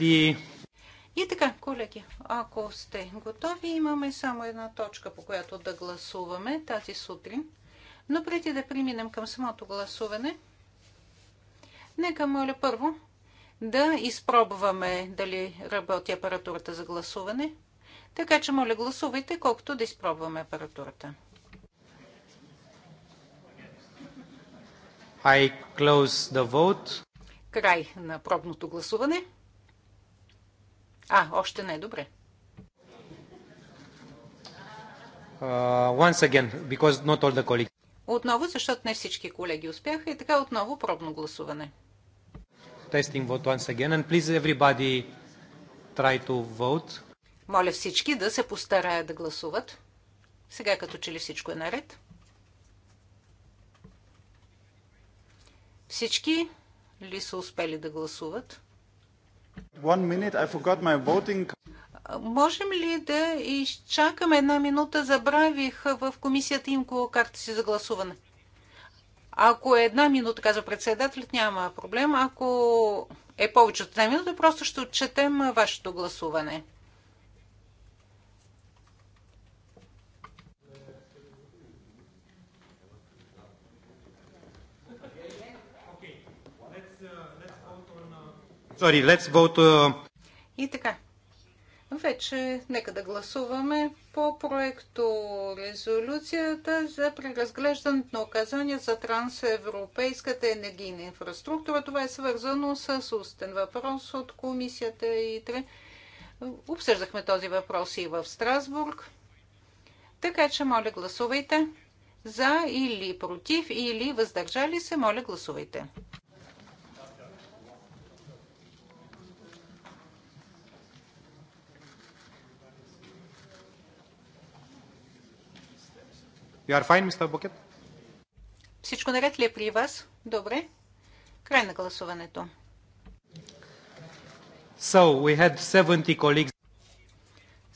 И така, колеги, ако сте готови, имаме само една точка, по която да гласуваме тази сутрин. Но преди да преминем към самото гласуване, нека моля първо да изпробваме дали работи апаратурата за гласуване. Така че, моля, гласувайте, колкото да изпробваме апаратурата. I close the vote. Край на пробното гласуване. А, още не, добре. Uh, once again, because not all the colleagues. Отново, защото не всички колеги успяха и така отново пробно гласуване. Testing vote once again and please everybody try to vote. Моля всички да се постараят да гласуват. Сега като че ли всичко е наред. Всички ли са успели да гласуват? Minute, Можем ли да изчакаме една минута? Забравих в комисията им карта си за гласуване. Ако е една минута, казва председателят, няма проблем. Ако е повече от една минута, просто ще отчетем вашето гласуване. Sorry, let's vote. Uh... И така. Вече нека да гласуваме по проекто резолюцията за преразглеждането на указания за трансевропейската енергийна инфраструктура. Това е свързано с устен въпрос от комисията и тре. Обсъждахме този въпрос и в Страсбург. Така че, моля, гласувайте за или против или въздържали се, моля, гласувайте. You are fine, Mr. Bucket? Всичко наред ли е при вас? Добре. Край на гласуването. So, we had 70 colleagues.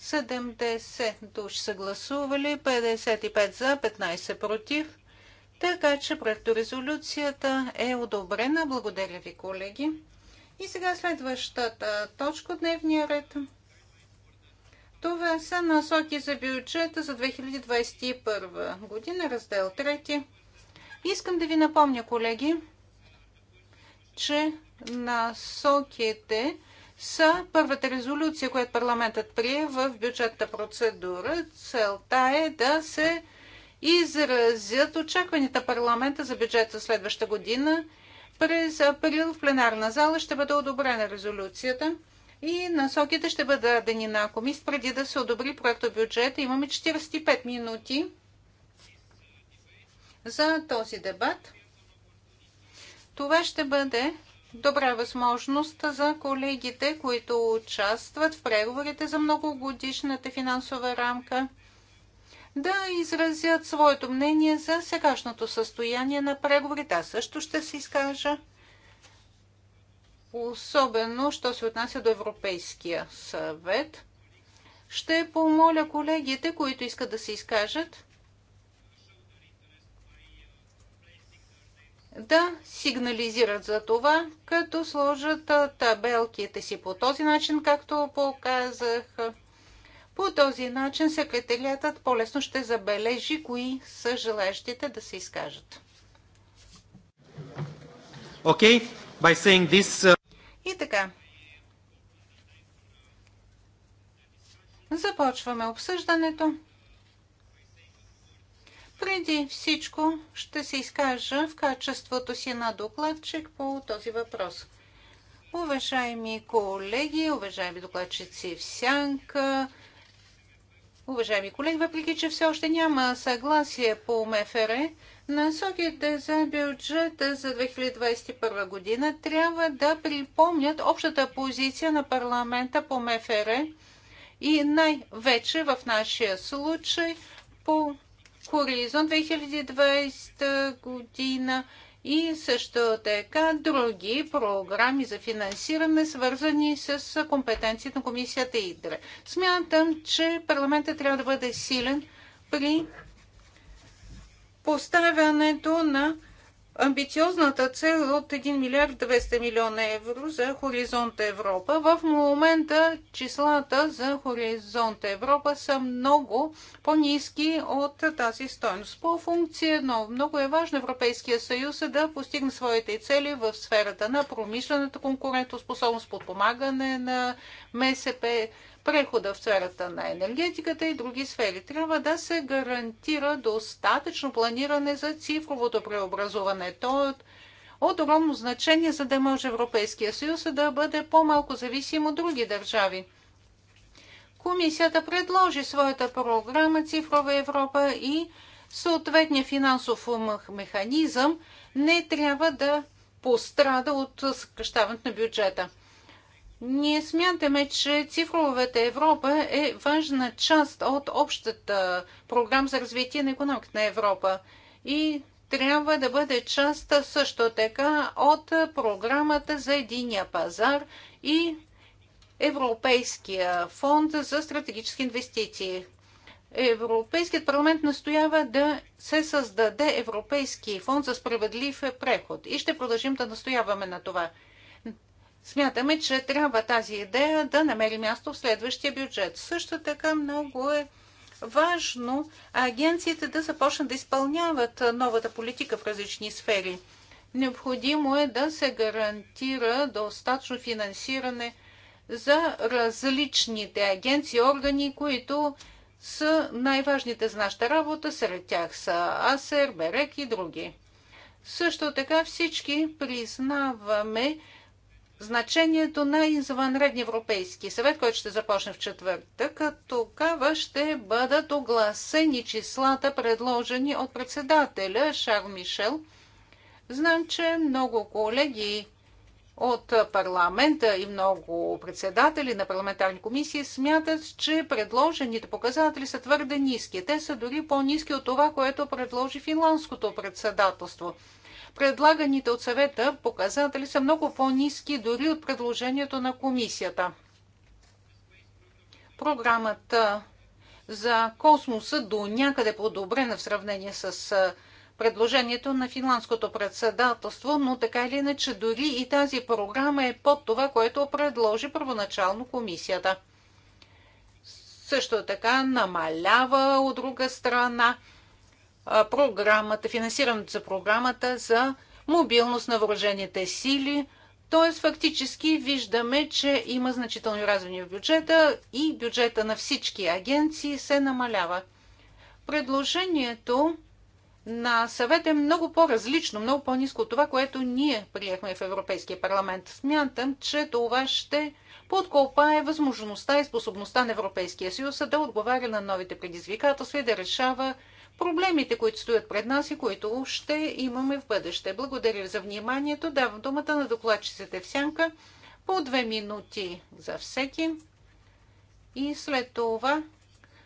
70 души са гласували, 55 за, 15 против. Така че проекторезолюцията е одобрена. Благодаря ви, колеги. И сега следващата точка от дневния ред. Това са насоки за бюджета за 2021 година, раздел 3. Искам да ви напомня, колеги, че насоките са първата резолюция, която парламентът прие в бюджетната процедура. Целта е да се изразят очакванията парламента за бюджет за следваща година. През април в пленарна зала ще бъде одобрена резолюцията и насоките ще бъдат дадени на комисията преди да се одобри проекто бюджета. Имаме 45 минути за този дебат. Това ще бъде добра възможност за колегите, които участват в преговорите за многогодишната финансова рамка, да изразят своето мнение за сегашното състояние на преговорите. Аз също ще се изкажа особено, що се отнася до Европейския съвет. Ще помоля колегите, които искат да се изкажат, да сигнализират за това, като сложат табелките си по този начин, както показах. По този начин секретариатът по-лесно ще забележи кои са желащите да се изкажат. Okay. By saying this, uh... И така. Започваме обсъждането. Преди всичко ще се изкажа в качеството си на докладчик по този въпрос. Уважаеми колеги, уважаеми докладчици в сянка, уважаеми колеги, въпреки че все още няма съгласие по МФР, Насоките за бюджета за 2021 година трябва да припомнят общата позиция на парламента по МФР и най-вече в нашия случай по Хоризонт 2020 година и също така други програми за финансиране, свързани с компетенцията на комисията ИДРЕ. Смятам, че парламентът трябва да бъде силен при поставянето на амбициозната цел от 1 милиард 200 милиона евро за Хоризонт Европа. В момента числата за Хоризонт Европа са много по-низки от тази стоеност. По функция едно, много е важно Европейския съюз е да постигне своите цели в сферата на промишлената конкурентоспособност, подпомагане на МСП, прехода в сферата на енергетиката и други сфери. Трябва да се гарантира достатъчно планиране за цифровото преобразуване. То е от огромно значение, за да може Европейския съюз да бъде по-малко зависим от други държави. Комисията предложи своята програма Цифрова Европа и съответния финансов механизъм не трябва да пострада от съкръщаването на бюджета. Ние смятаме, че цифровата Европа е важна част от общата програма за развитие на економиката на Европа и трябва да бъде част също така от програмата за единия пазар и Европейския фонд за стратегически инвестиции. Европейският парламент настоява да се създаде Европейски фонд за справедлив преход и ще продължим да настояваме на това. Смятаме, че трябва тази идея да намери място в следващия бюджет. Също така много е важно агенциите да започнат да изпълняват новата политика в различни сфери. Необходимо е да се гарантира достатъчно финансиране за различните агенции, органи, които са най-важните за нашата работа. Сред тях са АСЕР, БЕРЕК и други. Също така всички признаваме, значението на извънредния Европейски съвет, който ще започне в четвъртък, тогава ще бъдат огласени числата, предложени от председателя Шар Мишел. Знам, че много колеги от парламента и много председатели на парламентарни комисии смятат, че предложените показатели са твърде ниски. Те са дори по-ниски от това, което предложи финландското председателство. Предлаганите от съвета показатели са много по-низки дори от предложението на комисията. Програмата за космоса до някъде е подобрена в сравнение с предложението на финландското председателство, но така или иначе дори и тази програма е под това, което предложи първоначално комисията. Също така намалява от друга страна програмата, финансирането за програмата за мобилност на въоръжените сили. Т.е. фактически виждаме, че има значителни разлини в бюджета и бюджета на всички агенции се намалява. Предложението на съвет е много по-различно, много по-низко от това, което ние приехме в Европейския парламент. Смятам, че това ще подкопае възможността и способността на Европейския съюз да отговаря на новите предизвикателства и да решава проблемите, които стоят пред нас и които ще имаме в бъдеще. Благодаря за вниманието. Давам думата на докладчиците в сянка по две минути за всеки. И след това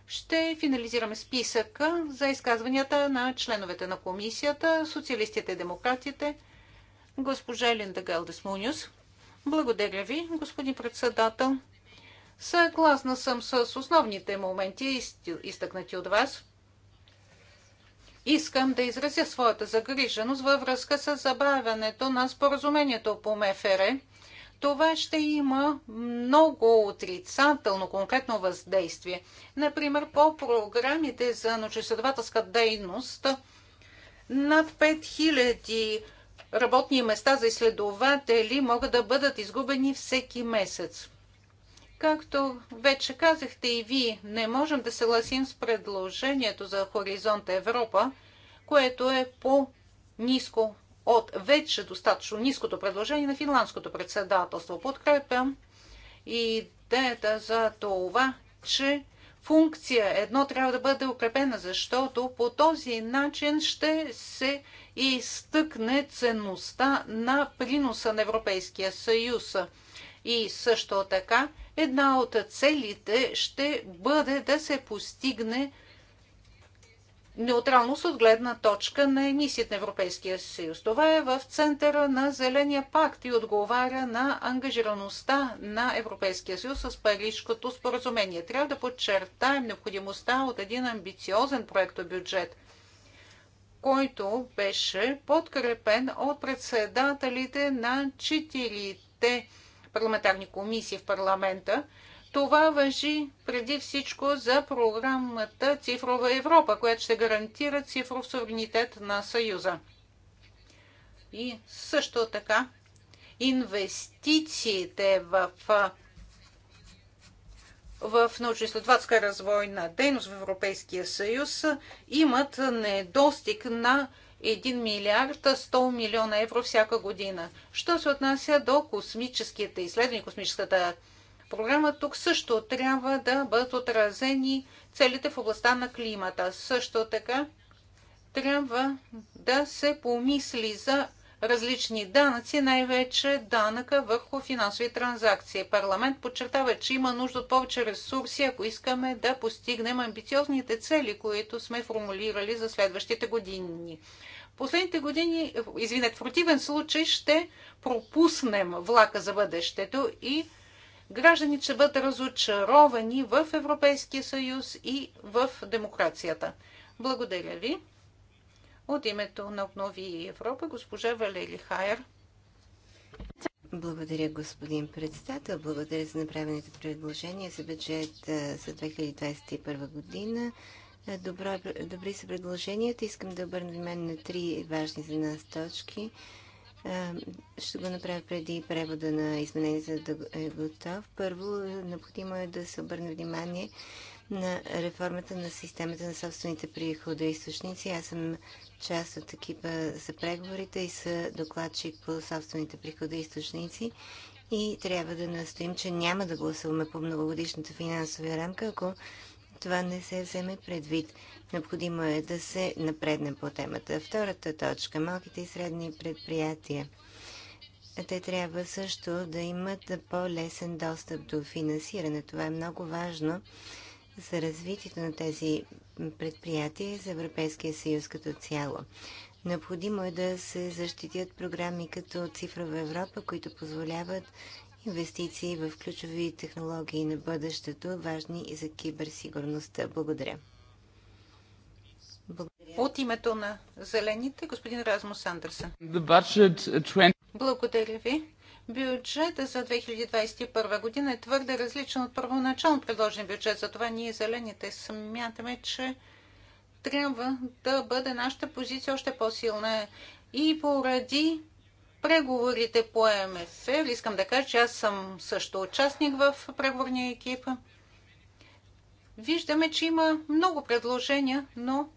ще финализираме списъка за изказванията на членовете на комисията, социалистите и демократите, госпожа Линда Галдес Муниус. Благодаря ви, господин председател. Съгласна съм с основните моменти, изтъкнати от вас. Искам да изразя своята загриженост във връзка с забавянето на споразумението по МФР. Това ще има много отрицателно конкретно въздействие. Например, по програмите за научно-изследователска дейност над 5000 работни места за изследователи могат да бъдат изгубени всеки месец. Както вече казахте и вие, не можем да съгласим с предложението за Хоризонт Европа, което е по-низко от вече достатъчно ниското предложение на финландското председателство. Подкрепям идеята за това, че функция едно трябва да бъде укрепена, защото по този начин ще се изтъкне ценността на приноса на Европейския съюз и също така една от целите ще бъде да се постигне неутралност от гледна точка на емисиите на Европейския съюз. Това е в центъра на Зеления пакт и отговаря на ангажираността на Европейския съюз с Парижското споразумение. Трябва да подчертаем необходимостта от един амбициозен бюджет, който беше подкрепен от председателите на четирите парламентарни комисии в парламента. Това въжи преди всичко за програмата Цифрова Европа, която ще гарантира цифров суверенитет на Съюза. И също така инвестициите в в научно-изследователска развойна дейност в Европейския съюз имат недостиг на 1 милиард 100 милиона евро всяка година. Що се отнася до космическите изследвания, космическата програма, тук също трябва да бъдат отразени целите в областта на климата. Също така трябва да се помисли за различни данъци, най-вече данъка върху финансови транзакции. Парламент подчертава, че има нужда от повече ресурси, ако искаме да постигнем амбициозните цели, които сме формулирали за следващите години последните години, извинят, в противен случай ще пропуснем влака за бъдещето и гражданите ще бъдат разочаровани в Европейския съюз и в демокрацията. Благодаря ви. От името на Обнови Европа, госпожа Валери Хайер. Благодаря, господин председател. Благодаря за направените предложения за бюджет за 2021 година. Е, добро, е, добри са предложенията. Искам да обърна внимание на три важни за нас точки. Е, ще го направя преди превода на изменение, за да е готов. Първо, необходимо е да се обърне внимание на реформата на системата на собствените източници. Аз съм част от екипа за преговорите и са докладчик по собствените източници И трябва да настоим, че няма да гласуваме по многогодишната финансова рамка, ако това не се вземе предвид. Необходимо е да се напредне по темата. Втората точка – малките и средни предприятия. Те трябва също да имат по-лесен достъп до финансиране. Това е много важно за развитието на тези предприятия и за Европейския съюз като цяло. Необходимо е да се защитят програми като Цифрова Европа, които позволяват инвестиции в ключови технологии на бъдещето, важни и за киберсигурността. Благодаря. Благодаря. От името на Зелените, господин Размус Андерсен. Uh, Благодаря ви. Бюджета за 2021 година е твърде различен от първоначално предложен бюджет. Затова ние, Зелените, смятаме, че трябва да бъде нашата позиция още по-силна. И поради преговорите по МФЛ, искам да кажа, че аз съм също участник в преговорния екип. Виждаме, че има много предложения, но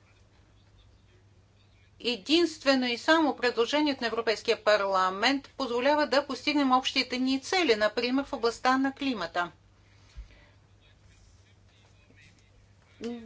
единствено и само предложението на Европейския парламент позволява да постигнем общите ни цели, например в областта на климата.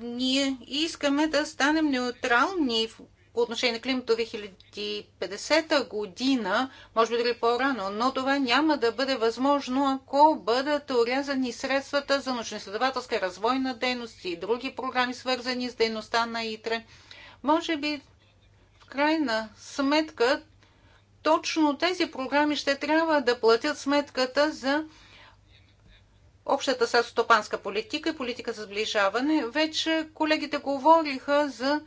Ние искаме да станем неутрални по отношение на климата 2050 година, може би дори по-рано, но това няма да бъде възможно, ако бъдат урязани средствата за научно-изследователска развойна дейност и други програми, свързани с дейността на ИТРЕ. Може би в крайна сметка точно тези програми ще трябва да платят сметката за общата селскостопанска политика и политика за сближаване. Вече колегите говориха за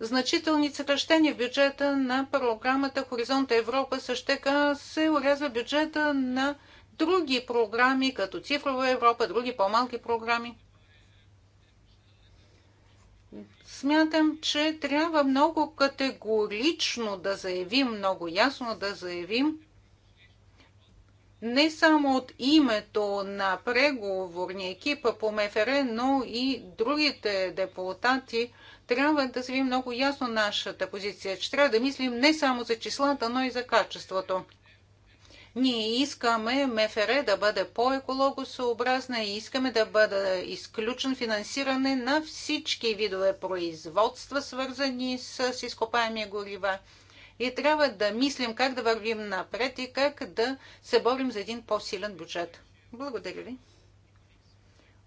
значителни съкръщения в бюджета на програмата Хоризонт Европа. Също така се урязва бюджета на други програми, като Цифрова Европа, други по-малки програми. Смятам, че трябва много категорично да заявим, много ясно да заявим, не само от името на преговорния екип по МФР, но и другите депутати трябва да заявим много ясно нашата позиция, че трябва да мислим не само за числата, но и за качеството. Ние искаме МФР да бъде по-екологосъобразна и искаме да бъде изключен финансиране на всички видове производства, свързани с изкопаеми горива. И трябва да мислим как да вървим напред и как да се борим за един по-силен бюджет. Благодаря ви.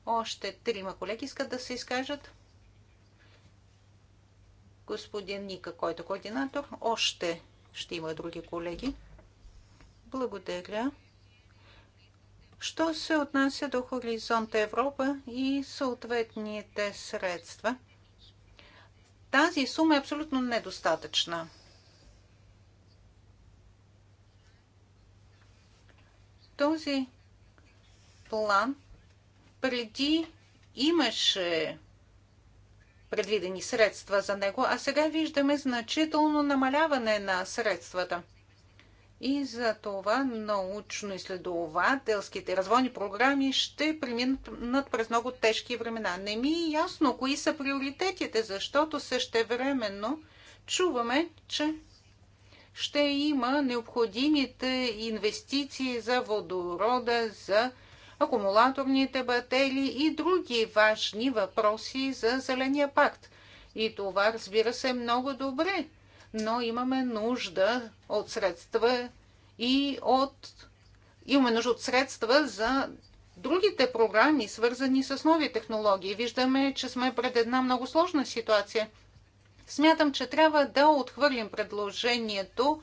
Още трима колеги искат да се изкажат господин Ника, който е координатор. Още ще има други колеги. Благодаря. Що се отнася до Хоризонт Европа и съответните средства? Тази сума е абсолютно недостатъчна. Този план преди имаше предвидени средства за него, а сега виждаме значително намаляване на средствата. И за това научно-изследователските развойни програми ще преминат през много тежки времена. Не ми е ясно кои са приоритетите, защото същевременно чуваме, че ще има необходимите инвестиции за водорода, за акумулаторните батерии и други важни въпроси за Зеления пакт. И това, разбира се, много добре, но имаме нужда от средства и от... Имаме нужда от средства за другите програми, свързани с нови технологии. Виждаме, че сме пред една много сложна ситуация. Смятам, че трябва да отхвърлим предложението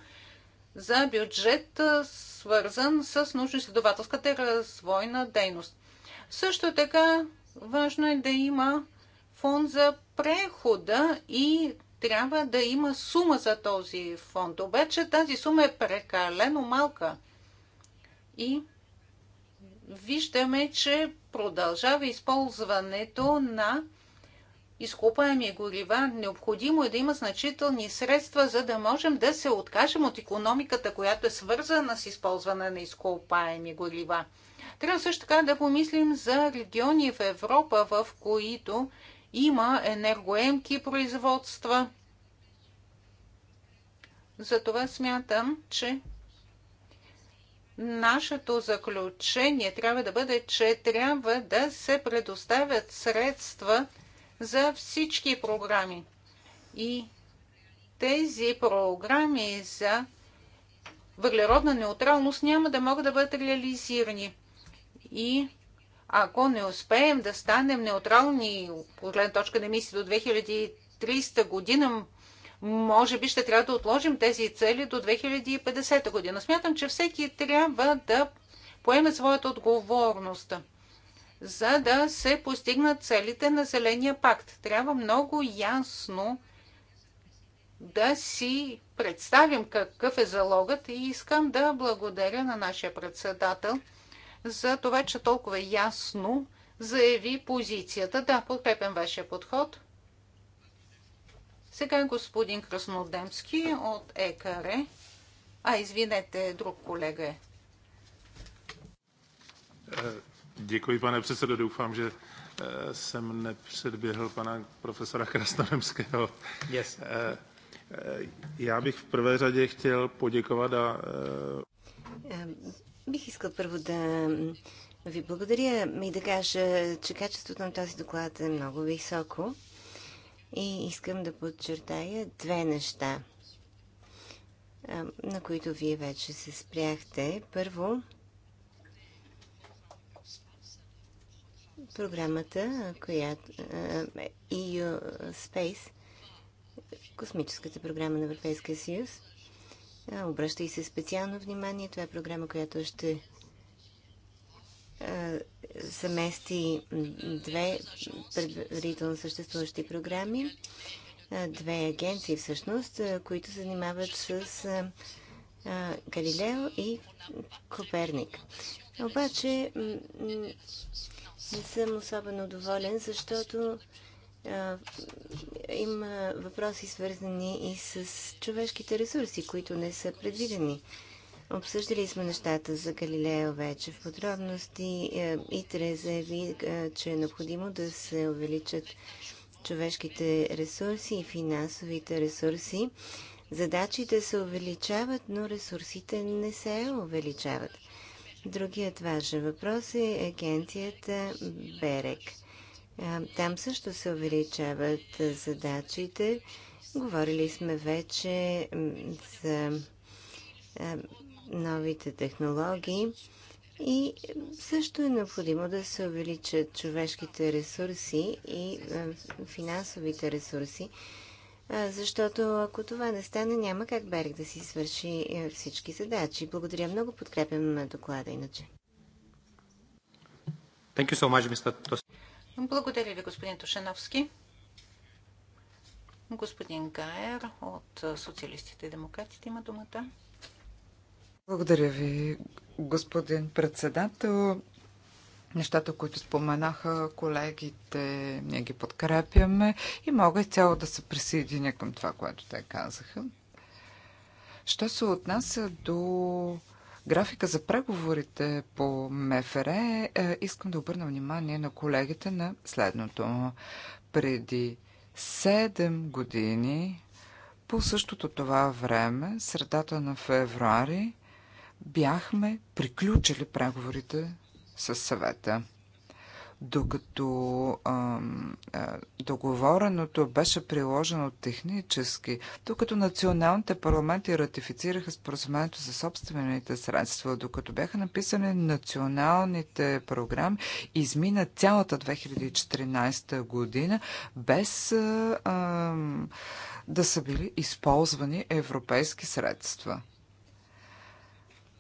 за бюджет с свързан с научно-изследователската и развойна дейност. Също така важно е да има фонд за прехода и трябва да има сума за този фонд. Обаче тази сума е прекалено малка. И виждаме, че продължава използването на изкопаеми горива, необходимо е да има значителни средства, за да можем да се откажем от економиката, която е свързана с използване на изкопаеми горива. Трябва също така да помислим за региони в Европа, в които има енергоемки производства. Затова смятам, че нашето заключение трябва да бъде, че трябва да се предоставят средства – за всички програми. И тези програми за въглеродна неутралност няма да могат да бъдат реализирани. И ако не успеем да станем неутрални от гледна точка на мисли до 2300 година, може би ще трябва да отложим тези цели до 2050 година. Смятам, че всеки трябва да поеме своята отговорност за да се постигнат целите на Зеления пакт. Трябва много ясно да си представим какъв е залогът и искам да благодаря на нашия председател за това, че толкова ясно заяви позицията. Да, подкрепям вашия подход. Сега господин Краснодемски от ЕКР. А, извинете, друг колега е. е Děkuji, pane předsedo. Doufám, že eh, jsem nepředběhl pana profesora Krasnodemského. Yes. Eh, eh, já bych v prvé řadě chtěl poděkovat a... Бих искал първо да ви благодаря и да кажа, че качеството на този доклад е много високо и искам да подчертая две неща, на които вие вече се спряхте. Първо, програмата, която EU Space, космическата програма на Европейския съюз. Обръща и се специално внимание. Това е програма, която ще замести две предварително съществуващи програми, две агенции всъщност, които се занимават с Галилео и Коперник. Обаче не съм особено доволен, защото а, има въпроси свързани и с човешките ресурси, които не са предвидени. Обсъждали сме нещата за Галилео вече в подробности. Е, ИТРЕ заяви, е, че е необходимо да се увеличат човешките ресурси и финансовите ресурси. Задачите се увеличават, но ресурсите не се увеличават. Другият важен въпрос е агенцията БЕРЕК. Там също се увеличават задачите. Говорили сме вече за новите технологии и също е необходимо да се увеличат човешките ресурси и финансовите ресурси, защото ако това не стане, няма как Берег да си свърши е, всички задачи. Благодаря много, подкрепям доклада иначе. Thank you so much, Mr. Благодаря ви, господин Тушановски. Господин Гайер от Социалистите и демократите има думата. Благодаря ви, господин председател. Нещата, които споменаха колегите, ние ги подкрепяме и мога цяло да се присъединя към това, което те казаха. Що се отнася до графика за преговорите по МФР, е, искам да обърна внимание на колегите на следното. Преди 7 години, по същото това време, средата на февруари, бяхме приключили преговорите с съвета. Докато а, а, договореното беше приложено технически, докато националните парламенти ратифицираха споразумението за собствените средства, докато бяха написани националните програми, измина цялата 2014 година без а, а, да са били използвани европейски средства.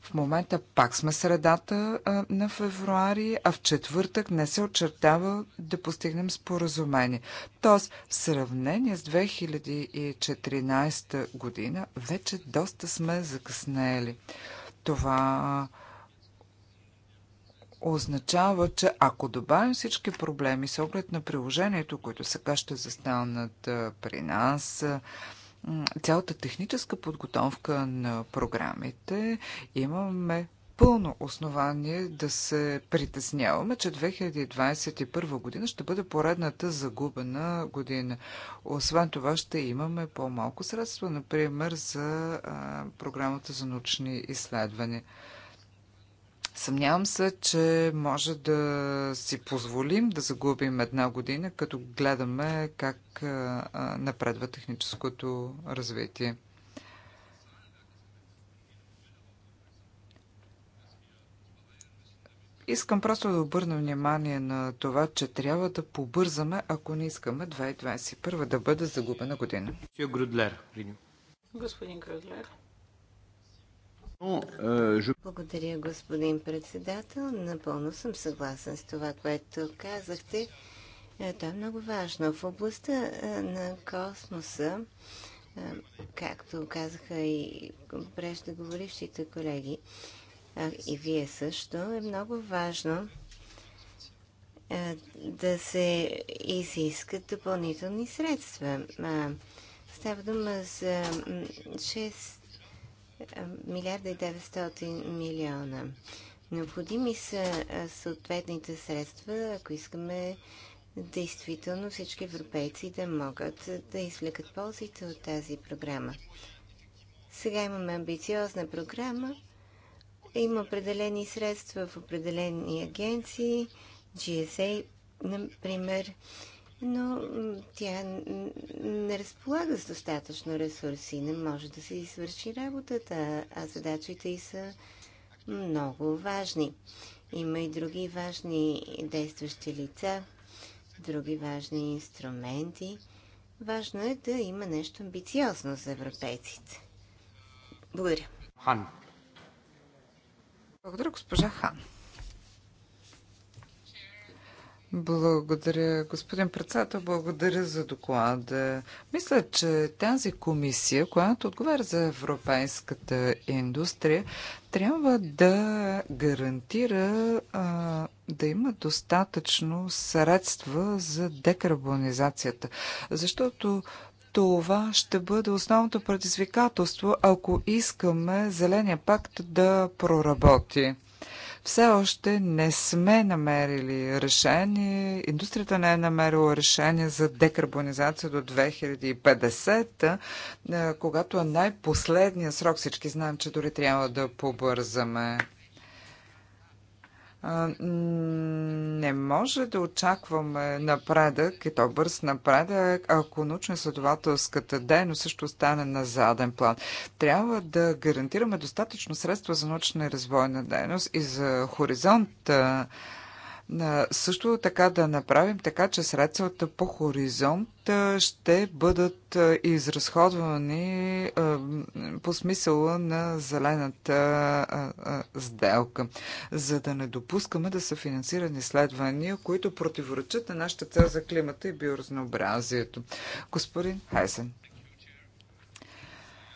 В момента пак сме средата на февруари, а в четвъртък не се очертава да постигнем споразумение. Тоест, в сравнение с 2014 година, вече доста сме закъснели. Това означава, че ако добавим всички проблеми с оглед на приложението, които сега ще застанат при нас, цялата техническа подготовка на програмите, имаме пълно основание да се притесняваме, че 2021 година ще бъде поредната загубена година. Освен това ще имаме по-малко средства, например, за а, програмата за научни изследвания. Съмнявам се, че може да си позволим да загубим една година, като гледаме как напредва техническото развитие. Искам просто да обърна внимание на това, че трябва да побързаме, ако не искаме 2021 да бъде загубена година. Господин Грудлер. Благодаря, господин председател. Напълно съм съгласен с това, което казахте. Е, това е много важно. В областта е, на космоса, е, както казаха и преждеговорившите колеги, и вие също, е много важно да се изискат допълнителни средства. Става дума за 6 е, милиарда и 900 милиона. Необходими са е, съответните средства, ако искаме действително всички европейци да могат е, да извлекат ползите от тази програма. Сега имаме амбициозна програма, има определени средства в определени агенции, GSA, например, но тя не разполага с достатъчно ресурси, не може да се извърши работата, а задачите й са много важни. Има и други важни действащи лица, други важни инструменти. Важно е да има нещо амбициозно за европейците. Благодаря. Хан. Благодаря, госпожа Хан. Благодаря, господин председател. Благодаря за доклада. Мисля, че тази комисия, която отговаря за европейската индустрия, трябва да гарантира а, да има достатъчно средства за декарбонизацията. Защото това ще бъде основното предизвикателство, ако искаме Зеления пакт да проработи. Все още не сме намерили решение, индустрията не е намерила решение за декарбонизация до 2050, е, когато е най-последният срок. Всички знаем, че дори трябва да побързаме не може да очакваме напредък и то бърз напредък, ако научно-изследователската дейност също остане на заден план. Трябва да гарантираме достатъчно средства за научна и развойна дейност и за хоризонт също така да направим така, че средствата по хоризонт ще бъдат изразходвани по смисъла на зелената сделка, за да не допускаме да са финансирани изследвания, които противоречат на нашата цел за климата и биоразнообразието. Господин Хайсен.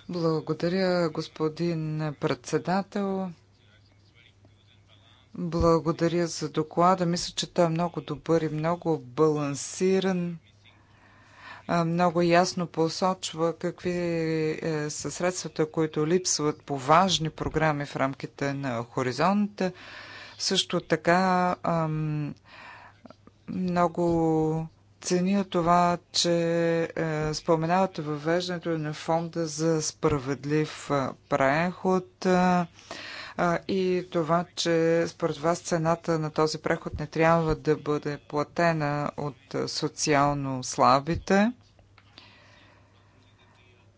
Благодаря, господин председател. Благодаря за доклада. Мисля, че той е много добър и много балансиран. Много ясно посочва какви е, са средствата, които липсват по важни програми в рамките на Хоризонта. Също така много цени това, че е, споменавате въвеждането на фонда за справедлив преход и това, че според вас цената на този преход не трябва да бъде платена от социално слабите.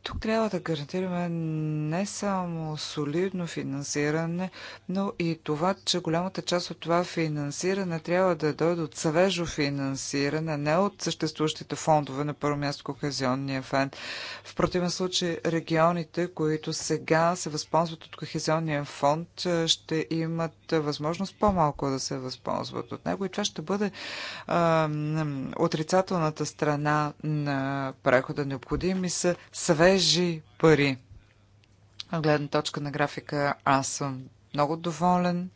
Тук трябва да гарантираме не само солидно финансиране, но и това, че голямата част от това финансиране трябва да дойде от свежо финансиране, не от съществуващите фондове, на първо място Кохезионния фонд. В противен случай регионите, които сега се възползват от Кохезионния фонд, ще имат възможност по-малко да се възползват от него и това ще бъде а, отрицателната страна на прехода. Необходими са свежи свежи пари. От гледна точка на графика аз съм много доволен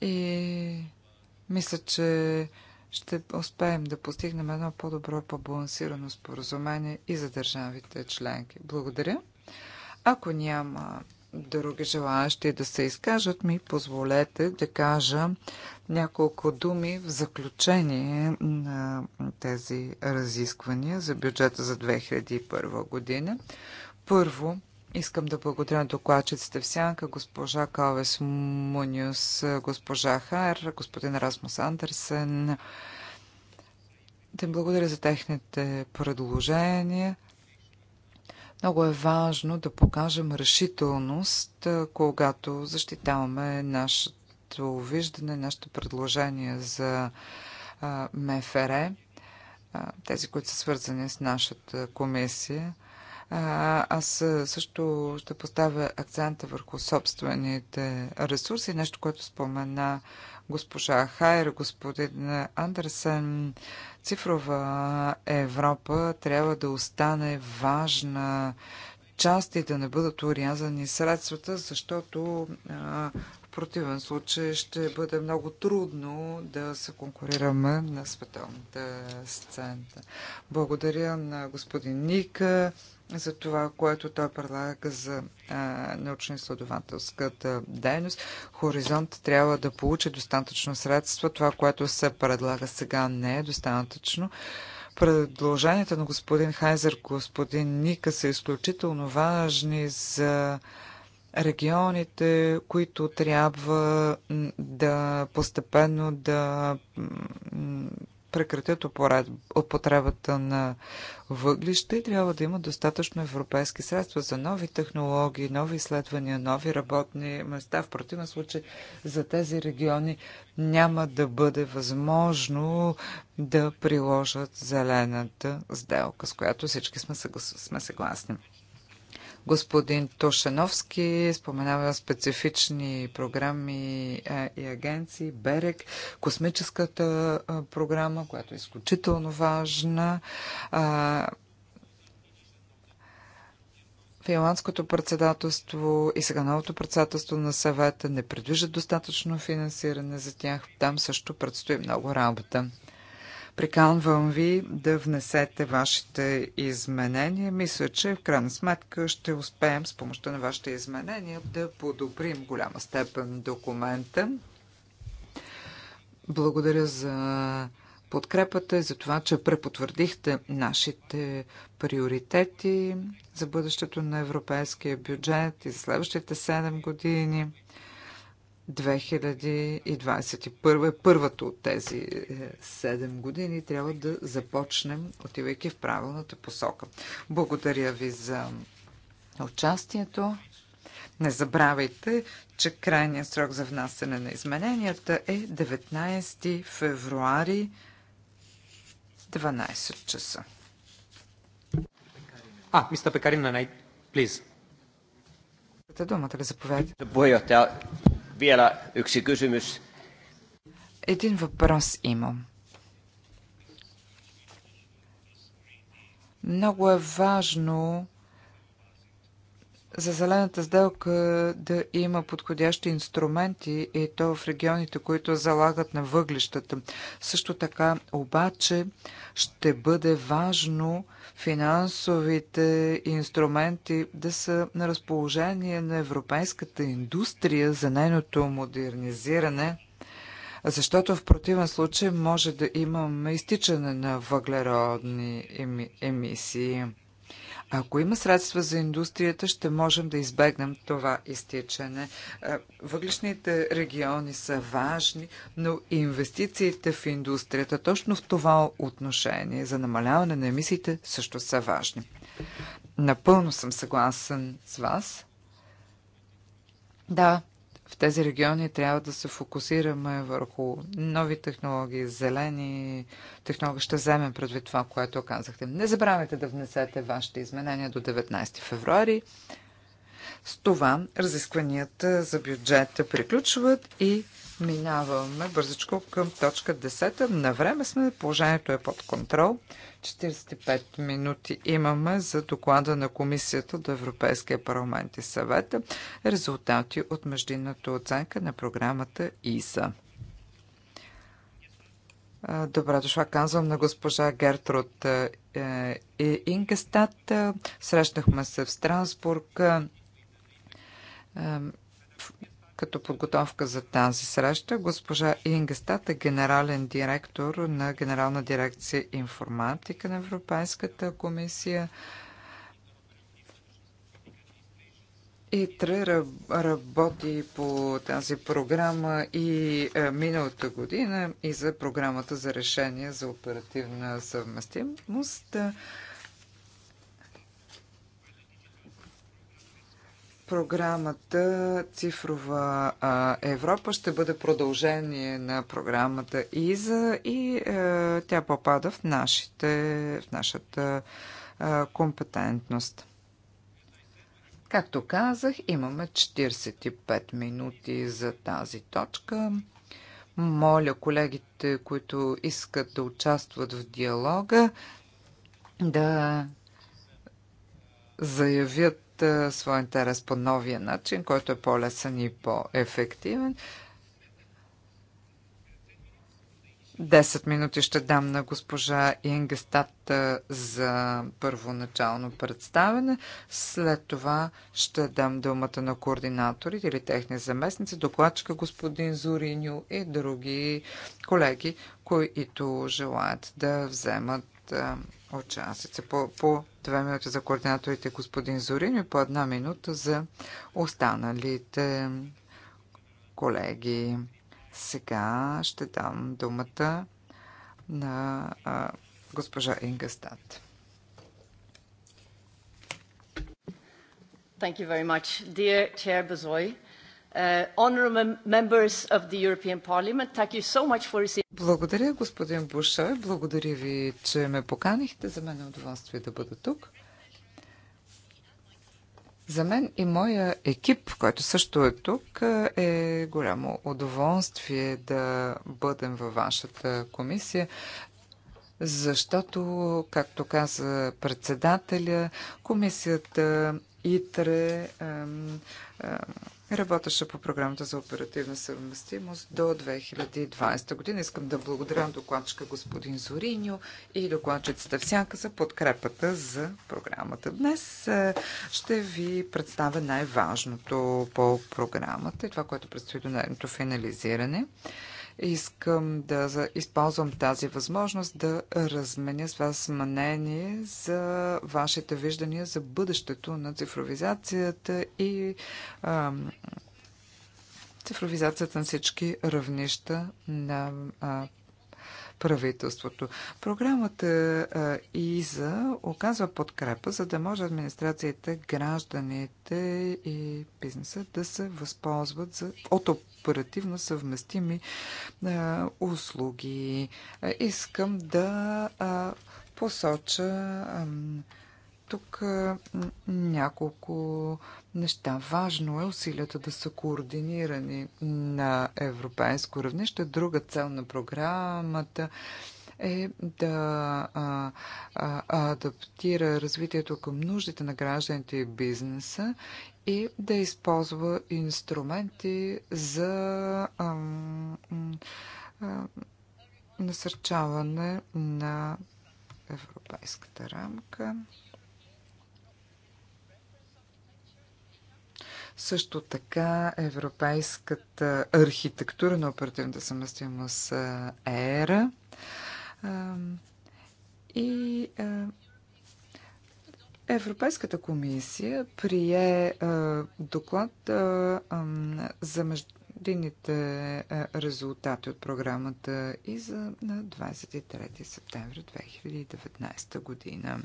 и мисля, че ще успеем да постигнем едно по-добро, по-балансирано споразумение и за държавите членки. Благодаря. Ако няма други желаящи да се изкажат, ми позволете да кажа няколко думи в заключение на тези разисквания за бюджета за 2001 година. Първо, Искам да благодаря докладчиците в Сянка, госпожа Калвес Муниус, госпожа Хар, господин Расмус Андерсен. Да благодаря за техните предложения. Много е важно да покажем решителност, когато защитаваме нашето виждане, нашето предложение за МФР, тези, които са свързани с нашата комисия. Аз също ще поставя акцента върху собствените ресурси, нещо, което спомена госпожа Хайер, господин Андерсен. Цифрова Европа трябва да остане важна част и да не бъдат урязани средствата, защото в противен случай ще бъде много трудно да се конкурираме на световната сцена. Благодаря на господин Ника за това, което той предлага за научно-изследователската дейност. Хоризонт трябва да получи достатъчно средства. Това, което се предлага сега, не е достатъчно. Предложенията на господин Хайзер, господин Ника са изключително важни за регионите, които трябва да постепенно да прекратят употребата на въглища и трябва да има достатъчно европейски средства за нови технологии, нови изследвания, нови работни места. В противен случай за тези региони няма да бъде възможно да приложат зелената сделка, с която всички сме, съгласни. Господин Тошановски споменава специфични програми и агенции, БЕРЕК, космическата програма, която е изключително важна. Финландското председателство и сега новото председателство на съвета не предвиждат достатъчно финансиране за тях. Там също предстои много работа. Приканвам ви да внесете вашите изменения. Мисля, че в крайна сметка ще успеем с помощта на вашите изменения да подобрим голяма степен документа. Благодаря за подкрепата и за това, че препотвърдихте нашите приоритети за бъдещето на европейския бюджет и за следващите 7 години. 2021 е първата от тези 7 е, години. Трябва да започнем, отивайки в правилната посока. Благодаря ви за участието. Не забравяйте, че крайният срок за внасяне на измененията е 19 февруари 12 часа. А, мистер Пекарина, най... Плиз. Думата ли заповядайте? Един въпрос имам. Много е важно за зелената сделка да има подходящи инструменти и то в регионите, които залагат на въглищата. Също така обаче ще бъде важно финансовите инструменти да са на разположение на европейската индустрия за нейното модернизиране, защото в противен случай може да имаме изтичане на въглеродни емисии. Ако има средства за индустрията, ще можем да избегнем това изтичане. Е, въглишните региони са важни, но инвестициите в индустрията, точно в това отношение за намаляване на емисиите, също са важни. Напълно съм съгласен с вас. Да, в тези региони трябва да се фокусираме върху нови технологии, зелени технологии. Ще вземем предвид това, което казахте. Не забравяйте да внесете вашите изменения до 19 февруари. С това разискванията за бюджета приключват и Минаваме бързичко към точка 10. На време сме, положението е под контрол. 45 минути имаме за доклада на Комисията до Европейския парламент и съвета. Резултати от междинната оценка на програмата ИСА. Добре дошла, казвам на госпожа Гертруд е, Ингестат. Срещнахме се в Страсбург като подготовка за тази среща, госпожа Ингестат е генерален директор на Генерална дирекция информатика на Европейската комисия. ИТРЕ работи по тази програма и е, миналата година и за програмата за решение за оперативна съвместимост. Програмата Цифрова Европа ще бъде продължение на програмата ИЗА и е, тя попада в, нашите, в нашата е, компетентност. Както казах, имаме 45 минути за тази точка. Моля колегите, които искат да участват в диалога, да заявят своя интерес по новия начин, който е по-лесен и по-ефективен. 10 минути ще дам на госпожа Ингестат за първоначално представене. След това ще дам думата на координаторите или техни заместници, докладчика господин Зориню и други колеги, които желаят да вземат участие по, по две минути за координаторите господин Зорин и по една минута за останалите колеги. Сега ще дам думата на а, госпожа Ингастат. Thank you very much. Dear Chair Bezoy, Uh, Благодаря, господин Буша. Благодаря ви, че ме поканихте. За мен е удоволствие да бъда тук. За мен и моя екип, който също е тук, е голямо удоволствие да бъдем във вашата комисия, защото, както каза председателя, комисията ИТРЕ. е, работеше по програмата за оперативна съвместимост до 2020 година. Искам да благодаря докладчика господин Зориньо и докладчицата Всяка за подкрепата за програмата. Днес е, ще ви представя най-важното по програмата и това, което предстои до нейното финализиране. Искам да използвам тази възможност да разменя с вас мнение за вашите виждания за бъдещето на цифровизацията и ам, цифровизацията на всички равнища на а, правителството. Програмата ИЗА оказва подкрепа, за да може администрацията, гражданите и бизнеса да се възползват за, от оперативно съвместими а, услуги. А, искам да а, посоча а, тук а, няколко неща. Важно е усилията да са координирани на европейско равнище. Друга цел на програмата е да а, а, адаптира развитието към нуждите на гражданите и бизнеса и да използва инструменти за а, а, насърчаване на европейската рамка. Също така европейската архитектура на оперативната съвместимост ЕРА – и Европейската комисия прие доклад за междинните резултати от програмата и за на 23 септември 2019 година.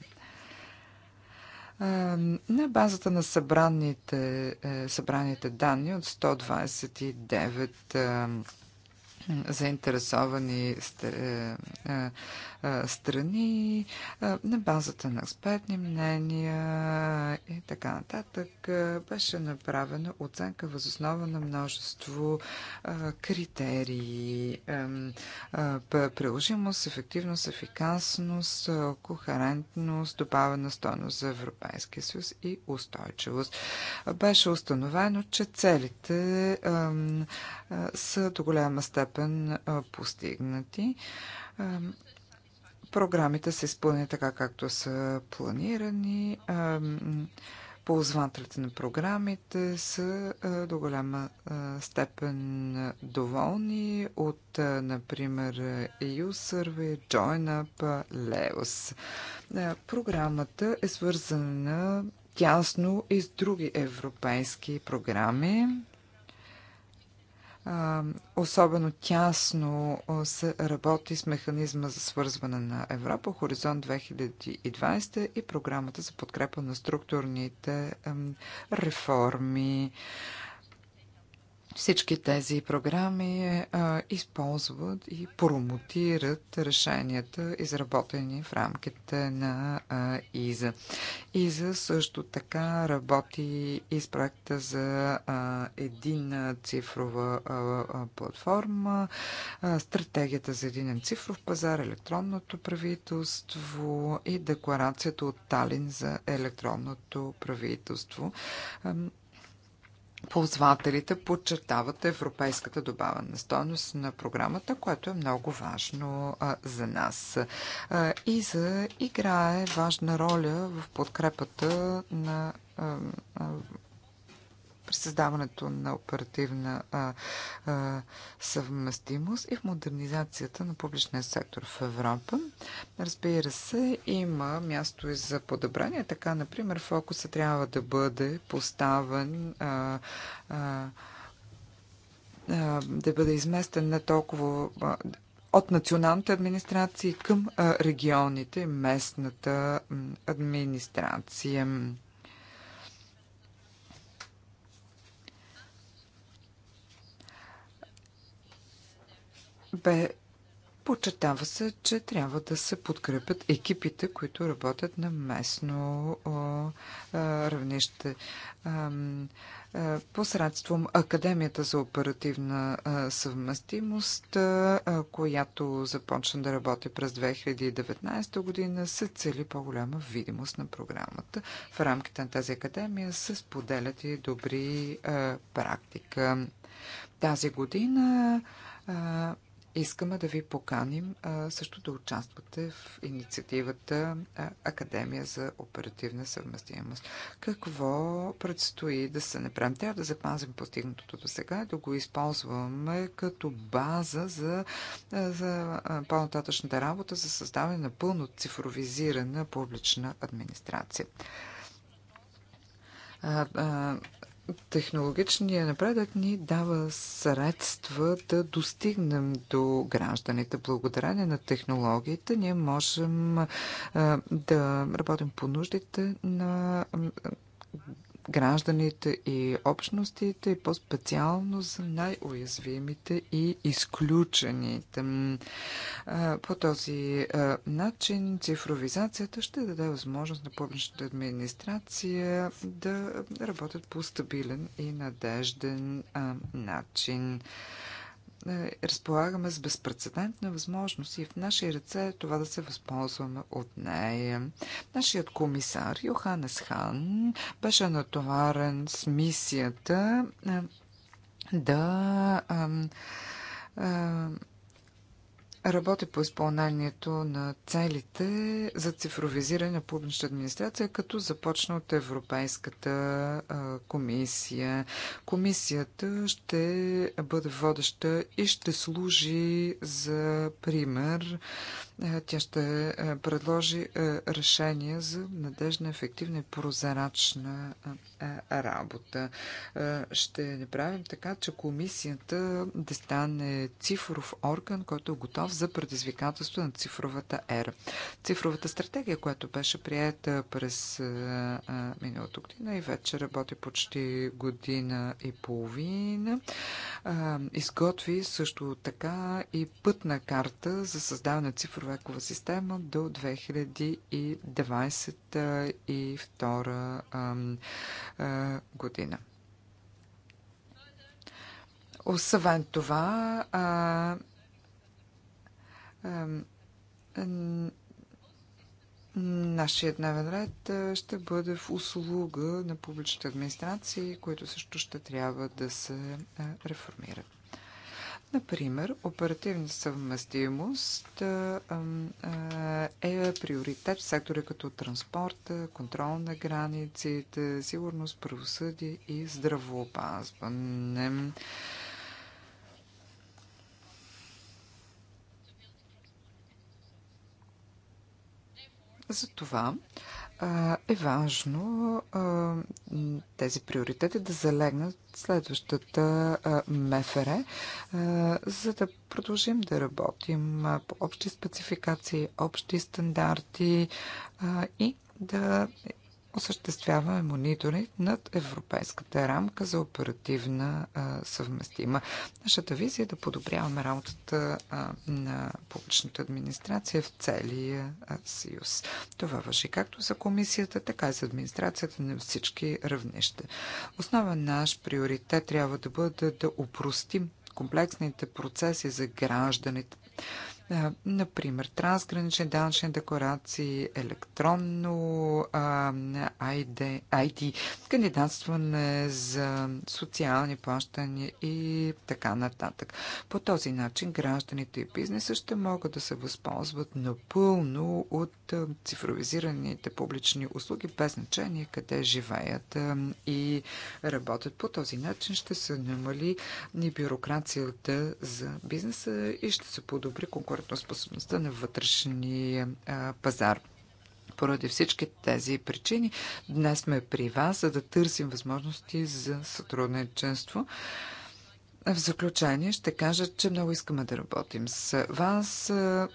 На базата на събраните, е, събраните данни от 129 заинтересовани е, е, е, страни на базата на експертни мнения и така нататък. Беше направена оценка възоснова на множество критерии. Приложимост, ефективност, ефикасност, кохерентност, добавена стойност за Европейския съюз и устойчивост. Беше установено, че целите са до голяма степен степен постигнати. Програмите се изпълнят така, както са планирани. Ползвателите на програмите са до голяма степен доволни от, например, EU JoinUp, Leos. Програмата е свързана тясно и с други европейски програми. Особено тясно се работи с механизма за свързване на Европа, Хоризонт 2020 и програмата за подкрепа на структурните реформи. Всички тези програми а, използват и промотират решенията, изработени в рамките на а, ИЗА. ИЗА също така работи и с проекта за а, единна цифрова а, а, платформа, а, стратегията за един цифров пазар, електронното правителство и декларацията от Талин за електронното правителство. А, ползвателите подчертават европейската добавена стойност на програмата, което е много важно а, за нас. А, и за играе важна роля в подкрепата на а, при създаването на оперативна а, а, съвместимост и в модернизацията на публичния сектор в Европа. Разбира се, има място и за подобрение. Така, например, фокуса трябва да бъде поставен а, а, да бъде изместен не толкова от националните администрации към регионите, местната администрация. Бе, Почетава се, че трябва да се подкрепят екипите, които работят на местно равнище. Посредством Академията за оперативна съвместимост, която започна да работи през 2019 година, се цели по-голяма видимост на програмата. В рамките на тази академия се споделят и добри практика. Тази година Искаме да ви поканим а, също да участвате в инициативата а, Академия за оперативна съвместимост. Какво предстои да се направим? Трябва да запазим постигнатото до сега и да го използваме като база за, за по-нататъчната работа за създаване на пълно цифровизирана публична администрация технологичният напредък ни дава средства да достигнем до гражданите. Благодарение на технологията, ние можем да работим по нуждите на гражданите и общностите, и по-специално за най-уязвимите и изключените. По този начин цифровизацията ще даде възможност на публичната администрация да работят по стабилен и надежден начин. Е, разполагаме с безпредседентна възможност и в наши ръце е това да се възползваме от нея. Нашият комисар Йоханес Хан беше натоварен с мисията е, да работи по изпълнението на целите за цифровизиране на публичната администрация, като започна от Европейската комисия. Комисията ще бъде водеща и ще служи за пример е, тя ще е, предложи е, решение за надежна, ефективна и прозрачна работа. Ще направим така, че комисията да стане цифров орган, който е готов за предизвикателство на цифровата ера. Цифровата стратегия, която беше приета през миналото година и вече работи почти година и половина, изготви също така и пътна карта за създаване на цифрова човекова система до 2022 година. Освен това, Нашия дневен ред ще бъде в услуга на публичните администрации, които също ще трябва да се реформират. Например, оперативна съвместимост е приоритет в сектори като транспорт, контрол на границите, сигурност, правосъдие и здравоопазване. Затова е важно тези приоритети да залегнат следващата МФР, за да продължим да работим по общи спецификации, общи стандарти и да осъществява мониторинг над европейската рамка за оперативна а, съвместима. Нашата визия е да подобряваме работата а, на публичната администрация в целия а, съюз. Това въжи както за комисията, така и за администрацията на всички равнища. Основен наш приоритет трябва да бъде да упростим комплексните процеси за гражданите Например, трансгранични данъчни декларации, електронно ID, ID, кандидатстване за социални плащания и така нататък. По този начин гражданите и бизнеса ще могат да се възползват напълно от цифровизираните публични услуги, без значение къде живеят и работят. По този начин ще се намали ни бюрокрацията за бизнеса и ще се подобри конкуренцията конкурентоспособността на вътрешния пазар. Поради всички тези причини днес сме при вас, за да търсим възможности за сътрудничество. В заключение ще кажа, че много искаме да работим с вас,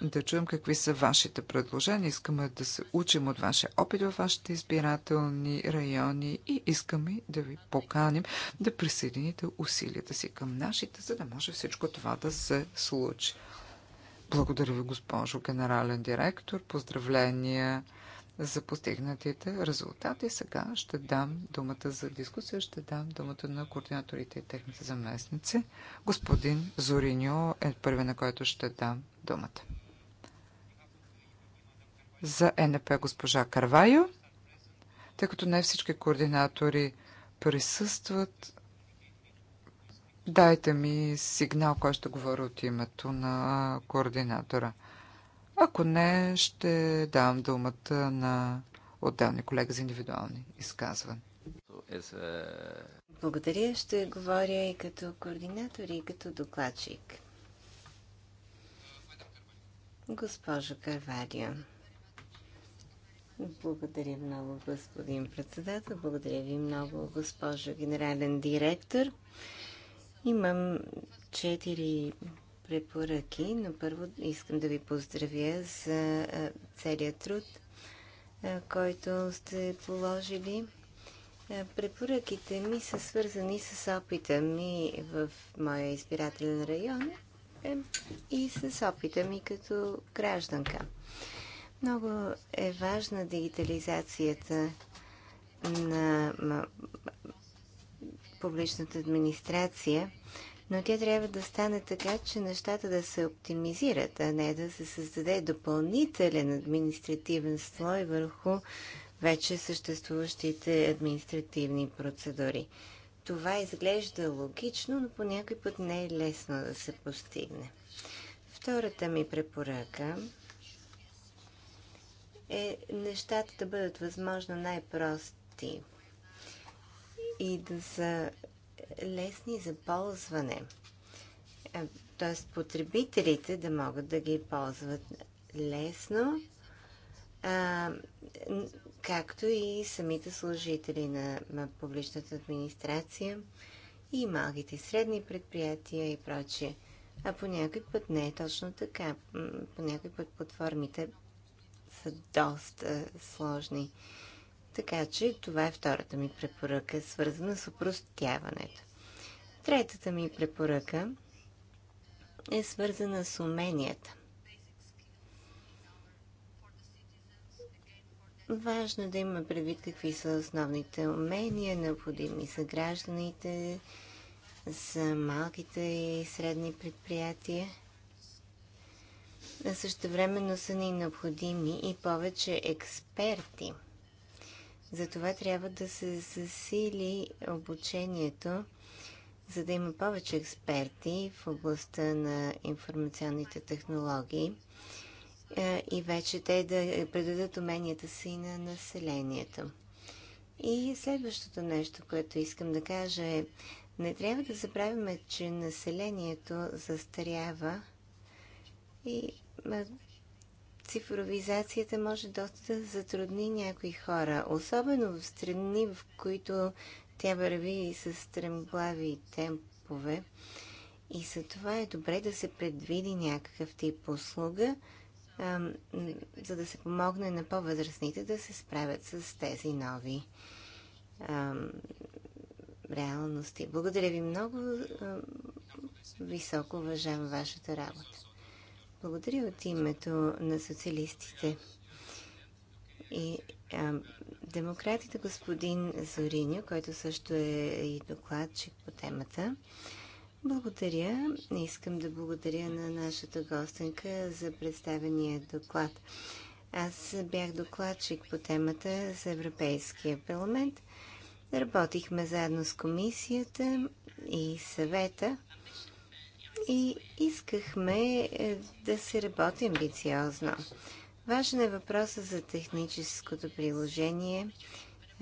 да чуем какви са вашите предложения. Искаме да се учим от вашия опит във вашите избирателни райони и искаме да ви поканим да присъедините усилията си към нашите, за да може всичко това да се случи. Благодаря ви, госпожо генерален директор. Поздравления за постигнатите резултати. Сега ще дам думата за дискусия, ще дам думата на координаторите и техните заместници. Господин Зориньо е първи, на който ще дам думата. За НП госпожа Карвайо, тъй като не всички координатори присъстват, дайте ми сигнал, кой ще говори от името на координатора. Ако не, ще дам думата на отделни колеги за индивидуални изказвания. Благодаря. Ще говоря и като координатор, и като докладчик. Госпожо Карвадио. Благодаря много, господин председател. Благодаря ви много, госпожо генерален директор. Имам четири препоръки, но първо искам да ви поздравя за целият труд, който сте положили. Препоръките ми са свързани с опита ми в моя избирателен район е, и с опита ми като гражданка. Много е важна дигитализацията на публичната администрация, но тя трябва да стане така, че нещата да се оптимизират, а не да се създаде допълнителен административен слой върху вече съществуващите административни процедури. Това изглежда логично, но по някой път не е лесно да се постигне. Втората ми препоръка е нещата да бъдат възможно най-прости и да са лесни за ползване. Т.е. потребителите да могат да ги ползват лесно, а, както и самите служители на, на публичната администрация и малките и средни предприятия и прочие. А по някой път не е точно така. По някой път платформите са доста сложни. Така че това е втората ми препоръка, свързана с упростяването. Третата ми препоръка е свързана с уменията. Важно е да има предвид какви са основните умения, необходими за гражданите, за малките и средни предприятия. А също времено са ни необходими и повече експерти – затова трябва да се засили обучението, за да има повече експерти в областта на информационните технологии е, и вече те да предадат уменията си на населението. И следващото нещо, което искам да кажа е, не трябва да забравяме, че населението застарява и цифровизацията може доста да затрудни някои хора, особено в страни, в които тя върви с стремглави темпове. И за това е добре да се предвиди някакъв тип услуга, за да се помогне на по-възрастните да се справят с тези нови реалности. Благодаря ви много. Високо уважавам вашата работа благодаря от името на социалистите и а, демократите господин Зориньо, който също е и докладчик по темата. Благодаря. Искам да благодаря на нашата гостенка за представения доклад. Аз бях докладчик по темата за Европейския парламент. Работихме заедно с комисията и съвета – и искахме е, да се работи амбициозно. Важен е въпросът за техническото приложение,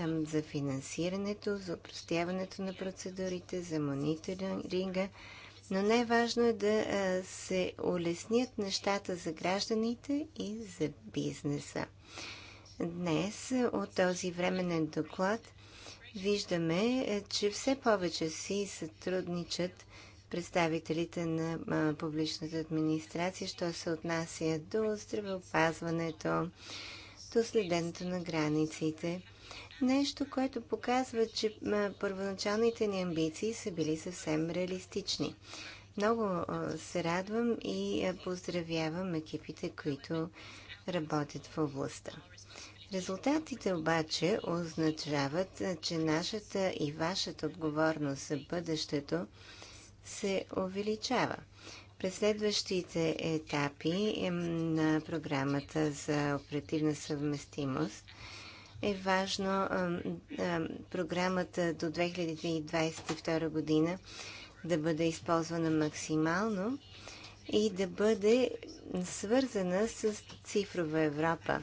за финансирането, за упростяването на процедурите, за мониторинга, но най-важно е да се улеснят нещата за гражданите и за бизнеса. Днес е, от този временен доклад виждаме, е, че все повече си сътрудничат представителите на публичната администрация, що се отнася до здравеопазването, до следенето на границите. Нещо, което показва, че първоначалните ни амбиции са били съвсем реалистични. Много се радвам и поздравявам екипите, които работят в областта. Резултатите обаче означават, че нашата и вашата отговорност за бъдещето се увеличава. През следващите етапи на програмата за оперативна съвместимост е важно програмата до 2022 година да бъде използвана максимално и да бъде свързана с цифрова Европа.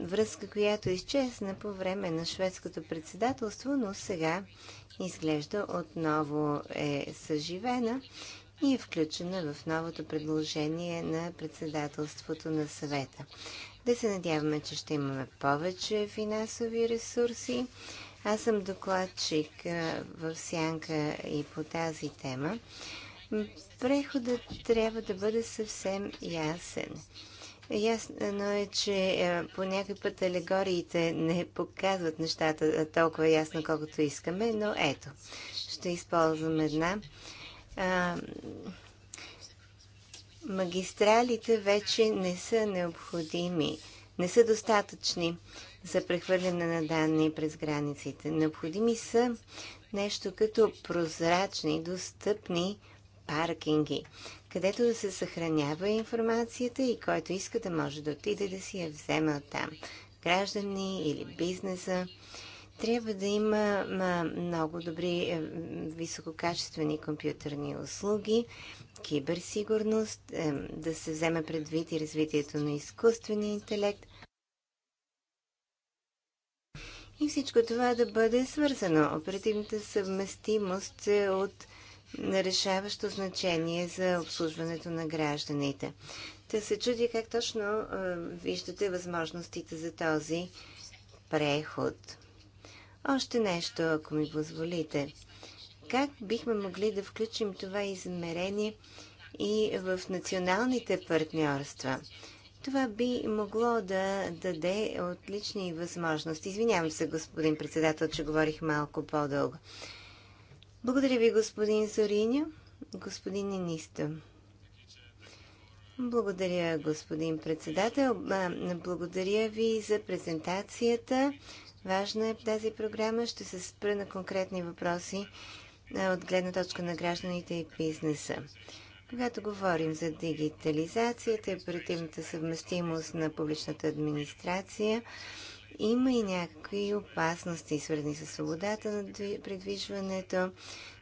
връзка, която е изчезна по време на шведското председателство, но сега изглежда отново е съживена и е включена в новото предложение на председателството на съвета. Да се надяваме, че ще имаме повече финансови ресурси. Аз съм докладчик в Сянка и по тази тема. Преходът трябва да бъде съвсем ясен. Ясно е, е че е, по някакъв път алегориите не показват нещата е, толкова ясно, колкото искаме, но ето, ще използвам една. магистралите вече не са необходими, не са достатъчни за прехвърляне на данни през границите. Необходими са нещо като прозрачни, достъпни паркинги където да се съхранява информацията и който иска да може да отиде да си я вземе от там. Граждани или бизнеса. Трябва да има много добри е, висококачествени компютърни услуги, киберсигурност, е, да се вземе предвид и развитието на изкуствения интелект. И всичко това да бъде свързано. Оперативната съвместимост е от на решаващо значение за обслужването на гражданите. Та се чуди как точно виждате възможностите за този преход. Още нещо, ако ми позволите. Как бихме могли да включим това измерение и в националните партньорства? Това би могло да даде отлични възможности. Извинявам се, господин председател, че говорих малко по-дълго. Благодаря ви, господин Зориня, господин Ниниста. Благодаря, господин председател. Благодаря ви за презентацията. Важна е тази програма. Ще се спра на конкретни въпроси от гледна точка на гражданите и бизнеса. Когато говорим за дигитализацията и оперативната съвместимост на публичната администрация, има и някакви опасности, свързани с свободата на предвижването,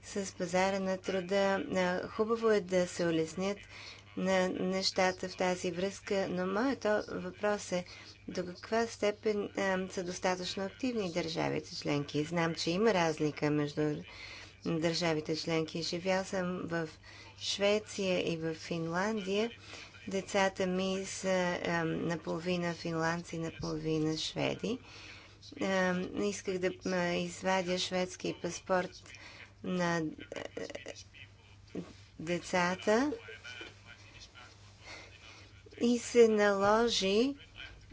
с пазара на труда. Хубаво е да се улеснят на нещата в тази връзка, но моят въпрос е до каква степен а, са достатъчно активни държавите членки. Знам, че има разлика между държавите членки. Живял съм в Швеция и в Финландия Децата ми са а, наполовина финландци, наполовина шведи. А, исках да а, извадя шведски паспорт на децата и се наложи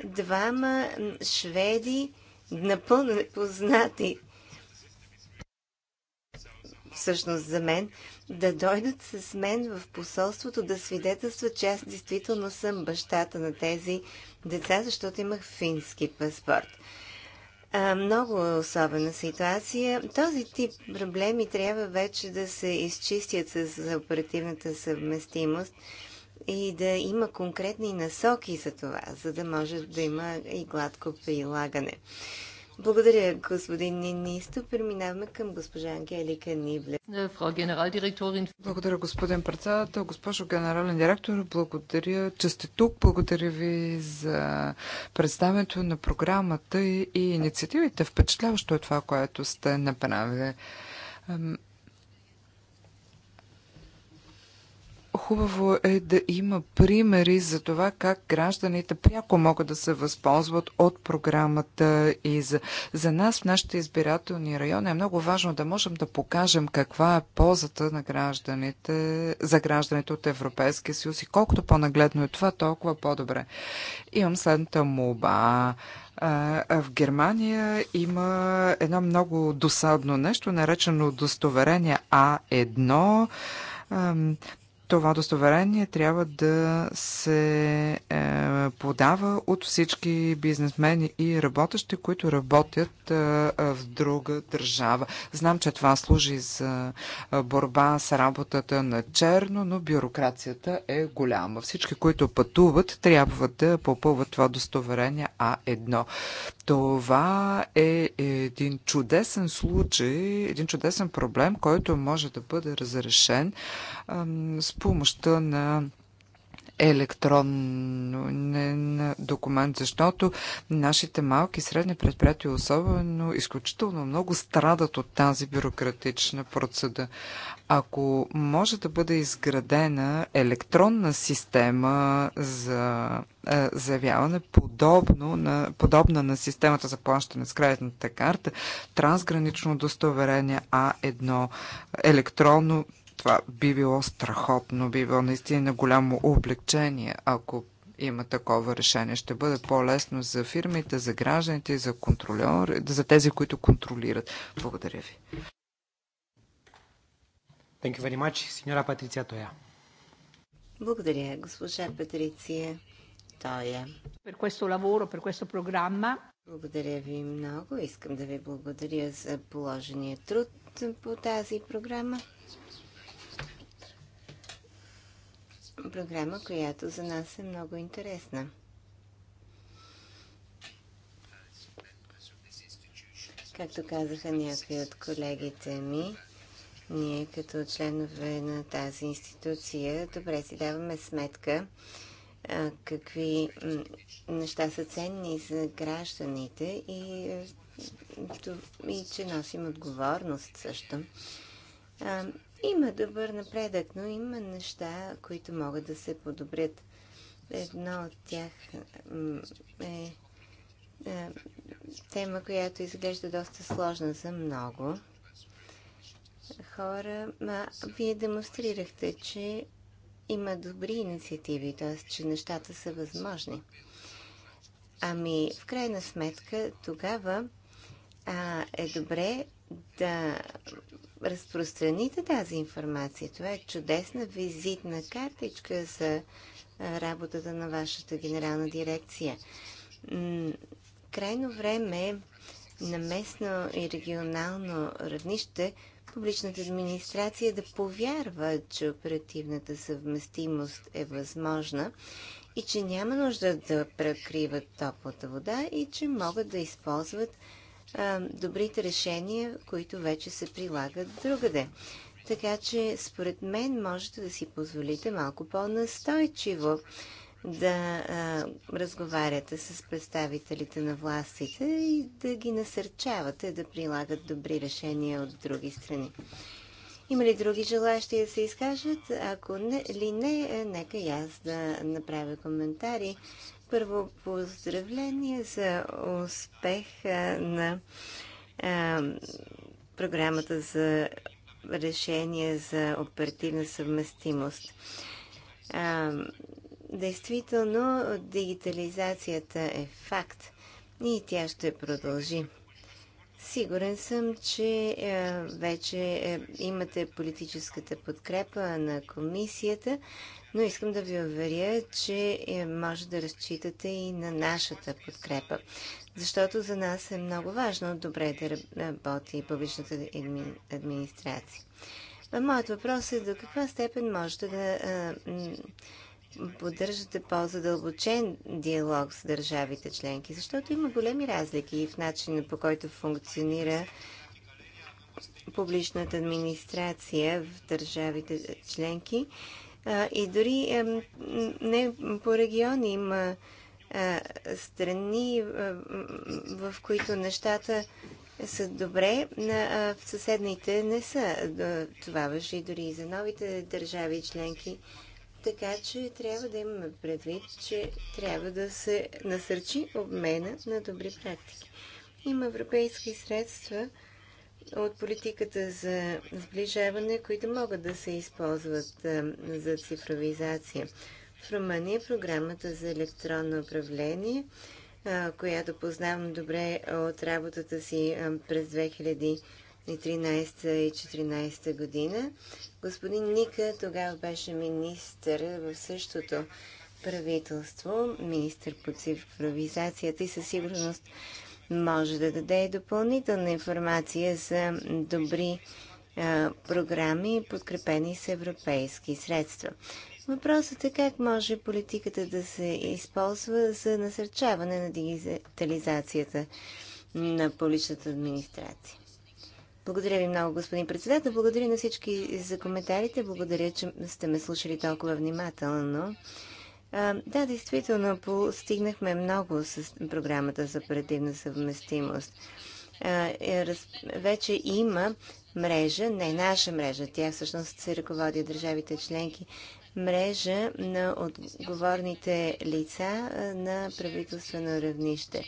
двама шведи, напълно непознати всъщност за мен, да дойдат с мен в посолството да свидетелстват, че аз действително съм бащата на тези деца, защото имах фински паспорт. А, много е особена ситуация. Този тип проблеми трябва вече да се изчистят с оперативната съвместимост и да има конкретни насоки за това, за да може да има и гладко прилагане. Благодаря, господин Нинисто. Преминаваме към госпожа Ангелика Нибле. Благодаря, господин председател, госпожо генерален директор. Благодаря, че сте тук. Благодаря ви за представянето на програмата и инициативите. Впечатляващо е това, което сте направили. Хубаво е да има примери за това как гражданите пряко могат да се възползват от програмата и за, за нас в нашите избирателни райони е много важно да можем да покажем каква е ползата на гражданите, за гражданите от Европейския съюз и колкото по-нагледно е това, толкова по-добре. Имам следната молба. В Германия има едно много досадно нещо, наречено удостоверение А1 това удостоверение трябва да се е, подава от всички бизнесмени и работещи, които работят е, в друга държава. Знам, че това служи за е, борба с работата на черно, но бюрокрацията е голяма. Всички, които пътуват, трябва да попълват това удостоверение А1. Това е един чудесен случай, един чудесен проблем, който може да бъде разрешен с помощта на електронен документ, защото нашите малки и средни предприятия особено изключително много страдат от тази бюрократична процедура. Ако може да бъде изградена електронна система за е, заявяване, подобно на, подобна на системата за плащане с кредитната карта, трансгранично удостоверение А1, електронно, това би било страхотно, би било наистина голямо облегчение, ако има такова решение. Ще бъде по-лесно за фирмите, за гражданите, за контролер, за тези, които контролират. Благодаря ви. Thank you very much, signora Патриция Toia. Благодаря, госпожа Патриция Тоя. Per questo lavoro, per questo programma. Благодаря ви много. Искам да ви благодаря за положения труд по тази програма. Програма, която за нас е много интересна. Както казаха някои от колегите ми, ние като членове на тази институция добре си даваме сметка а, какви неща са ценни за гражданите и, и че носим отговорност също. А, има добър напредък, но има неща, които могат да се подобрят. Едно от тях е тема, която изглежда доста сложна за много хора. Ма, вие демонстрирахте, че има добри инициативи, т.е. че нещата са възможни. Ами, в крайна сметка, тогава а, е добре да разпространите тази информация. Това е чудесна визитна картичка за работата на вашата генерална дирекция. Крайно време е на местно и регионално равнище публичната администрация да повярва, че оперативната съвместимост е възможна и че няма нужда да прекриват топлата вода и че могат да използват а, добрите решения, които вече се прилагат другаде. Така че, според мен, можете да си позволите малко по-настойчиво да а, разговаряте с представителите на властите и да ги насърчавате да прилагат добри решения от други страни. Има ли други желащи да се изкажат? Ако не, ли не, е, нека и аз да направя коментари. Първо поздравление за успех на а, програмата за решение за оперативна съвместимост. А, Действително, дигитализацията е факт и тя ще продължи. Сигурен съм, че е, вече е, имате политическата подкрепа на комисията, но искам да ви уверя, че е, може да разчитате и на нашата подкрепа, защото за нас е много важно добре да работи публичната администрация. Моят въпрос е до каква степен можете да поддържате по-задълбочен диалог с държавите членки, защото има големи разлики в начина по който функционира публичната администрация в държавите членки. И дори не по региони има страни, в които нещата са добре, а в съседните не са. Това въжи дори и за новите държави членки така че трябва да имаме предвид, че трябва да се насърчи обмена на добри практики. Има европейски средства от политиката за сближаване, които могат да се използват за цифровизация. В Румъния програмата за електронно управление, която познавам добре от работата си през 2000 2013 и 2014 година. Господин Ника тогава беше министър в същото правителство, министър по цифровизацията и със сигурност може да даде допълнителна информация за добри а, програми, подкрепени с европейски средства. Въпросът е как може политиката да се използва за насърчаване на дигитализацията на публичната администрация. Благодаря ви много, господин председател. Благодаря на всички за коментарите. Благодаря, че сте ме слушали толкова внимателно. да, действително, постигнахме много с програмата за оперативна съвместимост. Е, вече има мрежа, не наша мрежа, тя всъщност се ръководи от държавите членки, мрежа на отговорните лица на правителствено равнище,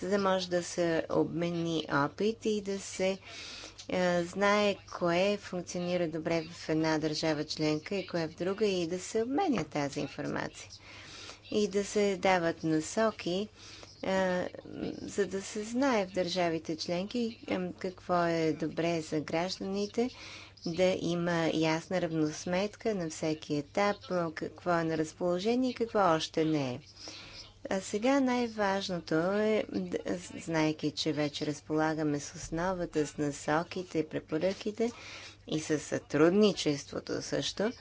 за да може да се обмени опит и да се е, знае кое функционира добре в една държава членка и кое в друга и да се обменя тази информация. И да се дават насоки, е, за да се знае в държавите членки е, какво е добре за гражданите, да има ясна равносметка на всеки етап, какво е на разположение и какво още не е. А сега най-важното е, знайки, че вече разполагаме с основата, с насоките препоръките и с сътрудничеството също,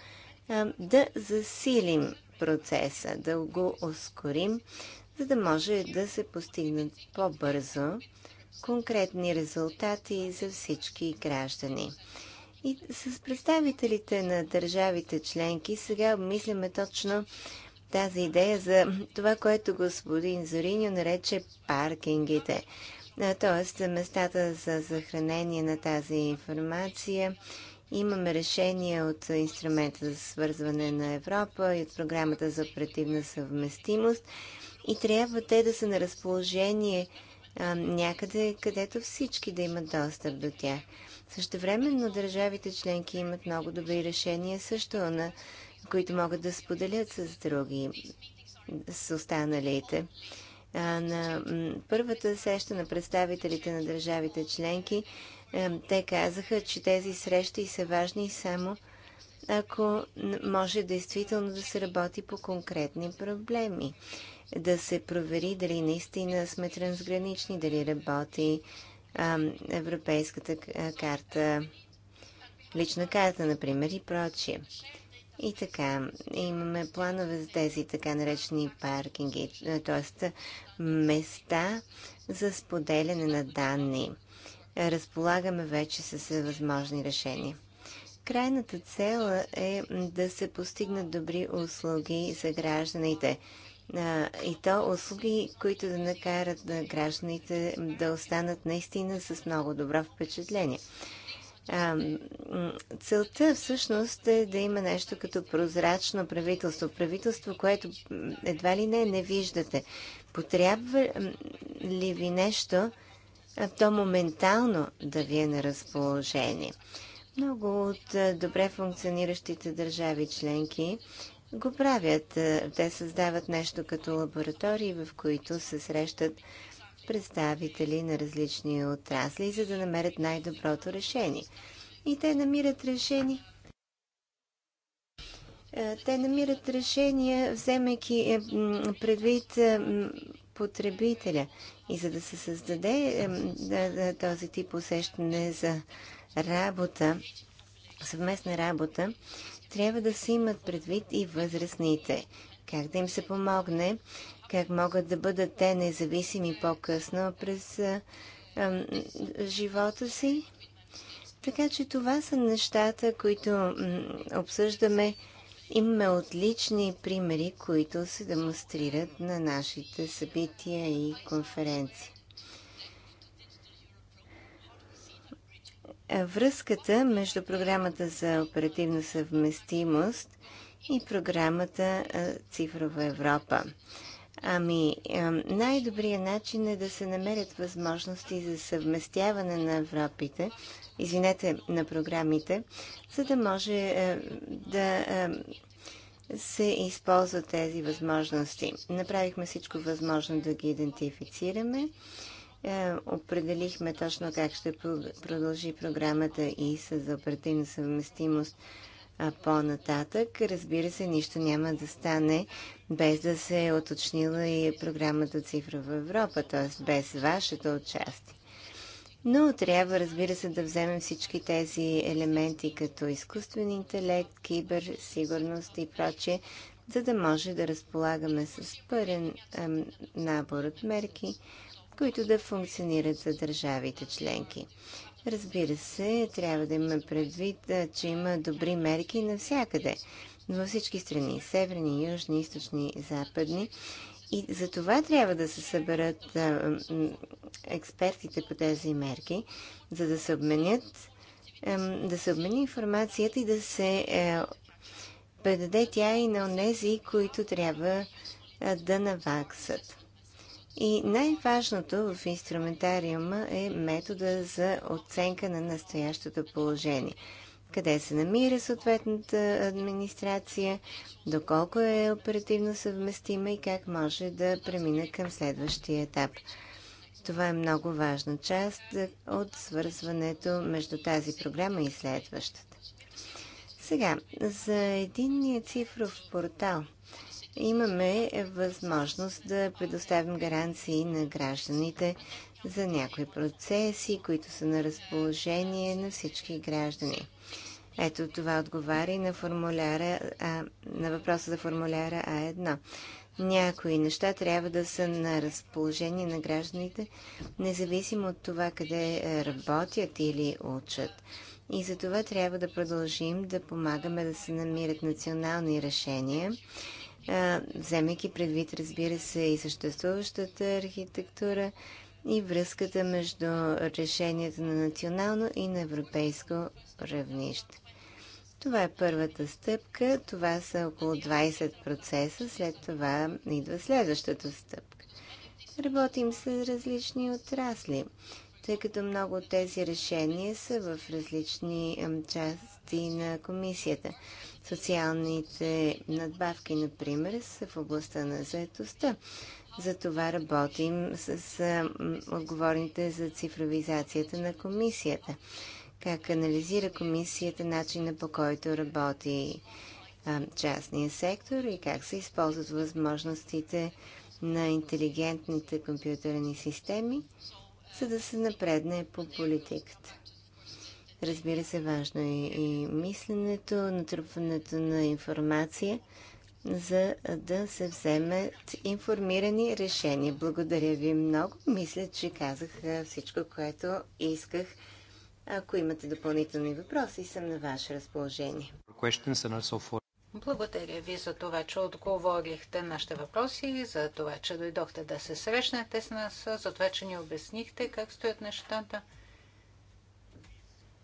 да засилим процеса, да го ускорим, за да може да се постигнат по-бързо конкретни резултати за всички граждани. И с представителите на държавите членки сега обмисляме точно тази идея за това, което господин Зориньо нарече паркингите. Тоест, местата за съхранение на тази информация. Имаме решение от инструмента за свързване на Европа и от програмата за оперативна съвместимост. И трябва те да са на разположение а, някъде, където всички да имат достъп до тях. Също Същевременно държавите членки имат много добри решения също на които могат да споделят с други, с останалите. на първата среща на представителите на държавите членки те казаха, че тези срещи са важни само ако може действително да се работи по конкретни проблеми. Да се провери дали наистина сме трансгранични, дали работи Европейската карта, лична карта, например, и прочие. И така, имаме планове за тези така наречени паркинги, т.е. места за споделяне на данни. Разполагаме вече с възможни решения. Крайната цел е да се постигнат добри услуги за гражданите. И то услуги, които да накарат гражданите да останат наистина с много добро впечатление целта всъщност е да има нещо като прозрачно правителство. Правителство, което едва ли не не виждате. Потрябва ли ви нещо, то моментално да ви е на разположение. Много от добре функциониращите държави членки го правят. Те създават нещо като лаборатории, в които се срещат представители на различни отрасли, за да намерят най-доброто решение. И те намират решение. Е, те намират решение, вземайки е, предвид е, потребителя. И за да се създаде този тип усещане за работа, съвместна работа, трябва да се имат предвид и възрастните. Как да им се помогне как могат да бъдат те независими по-късно през а, а, живота си. Така че това са нещата, които обсъждаме. Имаме отлични примери, които се демонстрират на нашите събития и конференции. Връзката между програмата за оперативна съвместимост и програмата Цифрова Европа. Ами, най-добрият начин е да се намерят възможности за съвместяване на Европите, извинете, на програмите, за да може е, да е, се използват тези възможности. Направихме всичко възможно да ги идентифицираме. Е, определихме точно как ще продължи програмата и с оперативна съвместимост а по-нататък. Разбира се, нищо няма да стане без да се е оточнила и програмата Цифрова Европа, т.е. без вашето участие. Но трябва, разбира се, да вземем всички тези елементи, като изкуствен интелект, киберсигурност и прочие, за да може да разполагаме с ем, набор от мерки, които да функционират за държавите членки. Разбира се, трябва да има предвид, че има добри мерки навсякъде, във всички страни, северни, южни, източни, западни. И за това трябва да се съберат а, експертите по тези мерки, за да се обменят, а, да се обмени информацията и да се а, е, предаде тя и на онези, които трябва да наваксат. И най-важното в инструментариума е метода за оценка на настоящото положение. Къде се намира съответната администрация, доколко е оперативно съвместима и как може да премина към следващия етап. Това е много важна част от свързването между тази програма и следващата. Сега, за единния цифров портал – имаме възможност да предоставим гаранции на гражданите за някои процеси, които са на разположение на всички граждани. Ето това отговаря и на, формуляра, а, на въпроса за формуляра А1. Някои неща трябва да са на разположение на гражданите, независимо от това къде работят или учат. И за това трябва да продължим да помагаме да се намират национални решения вземайки предвид, разбира се, и съществуващата архитектура и връзката между решенията на национално и на европейско равнище. Това е първата стъпка. Това са около 20 процеса. След това идва следващата стъпка. Работим с различни отрасли, тъй като много от тези решения са в различни части на комисията. Социалните надбавки, например, са в областта на заетостта. За това работим с, отговорните за цифровизацията на комисията. Как анализира комисията начина по който работи частния сектор и как се използват възможностите на интелигентните компютърни системи, за да се напредне по политиката. Разбира се, важно е и мисленето, натрупването на информация, за да се вземат информирани решения. Благодаря ви много. Мисля, че казах всичко, което исках. Ако имате допълнителни въпроси, съм на ваше разположение. Благодаря ви за това, че отговорихте нашите въпроси, за това, че дойдохте да се срещнете с нас, за това, че ни обяснихте как стоят нещата.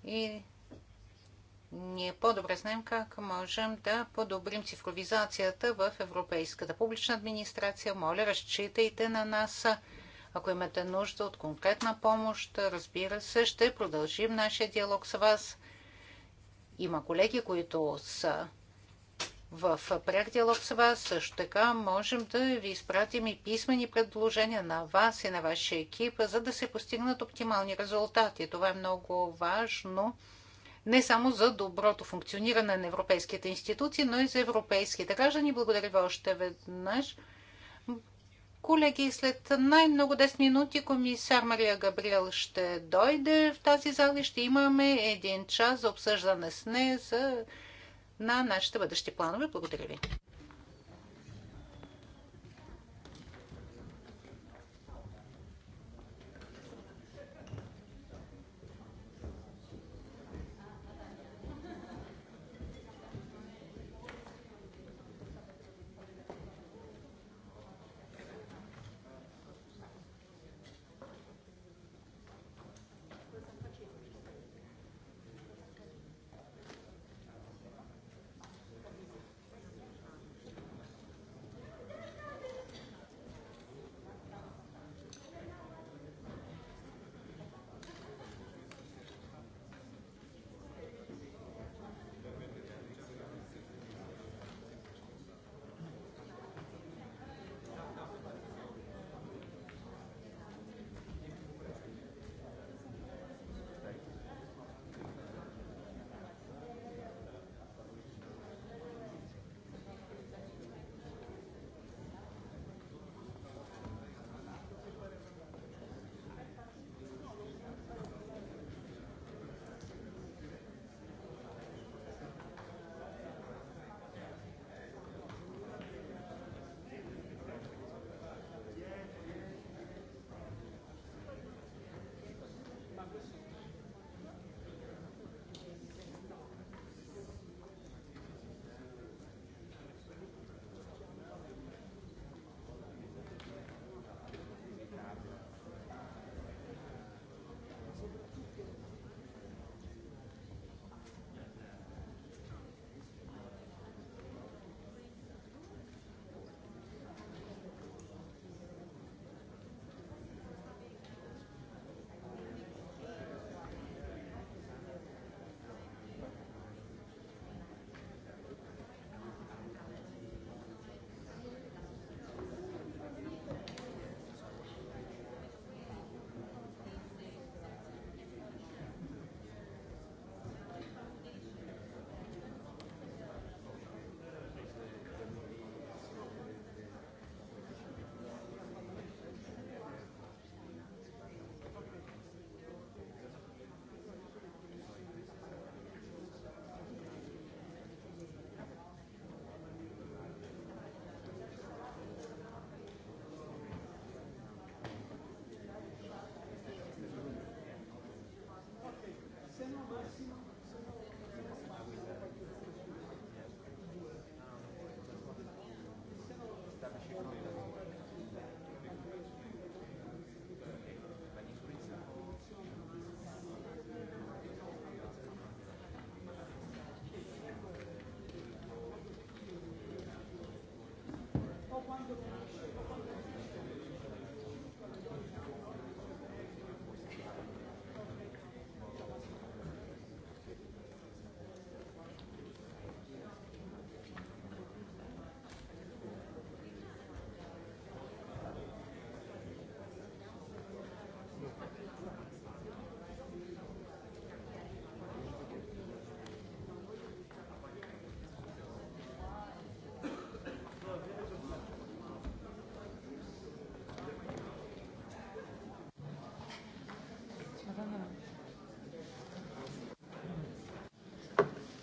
И ние по-добре знаем как можем да подобрим цифровизацията в европейската публична администрация. Моля, разчитайте на нас. Ако имате нужда от конкретна помощ, разбира се, ще продължим нашия диалог с вас. Има колеги, които са в пряк диалог с вас. Също така можем да ви изпратим и писмени предложения на вас и на вашия екип, за да се постигнат оптимални резултати. Това е много важно не само за доброто функциониране на европейските институции, но и за европейските граждани. Благодаря ви още веднъж. Колеги, след най-много 10 минути комисар Мария Габриел ще дойде в тази зала и ще имаме един час за обсъждане с нея за на нашите бъдещи планове. Благодаря ви.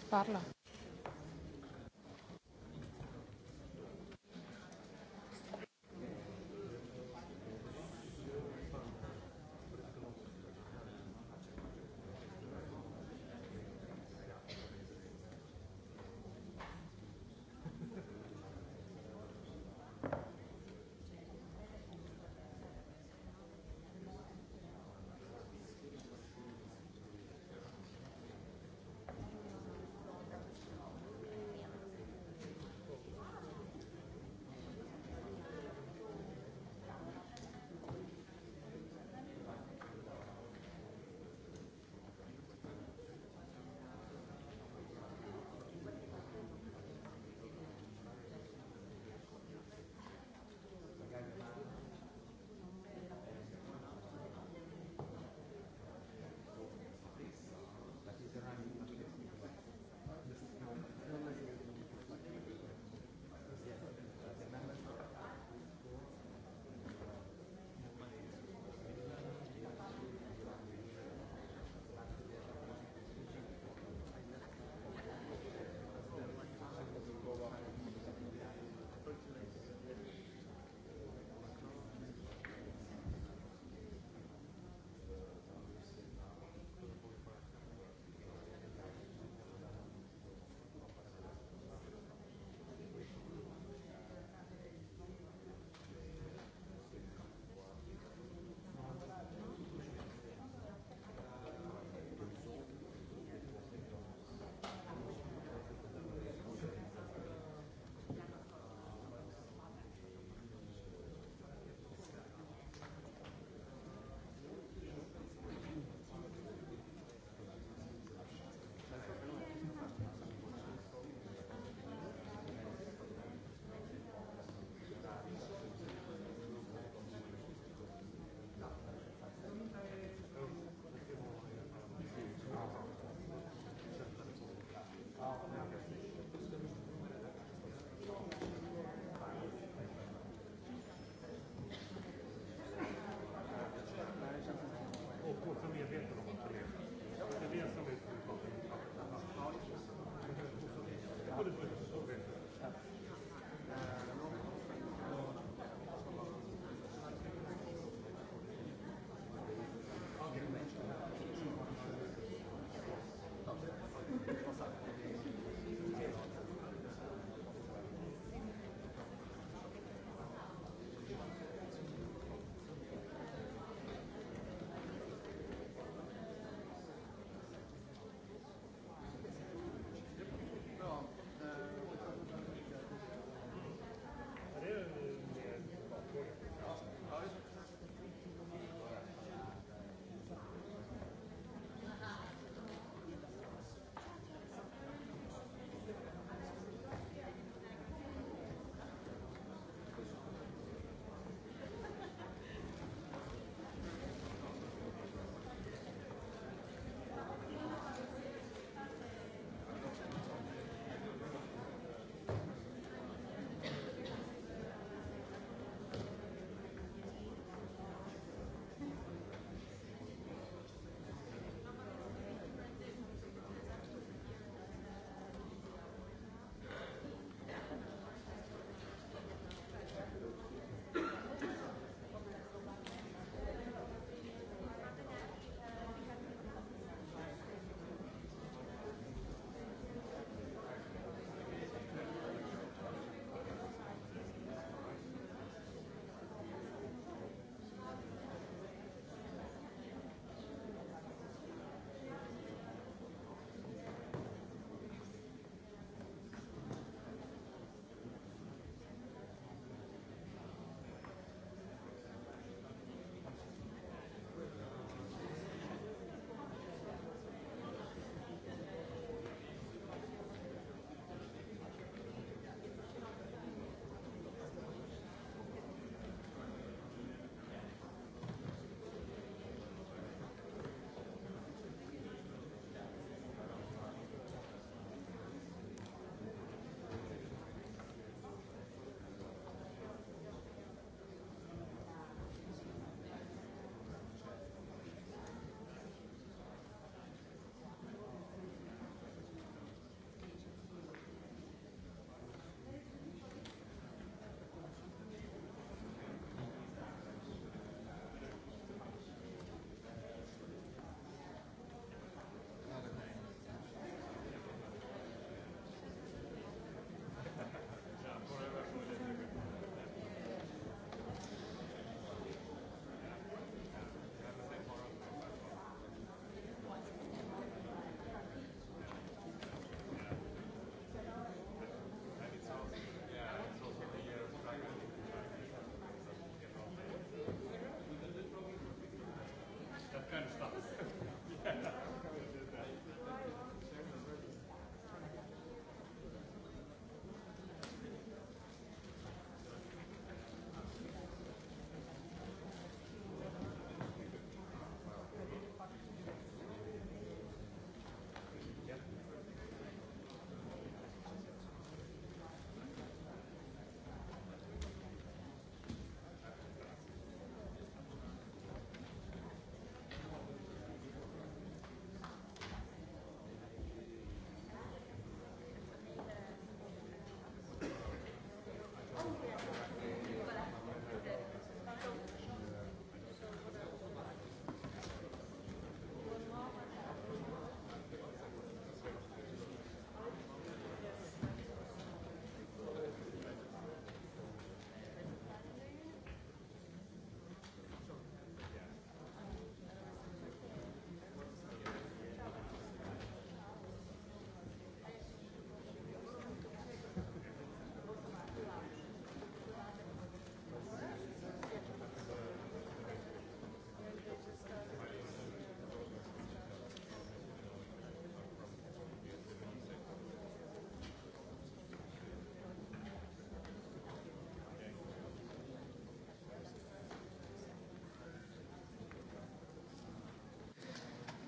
parla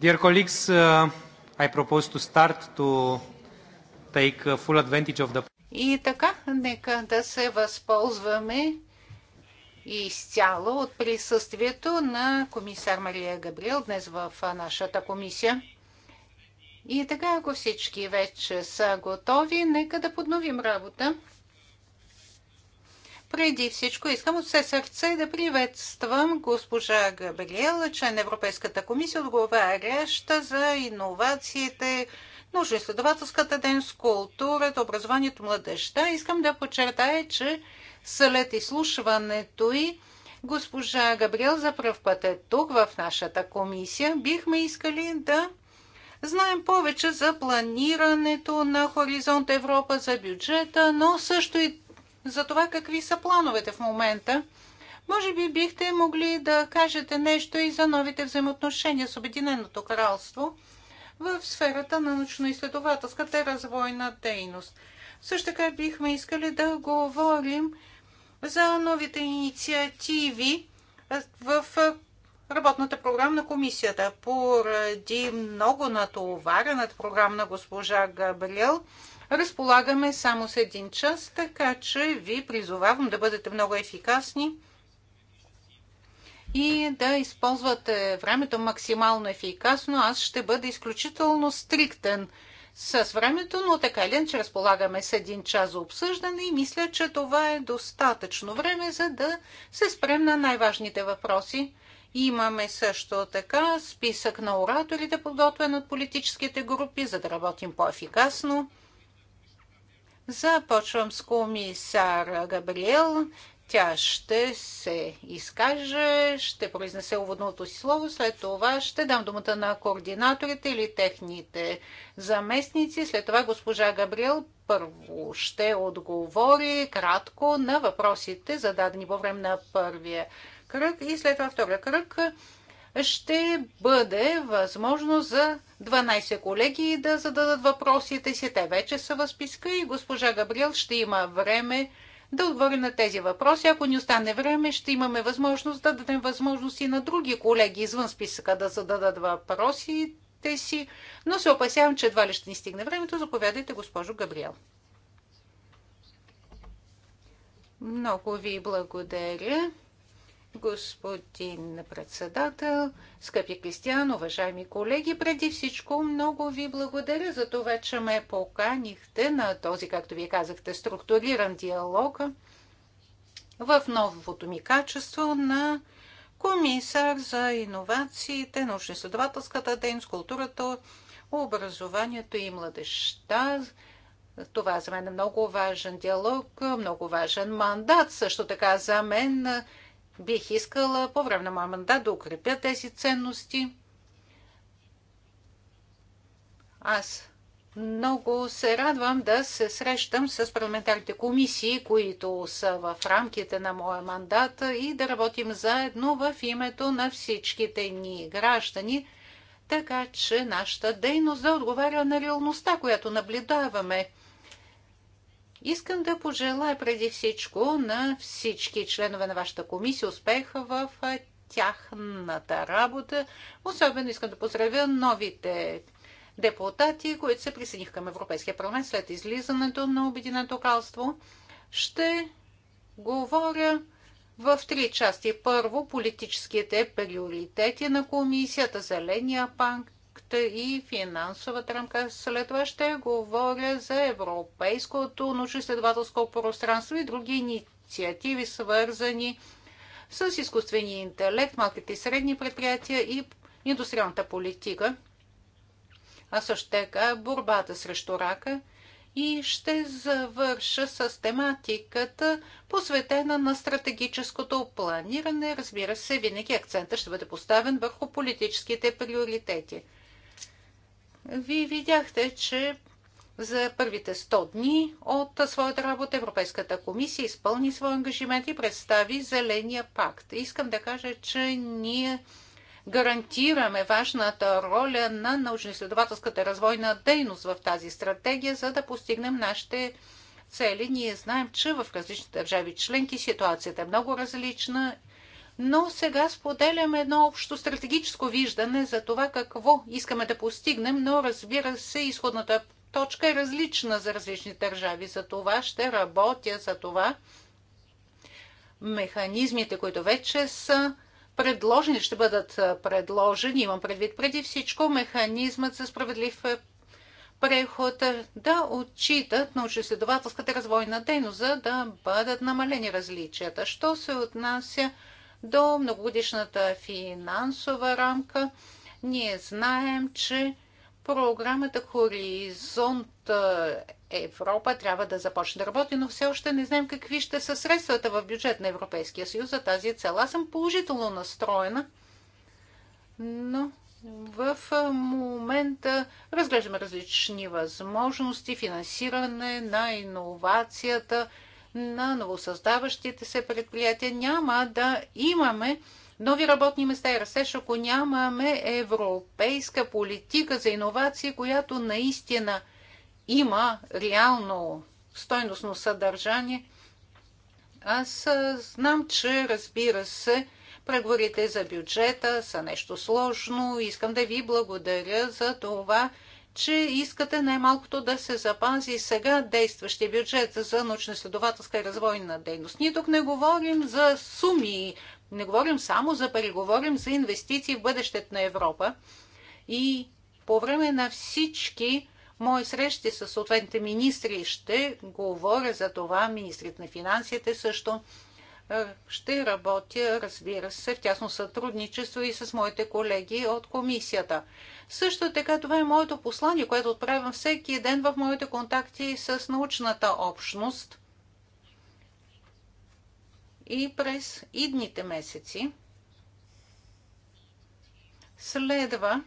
Dear colleagues, uh, I propose to start to take full advantage of the... И така, нека да се възползваме изцяло от присъствието на комисар Мария Габриел днес в нашата комисия. И така, ако всички вече са готови, нека да подновим работа. Преди всичко искам от все сърце да приветствам госпожа Габриела, член на Европейската комисия, отговаряща за иновациите, научно-изследователската с културата, образованието, младеща. Искам да подчертая, че след изслушването и госпожа Габриел за пръв път е тук в нашата комисия. Бихме искали да Знаем повече за планирането на Хоризонт Европа за бюджета, но също и за това какви са плановете в момента. Може би бихте могли да кажете нещо и за новите взаимоотношения с Обединеното кралство в сферата на научно-изследователската развойна дейност. Също така бихме искали да говорим за новите инициативи в работната програма на комисията. Поради много натоварената програма на госпожа Габриел, Разполагаме само с един час, така че ви призовавам да бъдете много ефикасни и да използвате времето максимално ефикасно. Аз ще бъда изключително стриктен с времето, но така или иначе разполагаме с един час за обсъждане и мисля, че това е достатъчно време, за да се спрем на най-важните въпроси. Имаме също така списък на ораторите, подготвен от политическите групи, за да работим по-ефикасно. Започвам с комисар Габриел. Тя ще се изкаже, ще произнесе уводното си слово, след това ще дам думата на координаторите или техните заместници. След това госпожа Габриел първо ще отговори кратко на въпросите, зададени по време на първия кръг и след това втория кръг ще бъде възможно за 12 колеги да зададат въпросите си. Те вече са в списка и госпожа Габриел ще има време да отговори на тези въпроси. Ако ни остане време, ще имаме възможност да дадем възможност и на други колеги извън списъка да зададат въпросите си, но се опасявам, че едва ли ще ни стигне времето. Заповядайте, госпожо Габриел. Много ви благодаря. Господин председател, скъпи Кристиан, уважаеми колеги, преди всичко много ви благодаря за това, че ме поканихте на този, както ви казахте, структуриран диалог в новото ми качество на комисар за иновациите, научно-изследователската дейност, културата, образованието и младеща. Това за мен е много важен диалог, много важен мандат. Също така за мен Бих искала по време на моя мандат да укрепя тези ценности. Аз много се радвам да се срещам с парламентарните комисии, които са в рамките на моя мандат и да работим заедно в името на всичките ни граждани, така че нашата дейност да отговаря на реалността, която наблюдаваме – Искам да пожелая преди всичко на всички членове на вашата комисия успех в тяхната работа. Особено искам да поздравя новите депутати, които се присъединиха към Европейския парламент след излизането на Обединеното кралство. Ще говоря в три части. Първо, политическите приоритети на комисията, Зеления панк, и финансовата рамка. След това ще говоря за европейското научно-изследователско пространство и други инициативи, свързани с изкуствения интелект, малките и средни предприятия и индустриалната политика, а също така борбата срещу рака и ще завърша с тематиката, посветена на стратегическото планиране. Разбира се, винаги акцента ще бъде поставен върху политическите приоритети. Вие видяхте, че за първите 100 дни от своята работа Европейската комисия изпълни своя ангажимент и представи Зеления пакт. Искам да кажа, че ние гарантираме важната роля на научно-изследователската развойна дейност в тази стратегия, за да постигнем нашите цели. Ние знаем, че в различните държави членки ситуацията е много различна но сега споделяме едно общо стратегическо виждане за това какво искаме да постигнем, но разбира се, изходната точка е различна за различни държави. За това ще работя, за това механизмите, които вече са предложени, ще бъдат предложени, имам предвид преди всичко, механизмът за справедлив преход да отчитат научно-изследователската развойна дейност, за да бъдат намалени различията. Що се отнася до многогодишната финансова рамка. Ние знаем, че програмата Хоризонт Европа трябва да започне да работи, но все още не знаем какви ще са средствата в бюджет на Европейския съюз за тази цел. Аз съм положително настроена, но в момента разглеждаме различни възможности, финансиране на иновацията – на новосъздаващите се предприятия. Няма да имаме нови работни места и растеж, ако нямаме европейска политика за иновации, която наистина има реално стойностно съдържание. Аз знам, че разбира се, преговорите за бюджета са нещо сложно. Искам да ви благодаря за това, че искате най-малкото да се запази сега действащия бюджет за научно следователска и развойна дейност. Ние тук не говорим за суми, не говорим само за пари, говорим за инвестиции в бъдещето на Европа. И по време на всички мои срещи с съответните министри ще говоря за това, министрите на финансите също. Ще работя, разбира се, в тясно сътрудничество и с моите колеги от комисията. Също така това е моето послание, което отправям всеки ден в моите контакти с научната общност и през идните месеци. Следва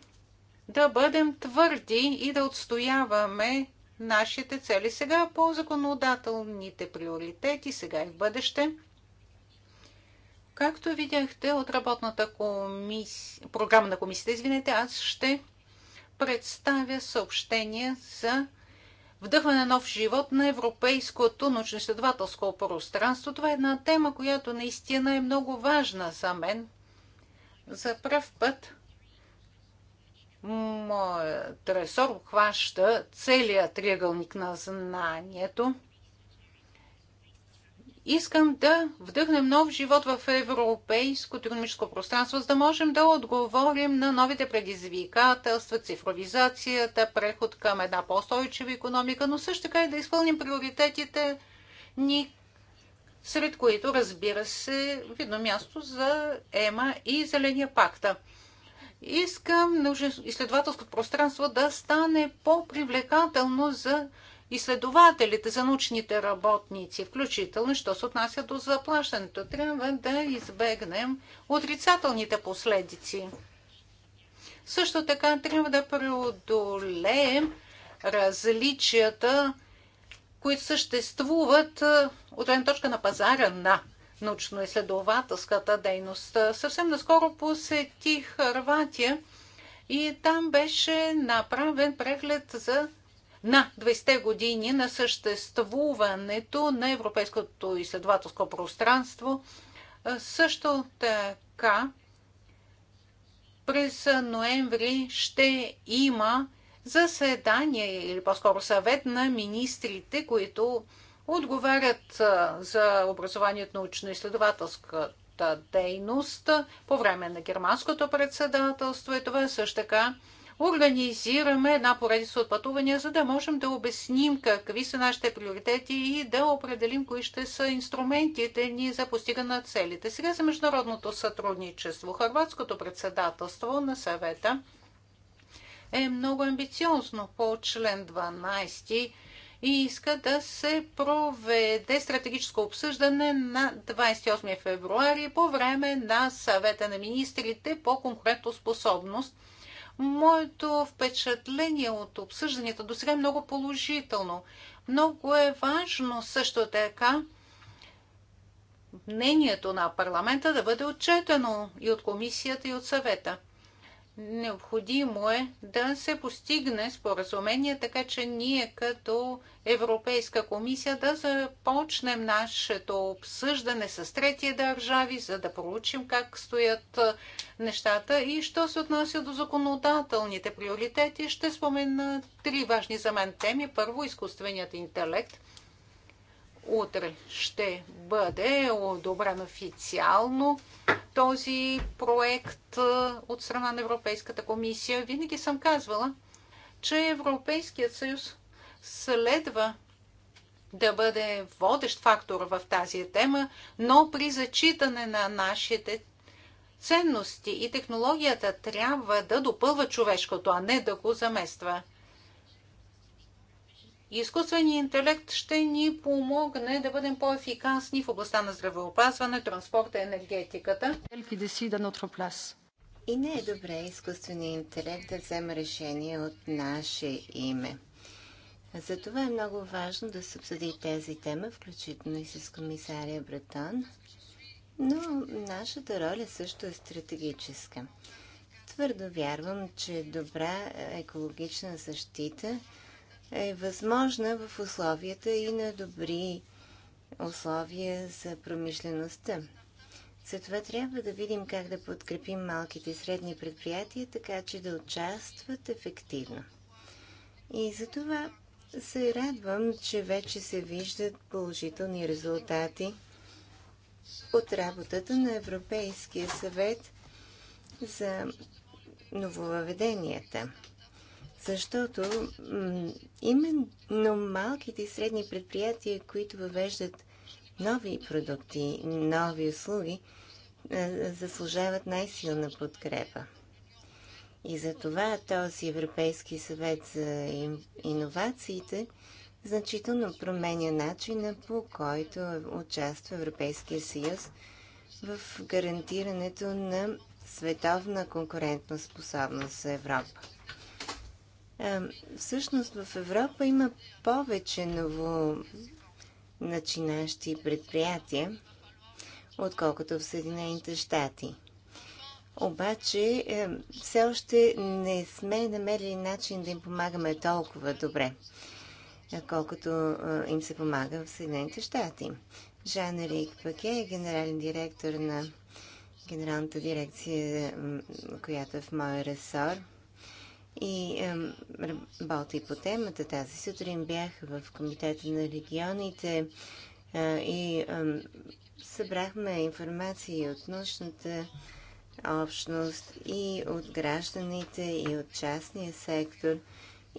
да бъдем твърди и да отстояваме нашите цели сега по законодателните приоритети, сега и в бъдеще. Както видяхте от работната комисия, програма на комисията, извинете, аз ще представя съобщение за вдъхване на нов живот на европейското научно-изследователско пространство. Това е една тема, която наистина е много важна за мен. За пръв път моят ресор обхваща целият триъгълник на знанието – искам да вдъхнем нов живот в европейското економическо пространство, за да можем да отговорим на новите предизвикателства, цифровизацията, преход към една по стойчива економика, но също така и да изпълним приоритетите ни, сред които, разбира се, видно място за ЕМА и Зеления пакта. Искам изследователското пространство да стане по-привлекателно за изследователите, за научните работници, включително, що се отнася до заплащането. Трябва да избегнем отрицателните последици. Също така трябва да преодолеем различията, които съществуват от една точка на пазара на научно-изследователската дейност. Съвсем наскоро посетих Хърватия и там беше направен преглед за на 20-те години на съществуването на европейското изследователско пространство. Също така през ноември ще има заседание или по-скоро съвет на министрите, които отговарят за образованието научно-изследователската дейност по време на германското председателство и това също така организираме една поредица от пътувания, за да можем да обясним какви са нашите приоритети и да определим кои ще са инструментите ни за постигане на целите. Сега за международното сътрудничество. Хрватското председателство на съвета е много амбициозно по член 12 и иска да се проведе стратегическо обсъждане на 28 февруари по време на съвета на министрите по конкурентоспособност – Моето впечатление от обсъждането до сега е много положително. Много е важно също така мнението на парламента да бъде отчетено и от комисията, и от съвета. Необходимо е да се постигне споразумение, така че ние като Европейска комисия да започнем нашето обсъждане с трети държави, за да проучим как стоят нещата и що се отнася до законодателните приоритети. Ще спомена три важни за мен теми. Първо, изкуственият интелект – утре ще бъде одобрен официално този проект от страна на Европейската комисия. Винаги съм казвала, че Европейският съюз следва да бъде водещ фактор в тази тема, но при зачитане на нашите ценности и технологията трябва да допълва човешкото, а не да го замества. Изкуственият интелект ще ни помогне да бъдем по-ефикасни в областта на здравеопазване, транспорта и енергетиката. И не е добре изкуственият интелект да взема решение от наше име. Затова е много важно да се обсъди тези тема, включително и с комисария Бретон. Но нашата роля също е стратегическа. Твърдо вярвам, че добра екологична защита – е възможна в условията и на добри условия за промишлеността. Затова трябва да видим как да подкрепим малките и средни предприятия, така че да участват ефективно. И за това се радвам, че вече се виждат положителни резултати от работата на Европейския съвет за нововъведенията защото именно малките и средни предприятия, които въвеждат нови продукти, нови услуги, заслужават най-силна подкрепа. И за това този Европейски съвет за иновациите значително променя начина по който участва Европейския съюз в гарантирането на световна конкурентна способност за Европа. Е, всъщност в Европа има повече ново начинащи предприятия, отколкото в Съединените щати. Обаче е, все още не сме намерили начин да им помагаме толкова добре, е, колкото им се помага в Съединените щати. Жан Рик Паке е генерален директор на генералната дирекция, която е в моя ресор – и работи по темата. Тази сутрин бях в Комитета на регионите е, и е, събрахме информация от научната общност и от гражданите и от частния сектор.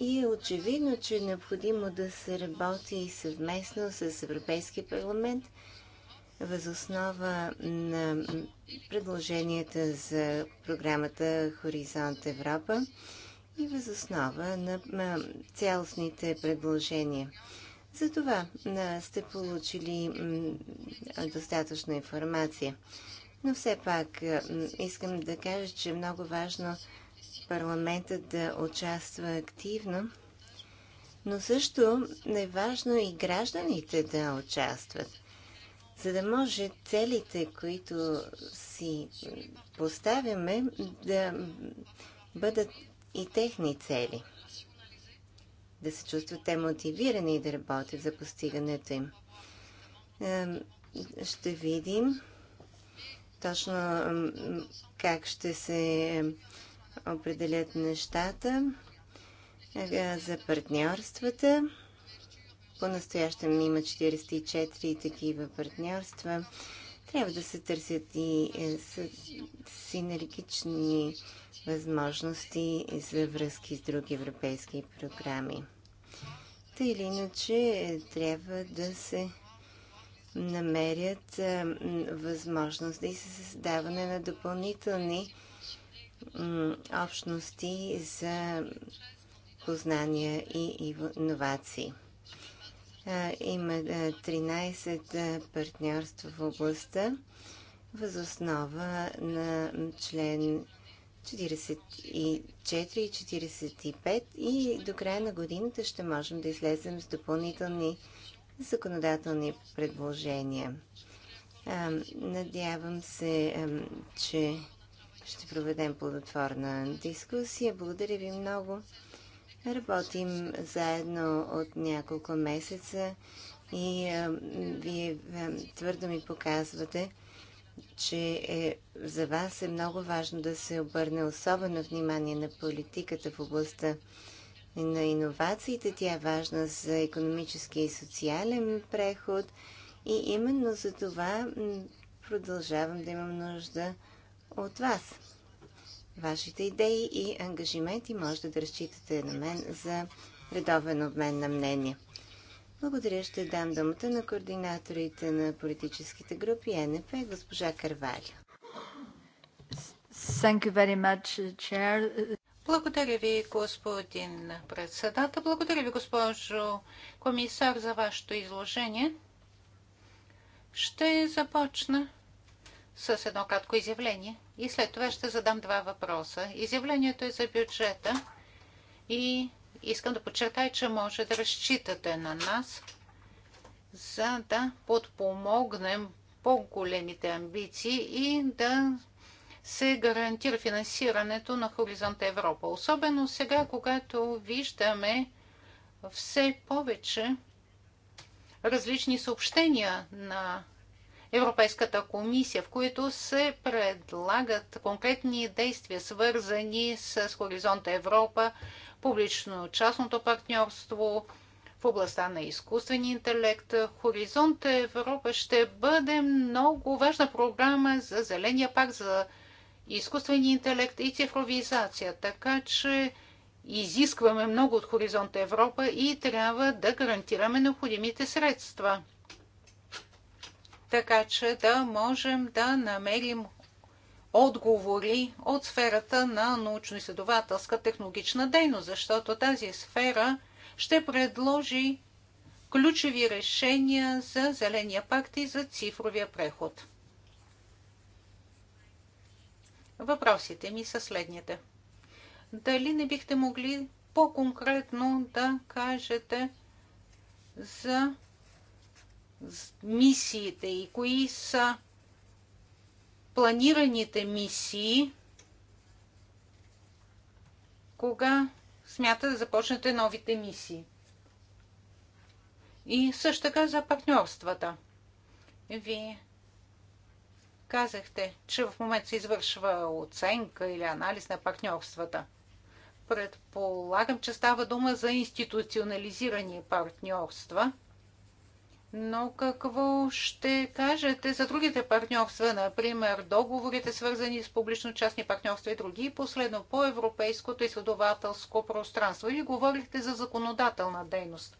И е очевидно, че е необходимо да се работи съвместно с Европейския парламент възоснова на предложенията за програмата Хоризонт Европа и възоснова на, на цялостните предложения. За това сте получили достатъчно информация. Но все пак искам да кажа, че е много важно парламентът да участва активно, но също е важно и гражданите да участват, за да може целите, които си поставяме, да бъдат и техни цели. Да се чувстват те мотивирани да работят за постигането им. Ще видим точно как ще се определят нещата за партньорствата. По-настоящем има 44 такива партньорства. Трябва да се търсят и е, синергични възможности за връзки с други европейски програми. Та или иначе е, трябва да се намерят е, възможности за създаване на допълнителни общности за познания и иновации. Има 13 партньорства в областта възоснова на член 44 и 45 и до края на годината ще можем да излезем с допълнителни законодателни предложения. Надявам се, че ще проведем плодотворна дискусия. Благодаря ви много Работим заедно от няколко месеца и а, вие а, твърдо ми показвате, че е, за вас е много важно да се обърне особено внимание на политиката в областта на иновациите. Тя е важна за економически и социален преход и именно за това продължавам да имам нужда от вас вашите идеи и ангажименти. Можете да разчитате на мен за редовен обмен на мнения. Благодаря. Ще дам думата на координаторите на политическите групи НП, госпожа Карвалио. Thank you very much, chair. Благодаря ви, господин председател. Благодаря ви, госпожо комисар, за вашето изложение. Ще започна с едно кратко изявление и след това ще задам два въпроса. Изявлението е за бюджета и искам да подчертая, че може да разчитате на нас, за да подпомогнем по-големите амбиции и да се гарантира финансирането на Хоризонт Европа. Особено сега, когато виждаме все повече различни съобщения на Европейската комисия, в които се предлагат конкретни действия, свързани с Хоризонта Европа, публично-частното партньорство, в областта на изкуствения интелект. Хоризонт Европа ще бъде много важна програма за Зеления пак за изкуствения интелект и цифровизация. Така че изискваме много от Хоризонт Европа и трябва да гарантираме необходимите средства така че да можем да намерим отговори от сферата на научно-изследователска технологична дейност, защото тази сфера ще предложи ключови решения за Зеления пакт и за цифровия преход. Въпросите ми са следните. Дали не бихте могли по-конкретно да кажете за мисиите и кои са планираните мисии, кога смята да започнете новите мисии. И също така за партньорствата. Вие казахте, че в момента се извършва оценка или анализ на партньорствата. Предполагам, че става дума за институционализирани партньорства – но какво ще кажете за другите партньорства, например договорите, свързани с публично-частни партньорства и други? Последно, по европейското изследователско пространство. или говорихте за законодателна дейност.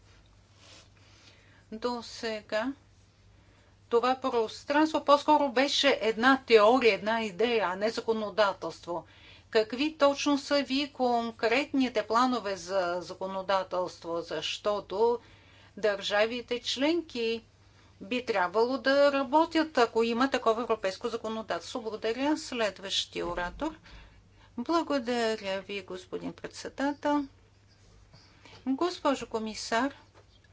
До сега това пространство по-скоро беше една теория, една идея, а не законодателство. Какви точно са ви конкретните планове за законодателство? Защото държавите членки би трябвало да работят, ако има такова европейско законодателство. Благодаря. Следващия оратор. Благодаря ви, господин председател. Госпожо комисар,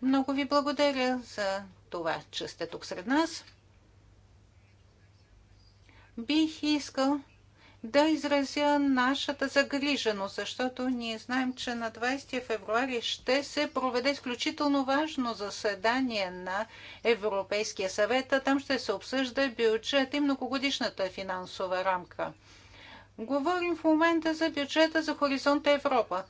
много ви благодаря за това, че сте тук сред нас. Бих искал да изразя нашата загриженост, защото ние знаем, че на 20 февруари ще се проведе изключително важно заседание на Европейския съвет. Там ще се обсъжда бюджет и многогодишната финансова рамка. Говорим в момента за бюджета за Хоризонт Европа.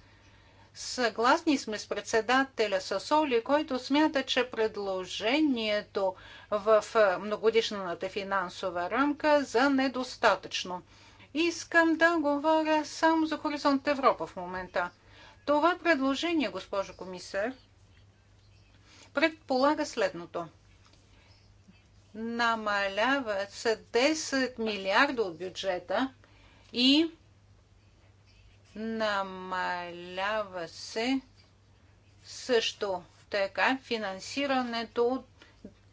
Съгласни сме с председателя Сасоли, който смята, че предложението в многодишната финансова рамка за недостатъчно. Искам да говоря само за Хоризонт Европа в момента. Това предложение, госпожо комисар, предполага следното. Намаляват се 10 милиарда от бюджета и намалява се също така финансирането от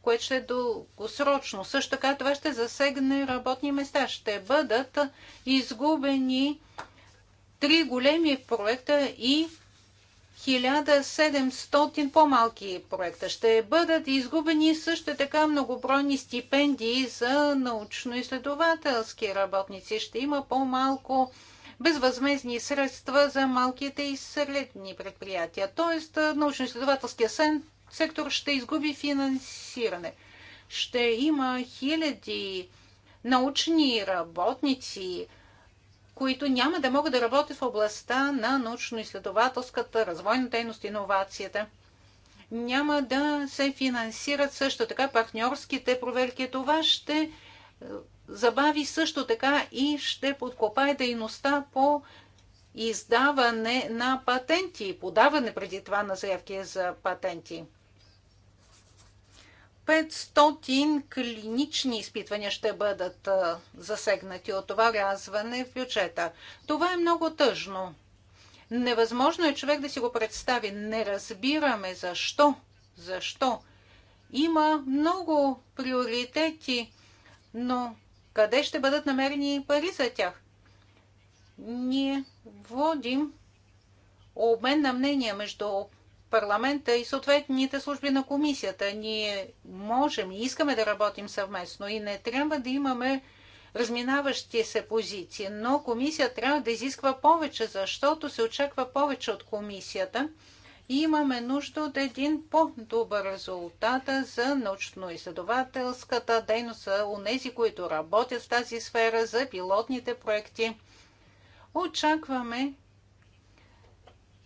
което ще е дългосрочно. Също така това ще засегне работни места. Ще бъдат изгубени три големи проекта и 1700 по-малки проекта. Ще бъдат изгубени също така многобройни стипендии за научно-изследователски работници. Ще има по-малко безвъзмезни средства за малките и средни предприятия. Тоест, научно-изследователския сектор ще изгуби финансиране. Ще има хиляди научни работници, които няма да могат да работят в областта на научно-изследователската, развойна дейност, иновацията. Няма да се финансират също така партньорските проверки. Това ще е, забави също така и ще подкопае дейността по издаване на патенти, подаване преди това на заявки за патенти. 500 клинични изпитвания ще бъдат засегнати от това рязване в бюджета. Това е много тъжно. Невъзможно е човек да си го представи. Не разбираме защо. Защо? Има много приоритети, но къде ще бъдат намерени пари за тях? Ние водим обмен на мнения между парламента и съответните служби на комисията. Ние можем и искаме да работим съвместно и не трябва да имаме разминаващи се позиции, но комисия трябва да изисква повече, защото се очаква повече от комисията и имаме нужда от един по-добър резултат за научно-изследователската дейност, за нези, които работят в тази сфера, за пилотните проекти. Очакваме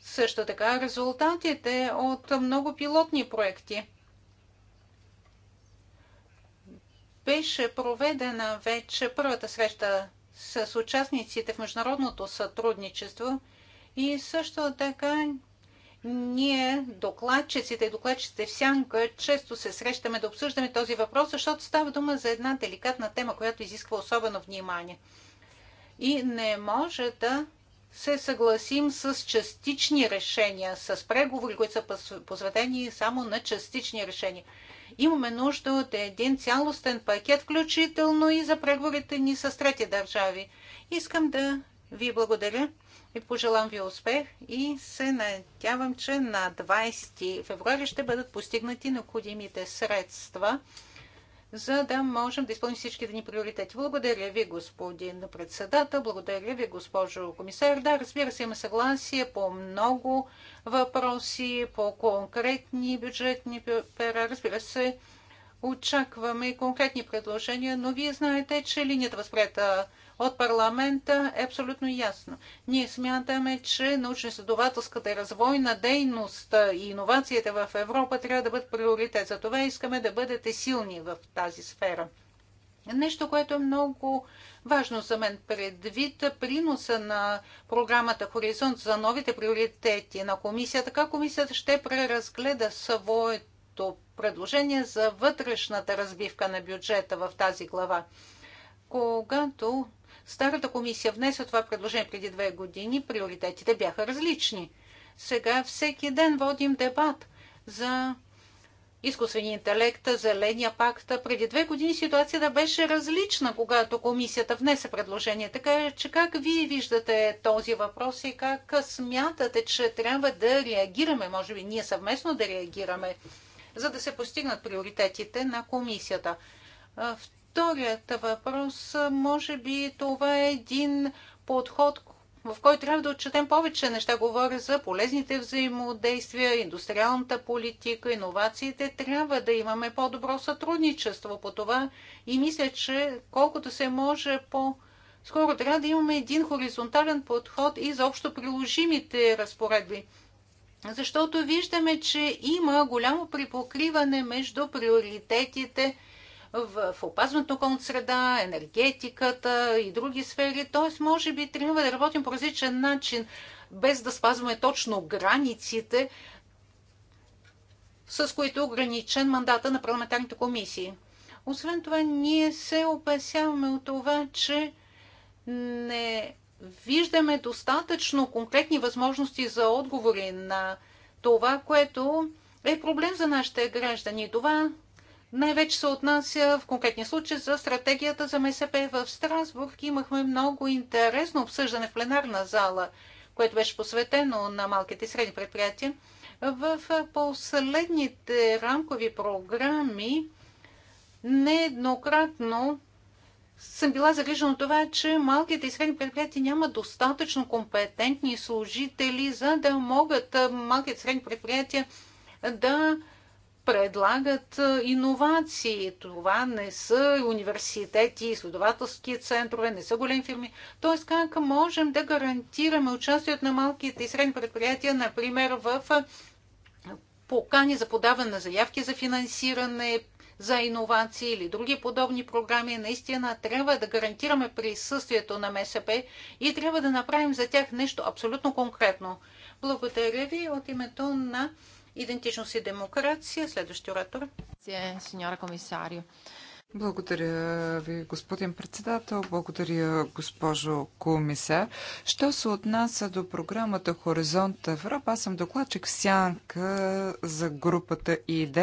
също така резултатите от много пилотни проекти. Беше проведена вече първата среща с участниците в международното сътрудничество и също така ние, докладчиците и докладчиците в сянка, често се срещаме да обсъждаме този въпрос, защото става дума за една деликатна тема, която изисква особено внимание. И не може да се съгласим с частични решения, с преговори, които са посветени само на частични решения. Имаме нужда от един цялостен пакет, включително и за преговорите ни с трети държави. Искам да ви благодаря и пожелам ви успех и се надявам, че на 20 февруари ще бъдат постигнати необходимите средства за да можем да изпълним всичките ни приоритети. Благодаря ви, господин председател, благодаря ви, госпожо комисар. Да, разбира се, има съгласие по много въпроси, по конкретни бюджетни пера. Разбира се, очакваме конкретни предложения, но вие знаете, че линията възприята от парламента е абсолютно ясно. Ние смятаме, че научно-изследователската и развойна дейност и иновациите в Европа трябва да бъдат приоритет. За това искаме да бъдете силни в тази сфера. Нещо, което е много важно за мен предвид приноса на програмата Хоризонт за новите приоритети на комисията, така комисията ще преразгледа своето моето предложение за вътрешната разбивка на бюджета в тази глава. Когато старата комисия внесе това предложение преди две години, приоритетите бяха различни. Сега всеки ден водим дебат за изкуствения интелект, зеления пакт. Преди две години ситуацията беше различна, когато комисията внесе предложение. Така че как вие виждате този въпрос и как смятате, че трябва да реагираме, може би ние съвместно да реагираме? за да се постигнат приоритетите на комисията. Вторият въпрос, може би това е един подход, в който трябва да отчетем повече неща. Говоря за полезните взаимодействия, индустриалната политика, иновациите. Трябва да имаме по-добро сътрудничество по това и мисля, че колкото се може по- скоро трябва да имаме един хоризонтален подход и за общо приложимите разпоредби защото виждаме, че има голямо припокриване между приоритетите в, в опазването на околната среда, енергетиката и други сфери. Т.е. може би трябва да работим по различен начин, без да спазваме точно границите, с които е ограничен мандата на парламентарните комисии. Освен това, ние се опасяваме от това, че не виждаме достатъчно конкретни възможности за отговори на това, което е проблем за нашите граждани. Това най-вече се отнася в конкретния случай за стратегията за МСП в Страсбург. Имахме много интересно обсъждане в пленарна зала, което беше посветено на малките и средни предприятия. В последните рамкови програми нееднократно съм била загрижена от това, че малките и средни предприятия нямат достатъчно компетентни служители, за да могат малките и средни предприятия да предлагат иновации. Това не са университети, изследователски центрове, не са големи фирми. Тоест как можем да гарантираме участието на малките и средни предприятия, например в покани за подаване на заявки за финансиране, за иновации или други подобни програми, наистина трябва да гарантираме присъствието на МСП и трябва да направим за тях нещо абсолютно конкретно. Благодаря ви от името на Идентичност и демокрация. Следващия оратор. Сеньора комисарио. Благодаря ви, господин председател. Благодаря, госпожо комисар. Що се отнася до програмата Хоризонт Европа, аз съм докладчик в сянка за групата ИД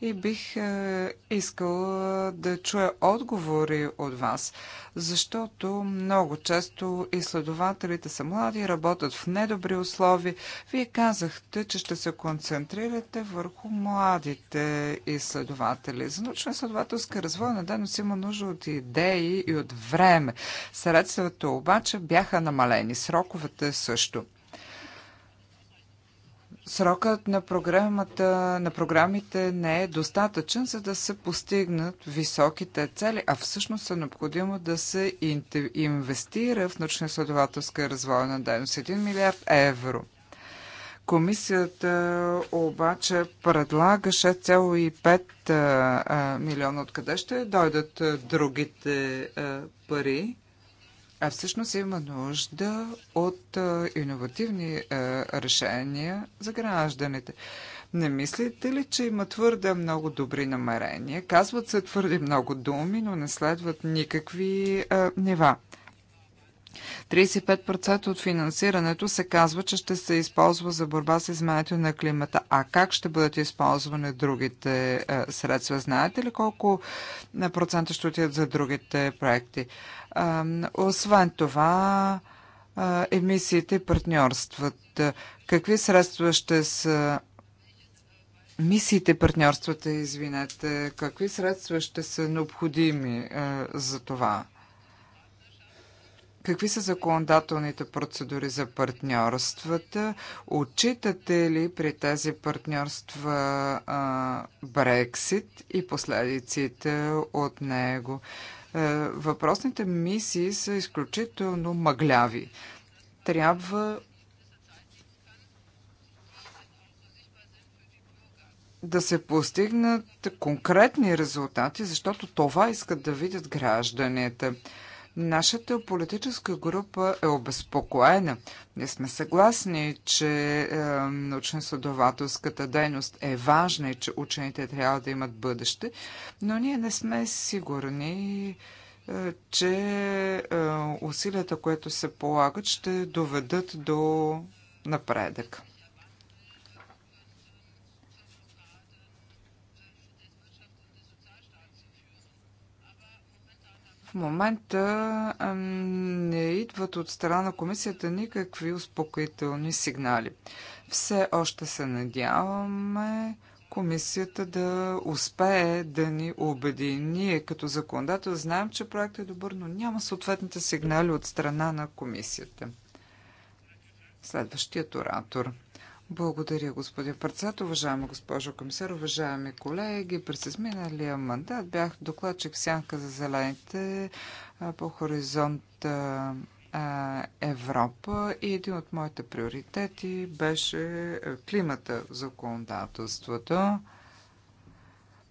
и бих е, искала да чуя отговори от вас, защото много често изследователите са млади, работят в недобри условия. Вие казахте, че ще се концентрирате върху младите изследователи. За научно-изследователска развитие развойна дейност има нужда от идеи и от време. Средствата обаче бяха намалени, сроковете също. Срокът на, програмата, на програмите не е достатъчен, за да се постигнат високите цели, а всъщност е необходимо да се инвестира в научно-изследователска и развойна дейност. 1 милиард евро – Комисията обаче предлага 6,5 милиона. Откъде ще дойдат другите пари? А всъщност има нужда от иновативни решения за гражданите. Не мислите ли, че има твърде много добри намерения? Казват се твърде много думи, но не следват никакви а, нива. 35% от финансирането се казва, че ще се използва за борба с изменението на климата. А как ще бъдат използвани другите е, средства? Знаете ли колко е, процента ще отидат за другите проекти? Освен това, е, емисиите и партньорствата. Какви средства ще са мисиите, партньорствата, извинете, какви средства ще са необходими за това? Какви са законодателните процедури за партньорствата? Отчитате ли при тези партньорства Брексит и последиците от него? Е, въпросните мисии са изключително мъгляви. Трябва да се постигнат конкретни резултати, защото това искат да видят гражданите. Нашата политическа група е обезпокоена. Ние сме съгласни, че е, научно-следователската дейност е важна и че учените трябва да имат бъдеще, но ние не сме сигурни, е, че е, усилията, които се полагат, ще доведат до напредък. В момента не идват от страна на комисията никакви успокоителни сигнали. Все още се надяваме комисията да успее да ни убеди. Ние като законодател знаем, че проектът е добър, но няма съответните сигнали от страна на комисията. Следващият оратор – благодаря, господин председател. Уважаема госпожо комисар, уважаеми колеги, през изминалия мандат бях докладчик сянка за зелените по хоризонт Европа и един от моите приоритети беше климата в законодателството.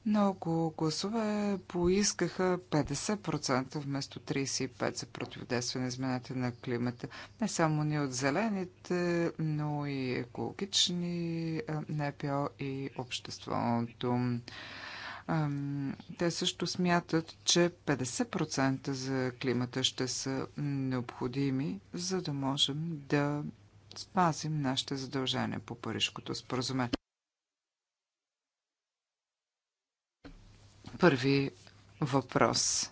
Много гласове поискаха 50% вместо 35% за противодействие на измената на климата. Не само ни от зелените, но и екологични НПО и обществото. Те също смятат, че 50% за климата ще са необходими, за да можем да спазим нашите задължения по Парижкото споразумение. Първи въпрос.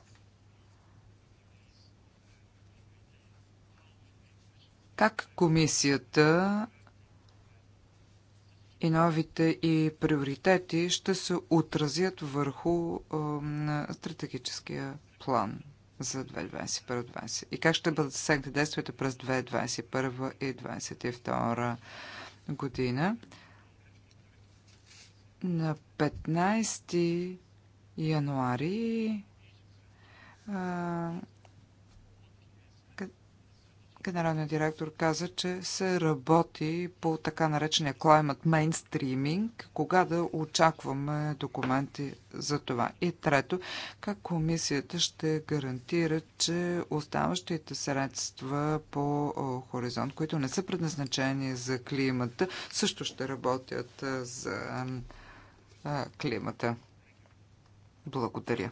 Как комисията и новите и приоритети ще се отразят върху а, на стратегическия план за 2021-2020? И как ще бъдат сегнати действията през 2021 и 2022 година? На 15 януари генералният директор каза, че се работи по така наречения climate mainstreaming. Кога да очакваме документи за това? И трето, как комисията ще гарантира, че оставащите средства по хоризонт, които не са предназначени за климата, също ще работят за климата? Благодаря.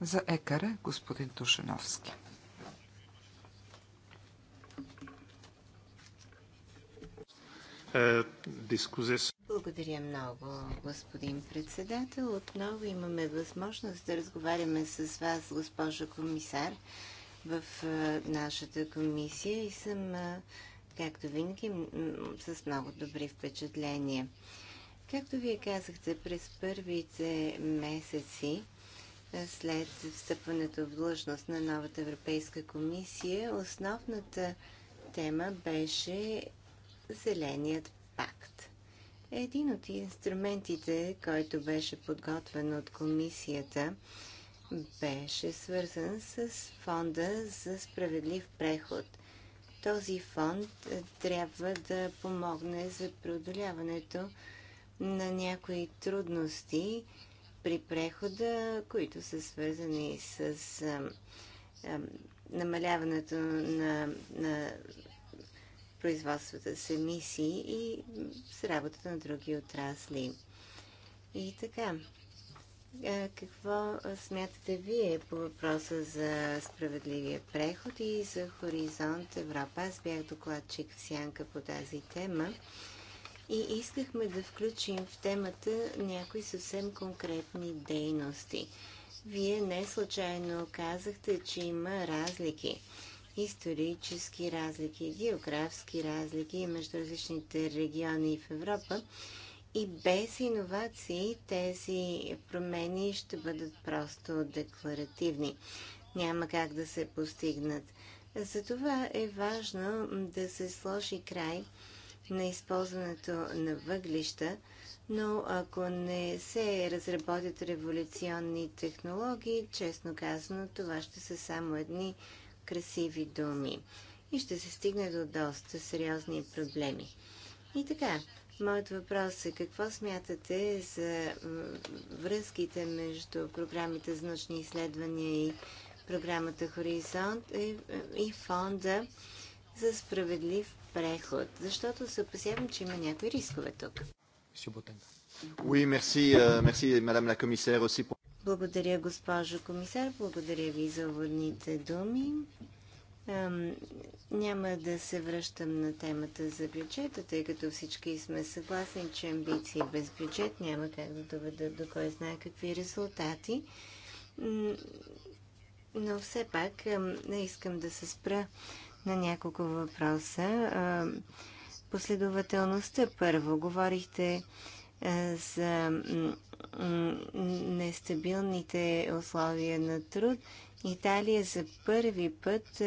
За екаре господин Тушеновски. Е, Благодаря много, господин председател. Отново имаме възможност да разговаряме с вас, госпожа комисар, в е, нашата комисия и съм, е, както винаги, с много добри впечатления. Както вие казахте, през първите месеци след встъпването в длъжност на новата Европейска комисия, основната тема беше Зеленият пакт. Един от инструментите, който беше подготвен от комисията, беше свързан с фонда за справедлив преход. Този фонд трябва да помогне за преодоляването на някои трудности при прехода, които са свързани с а, а, намаляването на, на производствата с емисии и с работата на други отрасли. И така, какво смятате вие по въпроса за справедливия преход и за Хоризонт Европа? Аз бях докладчик в Сянка по тази тема и искахме да включим в темата някои съвсем конкретни дейности. Вие не случайно казахте, че има разлики. Исторически разлики, географски разлики между различните региони в Европа. И без иновации тези промени ще бъдат просто декларативни. Няма как да се постигнат. Затова е важно да се сложи край на използването на въглища, но ако не се разработят революционни технологии, честно казано, това ще са само едни красиви думи и ще се стигне до доста сериозни проблеми. И така, моят въпрос е какво смятате за връзките между програмите за научни изследвания и програмата Хоризонт е, е, и фонда за справедлив преход, защото се опасявам, че има някои рискове тук. Euh, благодаря, госпожо комисар. Благодаря ви за уводните думи. Няма да се връщам на темата за бюджета, тъй като всички сме съгласни, че амбиции без бюджет няма как да доведат до кой знае какви резултати. Но все пак не искам да се спра на няколко въпроса. Последователността първо. Говорихте за нестабилните условия на труд. Италия за първи път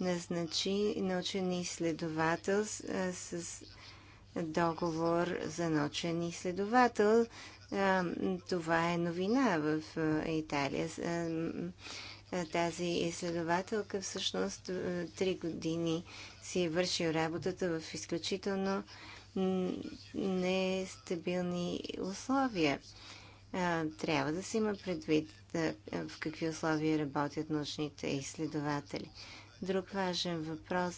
назначи научен изследовател с договор за научен изследовател. Това е новина в Италия тази изследователка всъщност три години си е вършил работата в изключително нестабилни условия. Трябва да се има предвид в какви условия работят научните изследователи. Друг важен въпрос,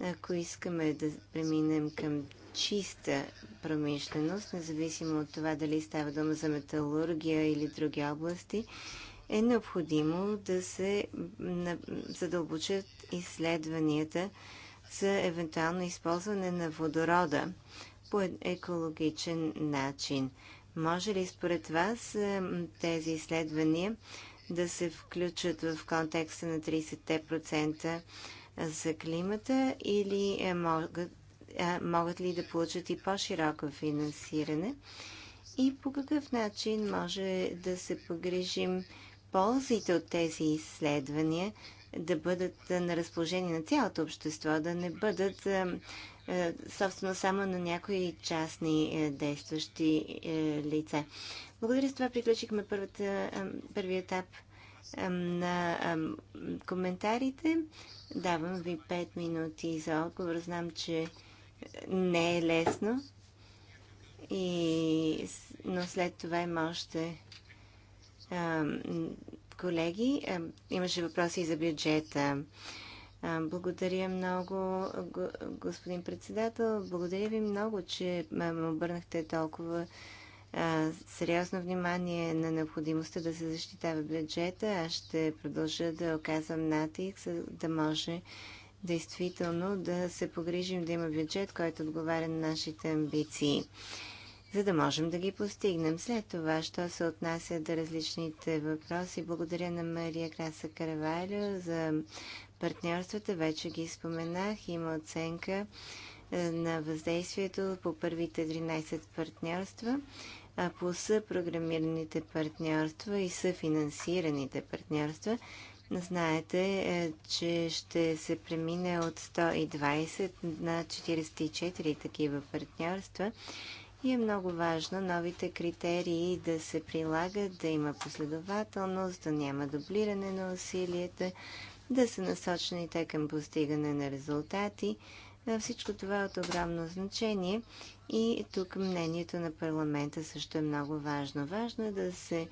ако искаме да преминем към чиста промишленост, независимо от това дали става дума за металургия или други области, е необходимо да се задълбочат изследванията за евентуално използване на водорода по е- екологичен начин. Може ли според вас е, тези изследвания да се включат в контекста на 30% за климата или е, могат, могат ли да получат и по-широко финансиране? И по какъв начин може да се погрежим ползите от тези изследвания да бъдат на разположение на цялото общество, да не бъдат е, е, собствено само на някои частни е, действащи лица. Благодаря с това приключихме първата, първи етап на коментарите. Давам ви 5 минути за отговор. Знам, че не е лесно, и, но след това има още колеги. Имаше въпроси и за бюджета. Благодаря много, господин председател. Благодаря ви много, че ме обърнахте толкова сериозно внимание на необходимостта да се защитава бюджета. Аз ще продължа да оказвам натиск, за да може действително да се погрижим да има бюджет, който отговаря на нашите амбиции за да можем да ги постигнем. След това, що се отнася до различните въпроси, благодаря на Мария Краса Каравайло за партньорствата. Вече ги споменах. Има оценка е, на въздействието по първите 13 партньорства, а по съпрограмираните партньорства и съфинансираните партньорства Знаете, е, че ще се премине от 120 на 44 такива партньорства и е много важно новите критерии да се прилагат, да има последователност, да няма дублиране на усилията, да са насочени те към постигане на резултати. Всичко това е от огромно значение и тук мнението на парламента също е много важно. Важно е да се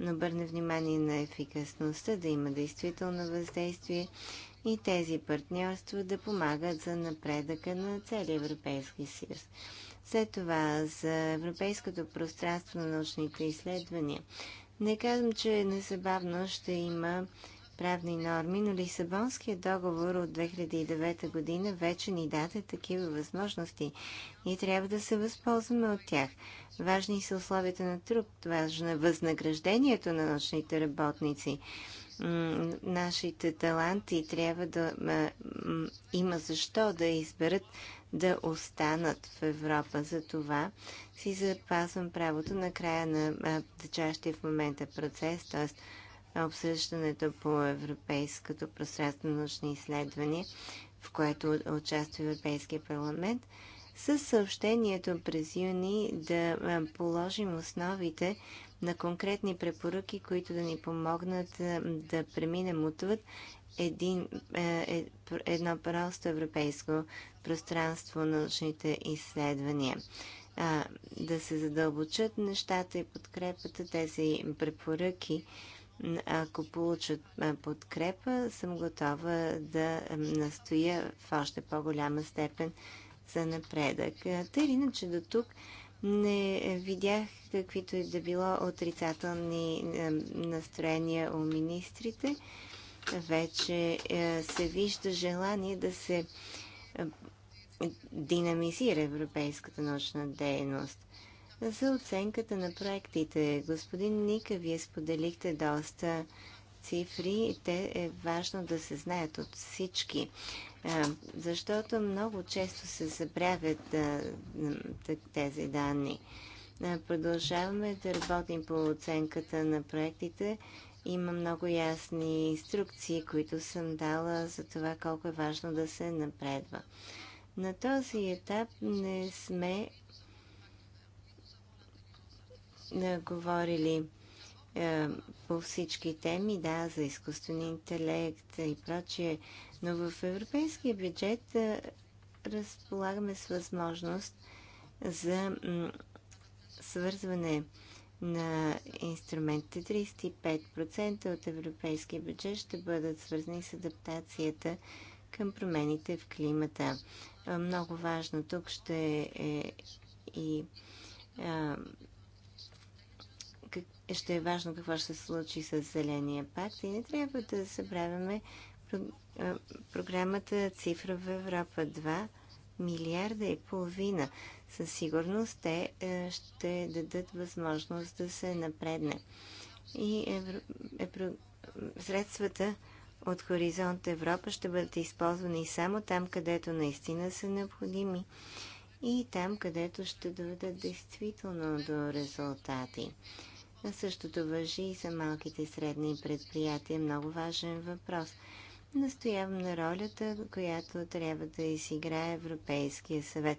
обърне внимание на ефикасността, да има действително въздействие и тези партньорства да помагат за напредъка на целия Европейски съюз. След това за Европейското пространство на научните изследвания. Не казвам, че е незабавно ще има правни норми, но Лисабонският договор от 2009 година вече ни даде такива възможности и трябва да се възползваме от тях. Важни са условията на труд, важно е възнаграждението на научните работници. Нашите таланти трябва да има защо да изберат да останат в Европа. За това си запазвам правото на края на течащия в момента процес, т.е. обсъждането по Европейското пространство на научни изследвания, в което участва Европейския парламент, с съобщението през юни да положим основите на конкретни препоръки, които да ни помогнат да преминем отвъд един, е, е едно просто европейско пространство на научните изследвания. А, да се задълбочат нещата и подкрепата, тези препоръки, ако получат подкрепа, съм готова да настоя в още по-голяма степен за напредък. Тъй или иначе до тук не видях каквито и е да било отрицателни настроения у министрите вече е, се вижда желание да се е, динамизира европейската научна дейност. За оценката на проектите, господин Ника, вие споделихте доста цифри. Те е важно да се знаят от всички, е, защото много често се забравят тези данни. Продължаваме да работим по оценката на проектите има много ясни инструкции, които съм дала за това колко е важно да се напредва. На този етап не сме говорили е, по всички теми, да, за изкуствен интелект и прочие, но в европейския бюджет е, разполагаме с възможност за свързване на инструментите. 35% от европейския бюджет ще бъдат свързани с адаптацията към промените в климата. Много важно тук ще е, е и ще е важно какво ще се случи с Зеления пакт и не трябва да забравяме програмата Цифра програмата Цифрова Европа 2 милиарда и половина със сигурност те е, ще дадат възможност да се напредне. И евро... Евро... средствата от Хоризонт Европа ще бъдат използвани само там, където наистина са необходими и там, където ще доведат действително до резултати. А същото въжи и за малките и средни предприятия. Много важен въпрос. Настоявам на ролята, която трябва да изиграе Европейския съвет.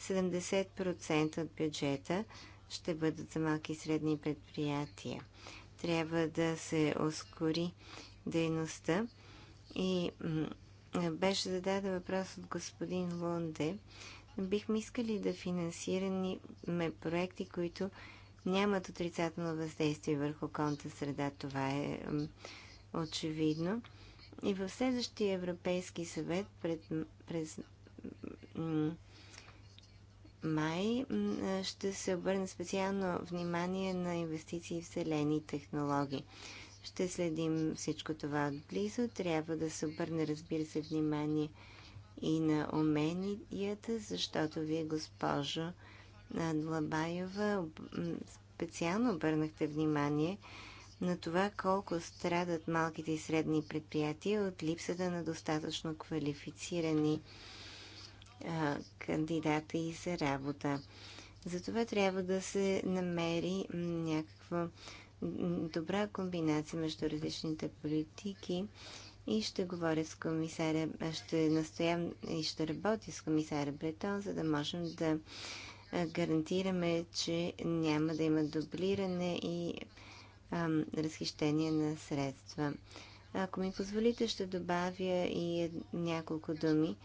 70% от бюджета ще бъдат за малки и средни предприятия. Трябва да се ускори дейността и беше зададен въпрос от господин Лонде. Бихме искали да финансираме проекти, които нямат отрицателно въздействие върху конта среда. Това е очевидно. И в следващия Европейски съвет пред, през май ще се обърне специално внимание на инвестиции в зелени технологии. Ще следим всичко това отблизо. Трябва да се обърне, разбира се, внимание и на уменията, защото вие, госпожо Длабаева, специално обърнахте внимание на това колко страдат малките и средни предприятия от липсата на достатъчно квалифицирани кандидата и за работа. Затова трябва да се намери някаква добра комбинация между различните политики и ще говоря с комисаря, ще настоям и ще работя с комисаря Бретон, за да можем да гарантираме, че няма да има дублиране и ам, разхищение на средства. Ако ми позволите, ще добавя и е, няколко думи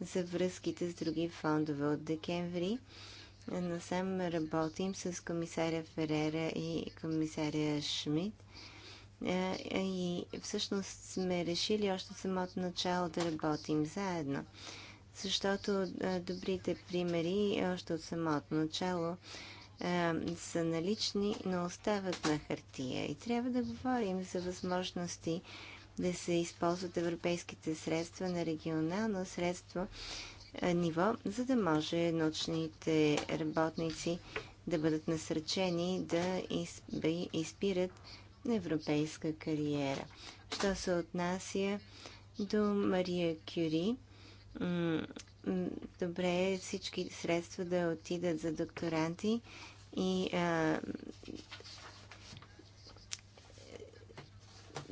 за връзките с други фондове. От декември насам работим с комисаря Ферера и комисаря Шмидт. Е, и всъщност сме решили още самото начало да работим заедно. Защото е, добрите примери още от самото начало е, са налични, но остават на хартия. И трябва да говорим за възможности да се използват европейските средства на регионално средство е, ниво, за да може научните работници да бъдат насръчени да изпират европейска кариера. Що се отнася до Мария Кюри, добре е всички средства да отидат за докторанти и а,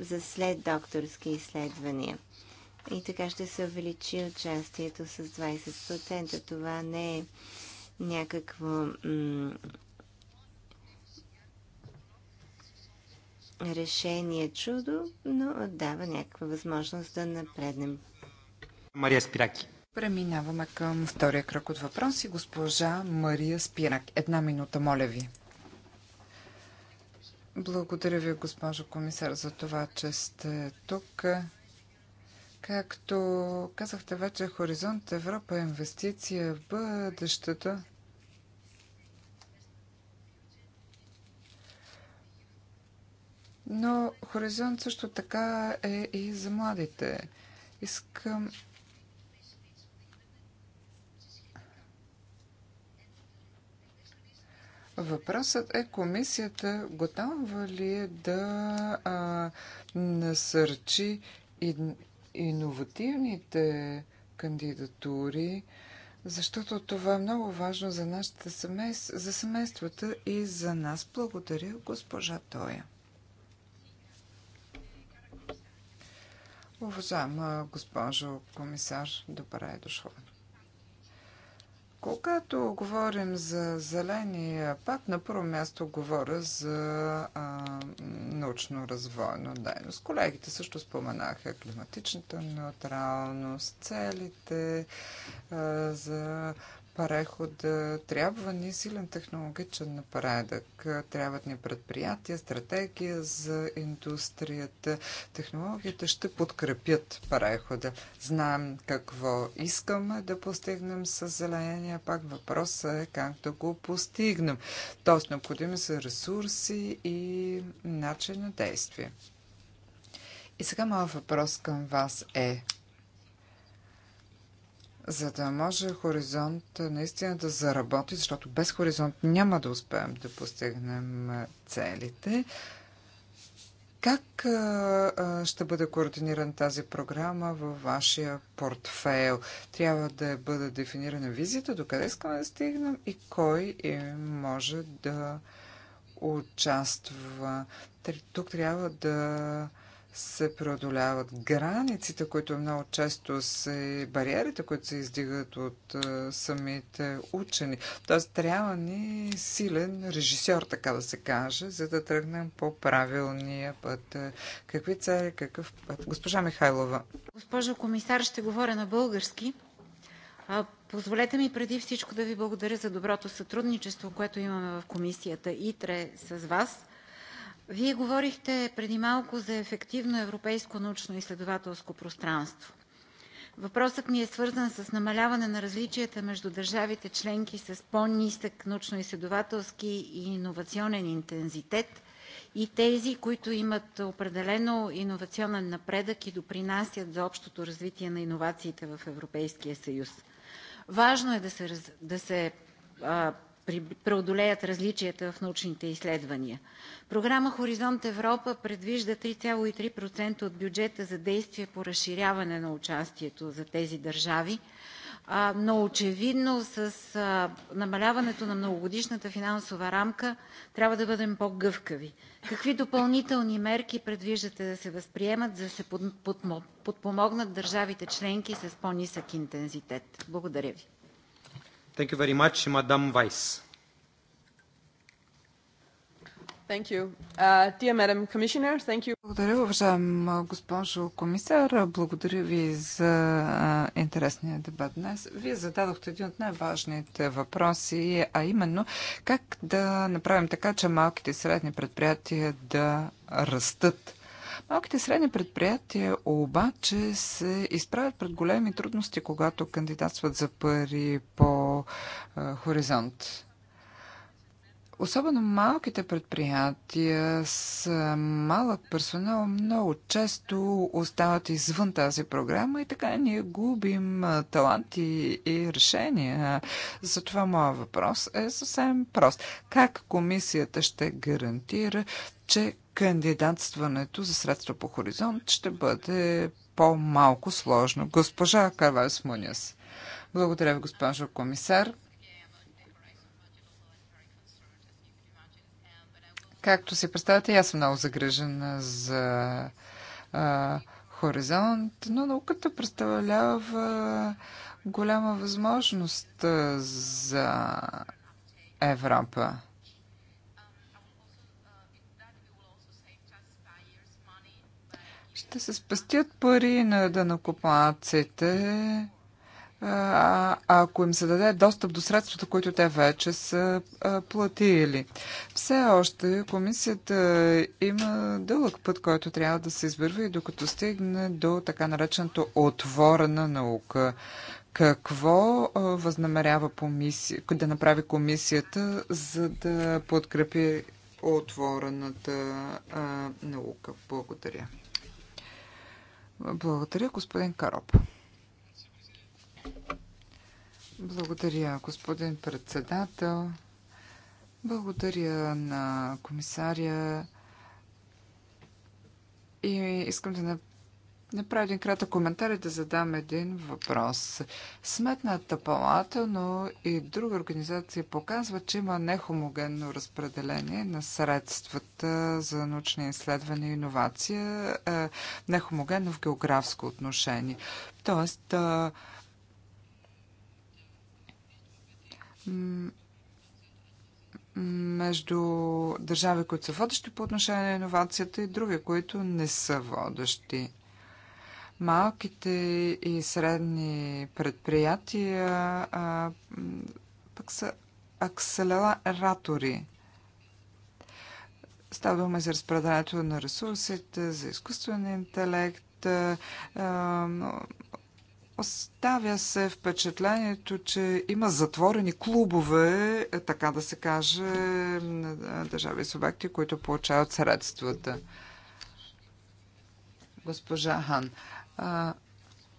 за след докторски изследвания. И така ще се увеличи участието с 20%. Това не е някакво решение чудо, но дава някаква възможност да напреднем. Мария Спираки. Преминаваме към втория кръг от въпроси. Госпожа Мария Спирак. Една минута, моля ви. Благодаря ви, госпожо комисар, за това, че сте тук. Както казахте вече, Хоризонт Европа е инвестиция в бъдещето. Но Хоризонт също така е и за младите. Искам Въпросът е комисията готова ли е да а, насърчи ин, иновативните кандидатури, защото това е много важно за нашите семейства, за семействата и за нас. Благодаря, госпожа Тоя. Уважаема госпожо комисар, добре е дошла. Когато говорим за зеления пак, на първо място говоря за научно-развойна дейност. Колегите също споменаха климатичната неутралност, целите а, за прехода, трябва ни силен технологичен напредък, трябват ни предприятия, стратегия за индустрията. Технологията ще подкрепят прехода. Знаем какво искаме да постигнем с зеления пак. Въпросът е как да го постигнем. Тоест необходими са ресурси и начин на действие. И сега моят въпрос към вас е за да може хоризонт наистина да заработи, защото без хоризонт няма да успеем да постигнем целите. Как ще бъде координиран тази програма във вашия портфейл? Трябва да бъде дефинирана визията, до къде искаме да стигнем и кой е, може да участва. Тук трябва да се преодоляват границите, които много често са бариерите, които се издигат от а, е, самите учени. Тоест трябва ни силен режисьор, така да се каже, за да тръгнем по правилния път. Е, какви цели, какъв път? Госпожа Михайлова. Госпожо комисар, ще говоря на български. А, позволете ми преди всичко да ви благодаря за доброто сътрудничество, което имаме в комисията ИТРЕ с вас – вие говорихте преди малко за ефективно европейско научно-изследователско пространство. Въпросът ми е свързан с намаляване на различията между държавите членки с по-нисък научно-изследователски и иновационен интензитет и тези, които имат определено иновационен напредък и допринасят за общото развитие на иновациите в Европейския съюз. Важно е да се, да се а, преодолеят различията в научните изследвания. Програма Хоризонт Европа предвижда 3,3% от бюджета за действие по разширяване на участието за тези държави, но очевидно с намаляването на многогодишната финансова рамка трябва да бъдем по-гъвкави. Какви допълнителни мерки предвиждате да се възприемат, за да се подпомогнат държавите членки с по-нисък интензитет? Благодаря Ви. Thank you very much, Madam Vice. Uh, благодаря, уважаема госпожо комисар. Благодаря ви за интересния дебат днес. Вие зададохте един от най-важните въпроси, а именно как да направим така, че малките и средни предприятия да растат. Малките и средни предприятия обаче се изправят пред големи трудности, когато кандидатстват за пари по а, хоризонт. Особено малките предприятия с малък персонал много често остават извън тази програма и така ние губим таланти и решения. Затова моят въпрос е съвсем прост. Как комисията ще гарантира, че кандидатстването за средства по хоризонт ще бъде по-малко сложно. Госпожа Карвалес Муняс. Благодаря ви, госпожо комисар. Както си представяте, аз съм много загрижена за а, хоризонт, но науката представлява голяма възможност за Европа. ще се спестят пари на данокопаците, а, ако им се даде достъп до средствата, които те вече са а, платили. Все още комисията има дълъг път, който трябва да се извърви, докато стигне до така нареченото отворена наука. Какво а, възнамерява комисия, да направи комисията, за да подкрепи отворената а, наука? Благодаря. Благодаря, господин Кароп. Благодаря, господин председател. Благодаря на комисаря. И искам да направя един кратък коментар и да задам един въпрос. Сметната палата, но и други организации показват, че има нехомогенно разпределение на средствата за научни изследвания и иновация, е, нехомогенно в географско отношение. Тоест, е, между държави, които са водещи по отношение на иновацията и други, които не са водещи малките и средни предприятия а, пък са акселератори. Става дума за разпределението на ресурсите, за изкуствен интелект. А, оставя се впечатлението, че има затворени клубове, така да се каже, на държави и субекти, които получават средствата. Госпожа Хан.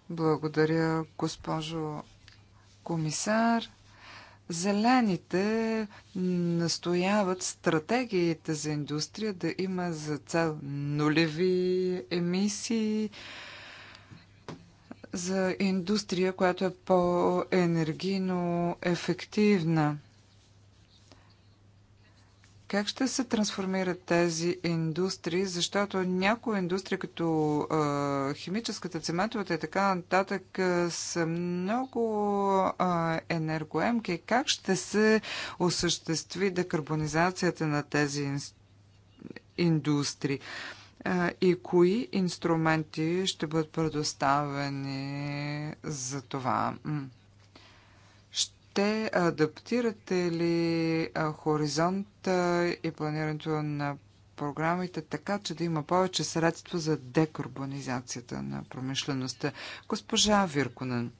Благодаря, госпожо комисар. Зелените настояват стратегиите за индустрия да има за цел нулеви емисии за индустрия, която е по-енергийно ефективна. Как ще се трансформират тези индустрии? Защото някои индустрии, като а, химическата, цементовата и така нататък, са много а, енергоемки. Как ще се осъществи декарбонизацията на тези индустрии? и кои инструменти ще бъдат предоставени за това? Те адаптирате ли хоризонта и планирането на програмите така, че да има повече средства за декарбонизацията на промишлеността? Госпожа Вирконен.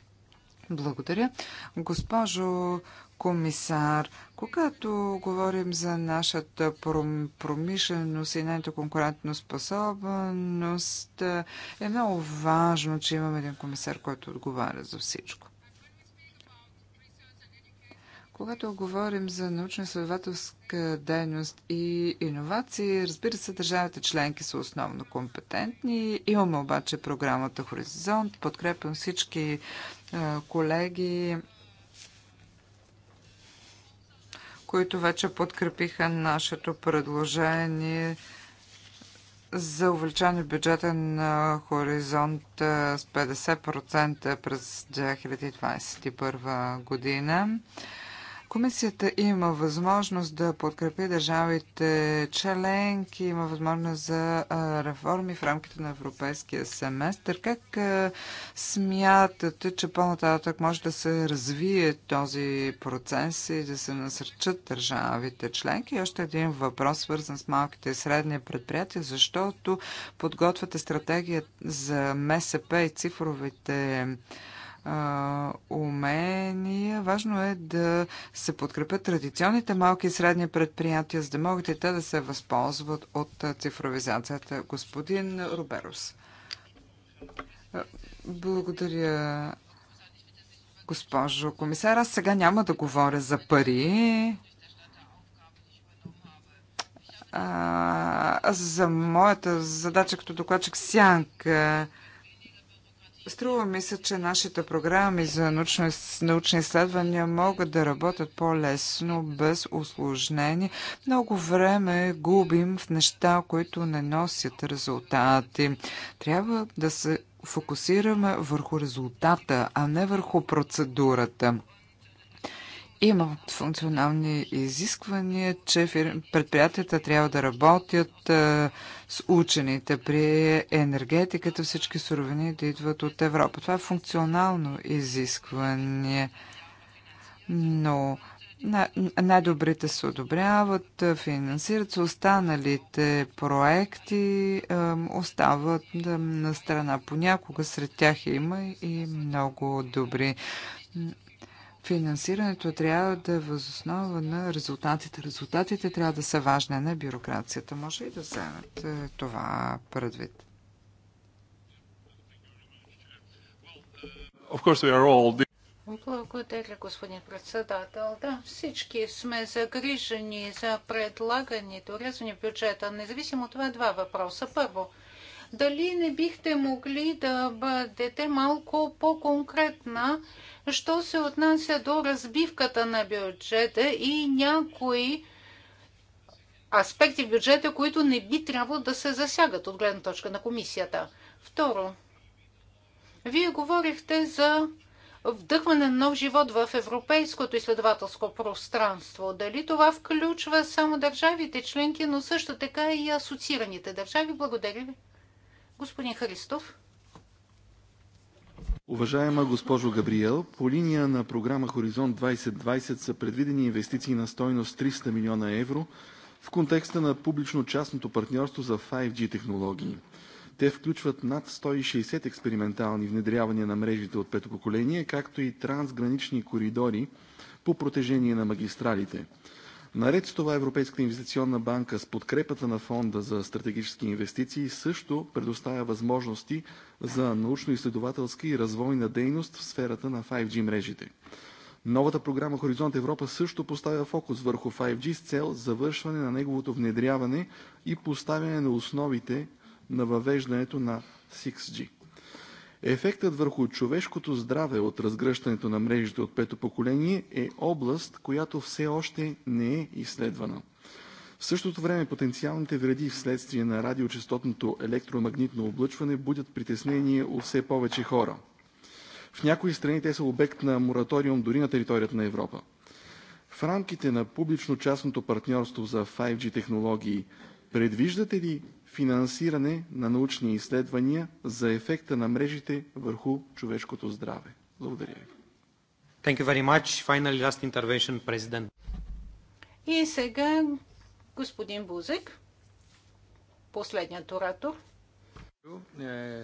Благодаря. Госпожо комисар, когато говорим за нашата промишленост и нейната конкурентна способност, е много важно, че имаме един комисар, който отговаря за всичко. Когато говорим за научно-изследователска дейност и иновации, разбира се, държавите членки са основно компетентни. Имаме обаче програмата Хоризонт. Подкрепям всички е, колеги, които вече подкрепиха нашето предложение за увеличаване бюджета на хоризонт е, с 50% през 2021 година. Комисията има възможност да подкрепи държавите членки, има възможност за реформи в рамките на европейския семестър. Как смятате, че по-нататък може да се развие този процес и да се насърчат държавите членки? И още един въпрос, свързан с малките и средни предприятия, защото подготвяте стратегия за МСП и цифровите предприятия умения. Важно е да се подкрепят традиционните малки и средни предприятия, за да могат и те да се възползват от цифровизацията. Господин Роберус. Благодаря, госпожо комисар. Аз сега няма да говоря за пари. А, за моята задача като докладчик Сянка Струва ми се, че нашите програми за научно, научни изследвания могат да работят по-лесно, без усложнени. Много време губим в неща, които не носят резултати. Трябва да се фокусираме върху резултата, а не върху процедурата има функционални изисквания, че предприятията трябва да работят с учените при енергетиката, всички суровини да идват от Европа. Това е функционално изискване, но най-добрите се одобряват, финансират се, останалите проекти остават на страна. Понякога сред тях има и много добри финансирането трябва да е възоснова на резултатите. Резултатите трябва да са важни на бюрокрацията. Може и да вземат е, това предвид. Благодаря, господин председател. Да, всички сме загрижени за предлаганите урязване в бюджета. Независимо от това, два въпроса. Първо, дали не бихте могли да бъдете малко по-конкретна, що се отнася до разбивката на бюджета и някои аспекти в бюджета, които не би трябвало да се засягат от гледна точка на комисията. Второ, вие говорихте за вдъхване на нов живот в европейското изследователско пространство. Дали това включва само държавите членки, но също така и асоциираните държави? Благодаря ви. Господин Христов. Уважаема госпожо Габриел, по линия на програма Хоризонт 2020 са предвидени инвестиции на стойност 300 милиона евро в контекста на публично-частното партньорство за 5G технологии. Те включват над 160 експериментални внедрявания на мрежите от пето поколение, както и трансгранични коридори по протежение на магистралите. Наред с това Европейската инвестиционна банка с подкрепата на Фонда за стратегически инвестиции също предоставя възможности за научно-изследователска и развойна дейност в сферата на 5G мрежите. Новата програма Хоризонт Европа също поставя фокус върху 5G с цел завършване на неговото внедряване и поставяне на основите на въвеждането на 6G. Ефектът върху човешкото здраве от разгръщането на мрежите от пето поколение е област, която все още не е изследвана. В същото време потенциалните вреди вследствие на радиочастотното електромагнитно облъчване будят притеснение у все повече хора. В някои страни те са обект на мораториум дори на територията на Европа. В рамките на публично-частното партньорство за 5G технологии предвиждате ли финансиране на научни изследвания за ефекта на мрежите върху човешкото здраве. Благодаря ви. Thank you very much. Finally, last intervention, President. И сега господин Бузек, последният оратор. Е,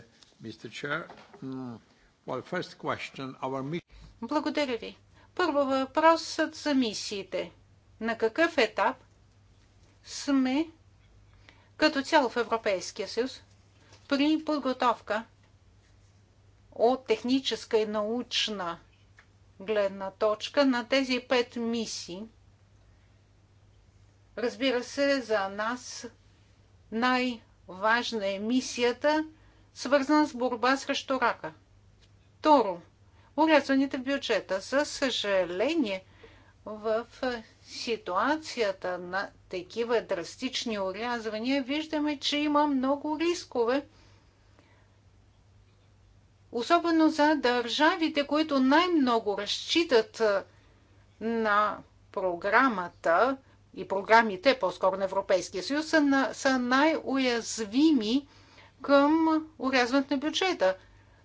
Благодаря ви. Първо въпросът за мисиите. На какъв етап сме като цяло в Европейския съюз при подготовка от техническа и научна гледна точка на тези пет мисии. Разбира се, за нас най-важна е мисията, свързана с борба срещу рака. Второ, урязваните в бюджета. За съжаление, в ситуацията на такива драстични урязвания виждаме, че има много рискове. Особено за държавите, които най-много разчитат на програмата и програмите, по-скоро на Европейския съюз, са, на, са най-уязвими към урязването на бюджета.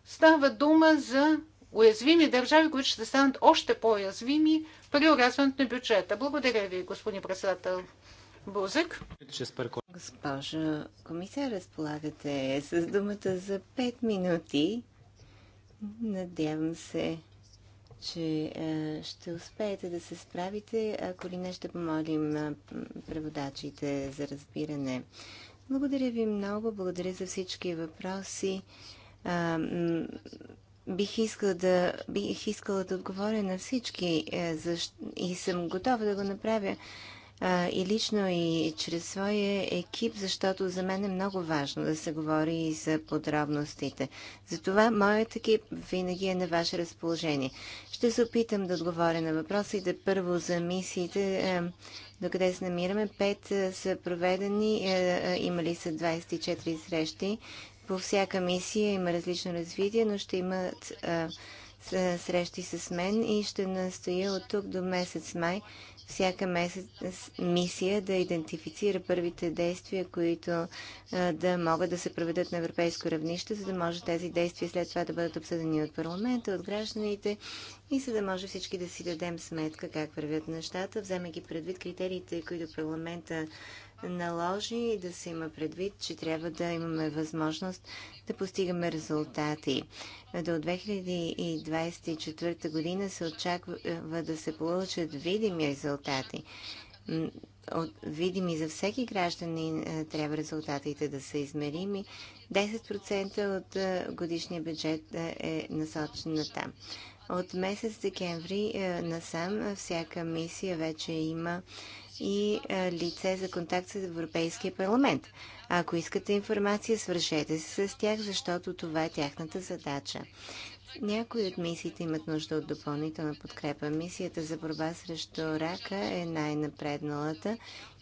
Става дума за уязвими държави, които ще станат още по-уязвими при урязването на бюджета. Благодаря ви, господин председател. Бузък. Госпожо комисия, разполагате с думата за 5 минути. Надявам се, че е, ще успеете да се справите, ако ли не ще помолим е, преводачите за разбиране. Благодаря ви много, благодаря за всички въпроси. Е, Бих искала да, бих искала да отговоря на всички е, и съм готова да го направя е, и лично, и чрез своя екип, защото за мен е много важно да се говори и за подробностите. Затова моят екип винаги е на ваше разположение. Ще се опитам да отговоря на въпроса и да Първо за мисиите, е, докъде до къде се намираме. Пет са проведени, имали са 24 срещи по всяка мисия има различно развитие, но ще имат а, срещи с мен и ще настоя от тук до месец май всяка месец, мисия да идентифицира първите действия, които а, да могат да се проведат на европейско равнище, за да може тези действия след това да бъдат обсъдени от парламента, от гражданите и за да може всички да си дадем сметка как вървят нещата, вземайки предвид критериите, които парламента наложи и да се има предвид, че трябва да имаме възможност да постигаме резултати. До 2024 година се очаква да се получат видими резултати. От, видими за всеки гражданин е, трябва резултатите да са измерими. 10% от е, годишния бюджет е, е насочен на там. От месец декември насам всяка мисия вече има и е, лице за контакт с Европейския парламент. Ако искате информация, свършете се с тях, защото това е тяхната задача. Някои от мисиите имат нужда от допълнителна подкрепа. Мисията за борба срещу рака е най-напредналата.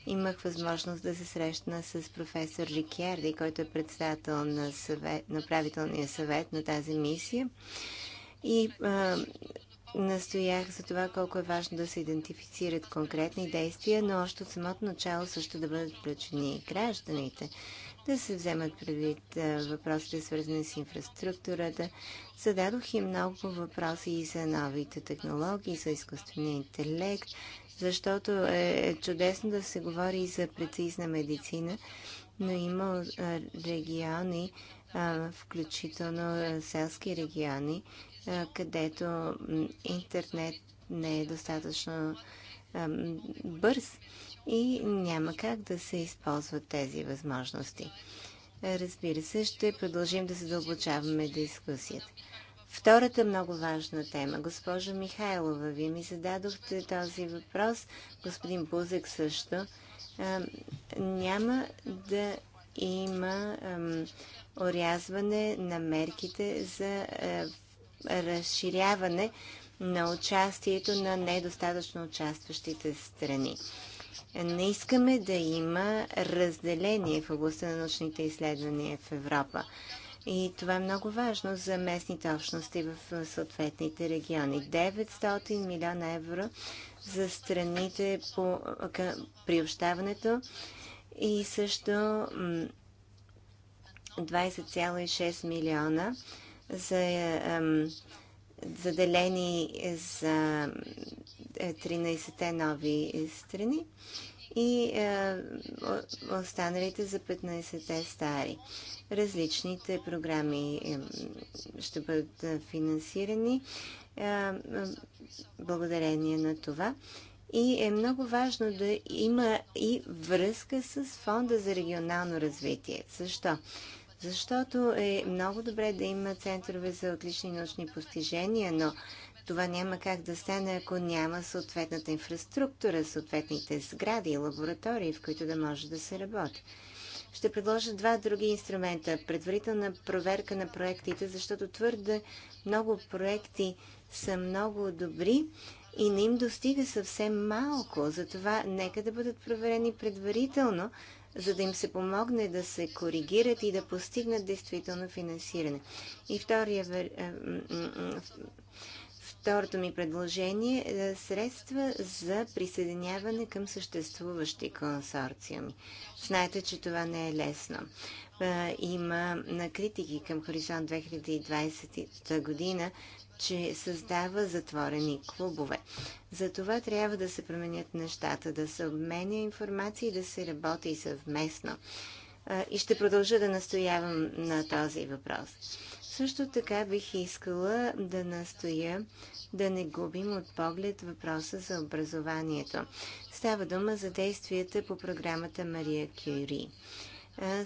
Имах възможност да се срещна с професор Рикерди, който е председател на, съвет, на правителния съвет на тази мисия. И а, настоях за това колко е важно да се идентифицират конкретни действия, но още от самото начало също да бъдат включени и гражданите, да се вземат предвид въпросите, свързани с инфраструктурата. Зададох и много въпроси и за новите технологии, за изкуствения интелект, защото е, е чудесно да се говори и за прецизна медицина, но има региони, включително селски региони, където интернет не е достатъчно бърз и няма как да се използват тези възможности. Разбира се, ще продължим да задълбочаваме дискусията. Втората много важна тема. Госпожо Михайлова, вие ми зададохте този въпрос. Господин Бузек също. няма да има орязване на мерките за разширяване на участието на недостатъчно участващите страни. Не искаме да има разделение в областта на научните изследвания в Европа. И това е много важно за местните общности в съответните региони. 900 милиона евро за страните по приобщаването и също 20,6 милиона за, заделени за 13-те е, нови страни и е, останалите за 15-те стари. Различните програми ще бъдат е, финансирани благодарение на това. И е много важно да има и връзка с Фонда за регионално развитие. Защо? Защото е много добре да има центрове за отлични научни постижения, но това няма как да стане, ако няма съответната инфраструктура, съответните сгради и лаборатории, в които да може да се работи. Ще предложа два други инструмента. Предварителна проверка на проектите, защото твърде много проекти са много добри и не им достига съвсем малко. Затова нека да бъдат проверени предварително, за да им се помогне да се коригират и да постигнат действително финансиране. И втория, е, второто ми предложение е, е средства за присъединяване към съществуващи консорциуми. Знаете, че това не е лесно. Е, има на критики към Хоризонт 2020 година че създава затворени клубове. За това трябва да се променят нещата, да се обменя информация и да се работи съвместно. И ще продължа да настоявам на този въпрос. Също така бих искала да настоя да не губим от поглед въпроса за образованието. Става дума за действията по програмата Мария Кюри.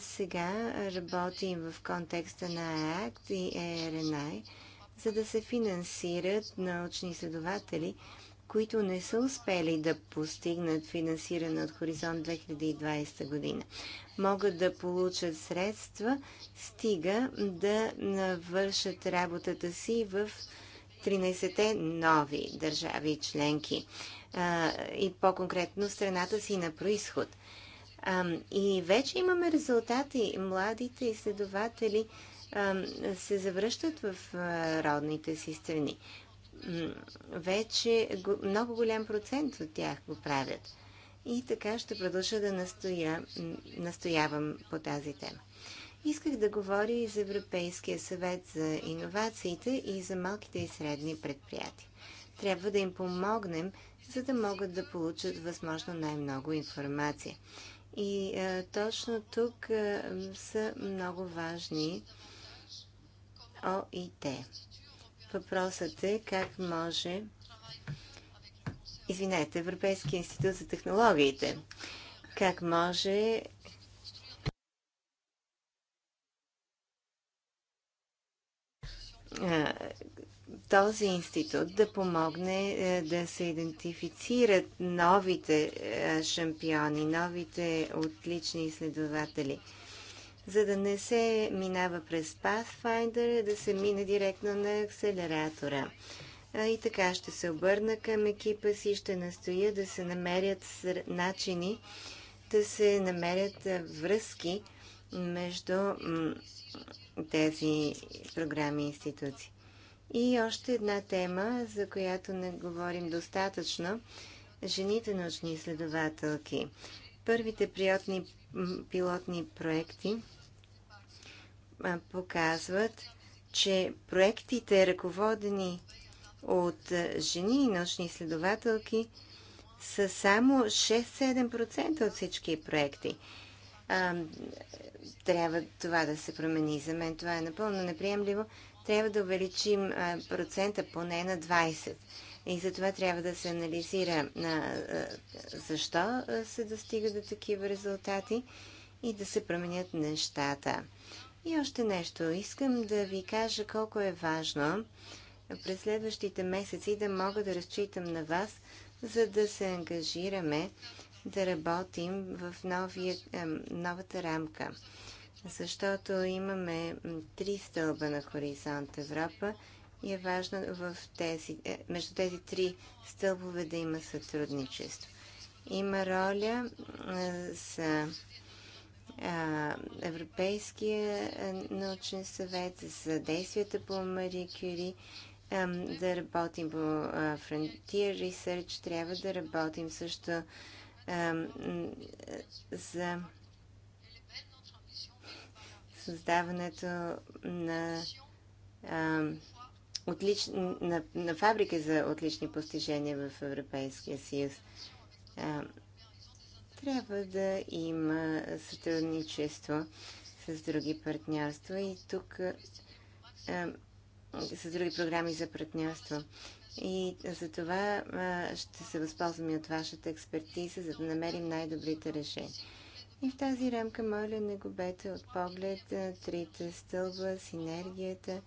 Сега работим в контекста на АКТ и ЕРНАЙ за да се финансират научни изследователи, които не са успели да постигнат финансиране от Хоризонт 2020 година. Могат да получат средства, стига да навършат работата си в 13-те нови държави и членки и по-конкретно страната си на происход. и вече имаме резултати. Младите изследователи се завръщат в родните си страни. Вече много голям процент от тях го правят. И така ще продължа да настоя, настоявам по тази тема. Исках да говоря и за Европейския съвет за иновациите и за малките и средни предприятия. Трябва да им помогнем, за да могат да получат възможно най-много информация. И а, точно тук а, са много важни ОИТ. Въпросът е как може извинете, Европейския институт за технологиите. Как може този институт да помогне е, да се идентифицират новите е, шампиони, новите отлични изследователи – за да не се минава през Pathfinder, да се мине директно на акселератора. И така ще се обърна към екипа си, ще настоя да се намерят начини, да се намерят връзки между тези програми и институции. И още една тема, за която не говорим достатъчно жените научни изследователки. Първите приятни пилотни проекти показват, че проектите, ръководени от жени и научни изследователки, са само 6-7% от всички проекти. А, трябва това да се промени. За мен това е напълно неприемливо. Трябва да увеличим процента поне на 20%. И за това трябва да се анализира на, защо се достига до такива резултати и да се променят нещата. И още нещо. Искам да ви кажа колко е важно през следващите месеци да мога да разчитам на вас, за да се ангажираме да работим в новия, новата рамка. Защото имаме три стълба на хоризонт Европа и е важно в тези, е, между тези три стълбове да има сътрудничество. Има роля е, за Европейския научен съвет, за действията по Мари Кюри, да работим по Frontier Research, трябва да работим също за създаването на, отлич, на, на фабрика за отлични постижения в Европейския съюз трябва да има сътрудничество с други партньорства и тук а, с други програми за партньорство. И за това а, ще се възползвам и от вашата експертиза, за да намерим най-добрите решения. И в тази рамка, моля, не губете от поглед трите стълба, синергията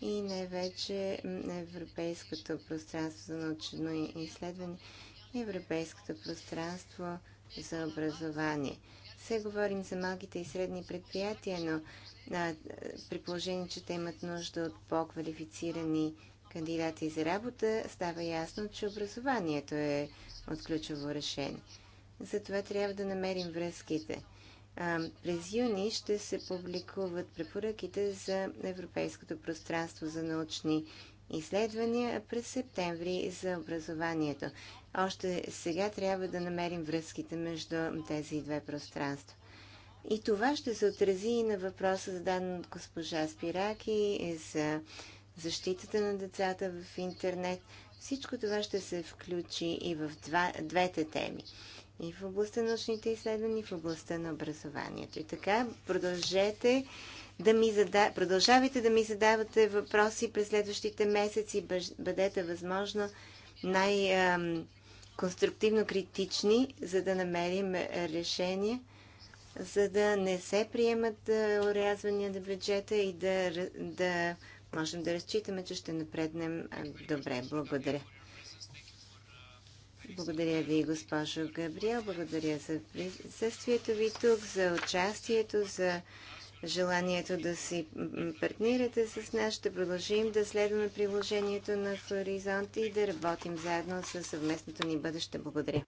и най-вече Европейското пространство за научно изследване и Европейското пространство за образование. Все говорим за малките и средни предприятия, но а, при положение, че те имат нужда от по-квалифицирани кандидати за работа, става ясно, че образованието е от ключово решение. Затова трябва да намерим връзките. А, през юни ще се публикуват препоръките за Европейското пространство за научни изследвания, а през септември за образованието. Още сега трябва да намерим връзките между тези две пространства. И това ще се отрази и на въпроса, зададен от госпожа Спираки, за защитата на децата в интернет. Всичко това ще се включи и в два, двете теми. И в областта на научните изследвания, и в областта на образованието. И така, продължете да ми зада... продължавайте да ми задавате въпроси през следващите месеци. Бъдете възможно най- конструктивно критични, за да намерим е, решение, за да не се приемат урязвания е, на бюджета и да, да можем да разчитаме, че ще напреднем е, добре. Благодаря. Благодаря ви, госпожо Габриел. Благодаря за присъствието ви тук, за участието, за желанието да си партнирате с нас. Ще продължим да следваме приложението на Хоризонт и да работим заедно с съвместното ни бъдеще. Благодаря.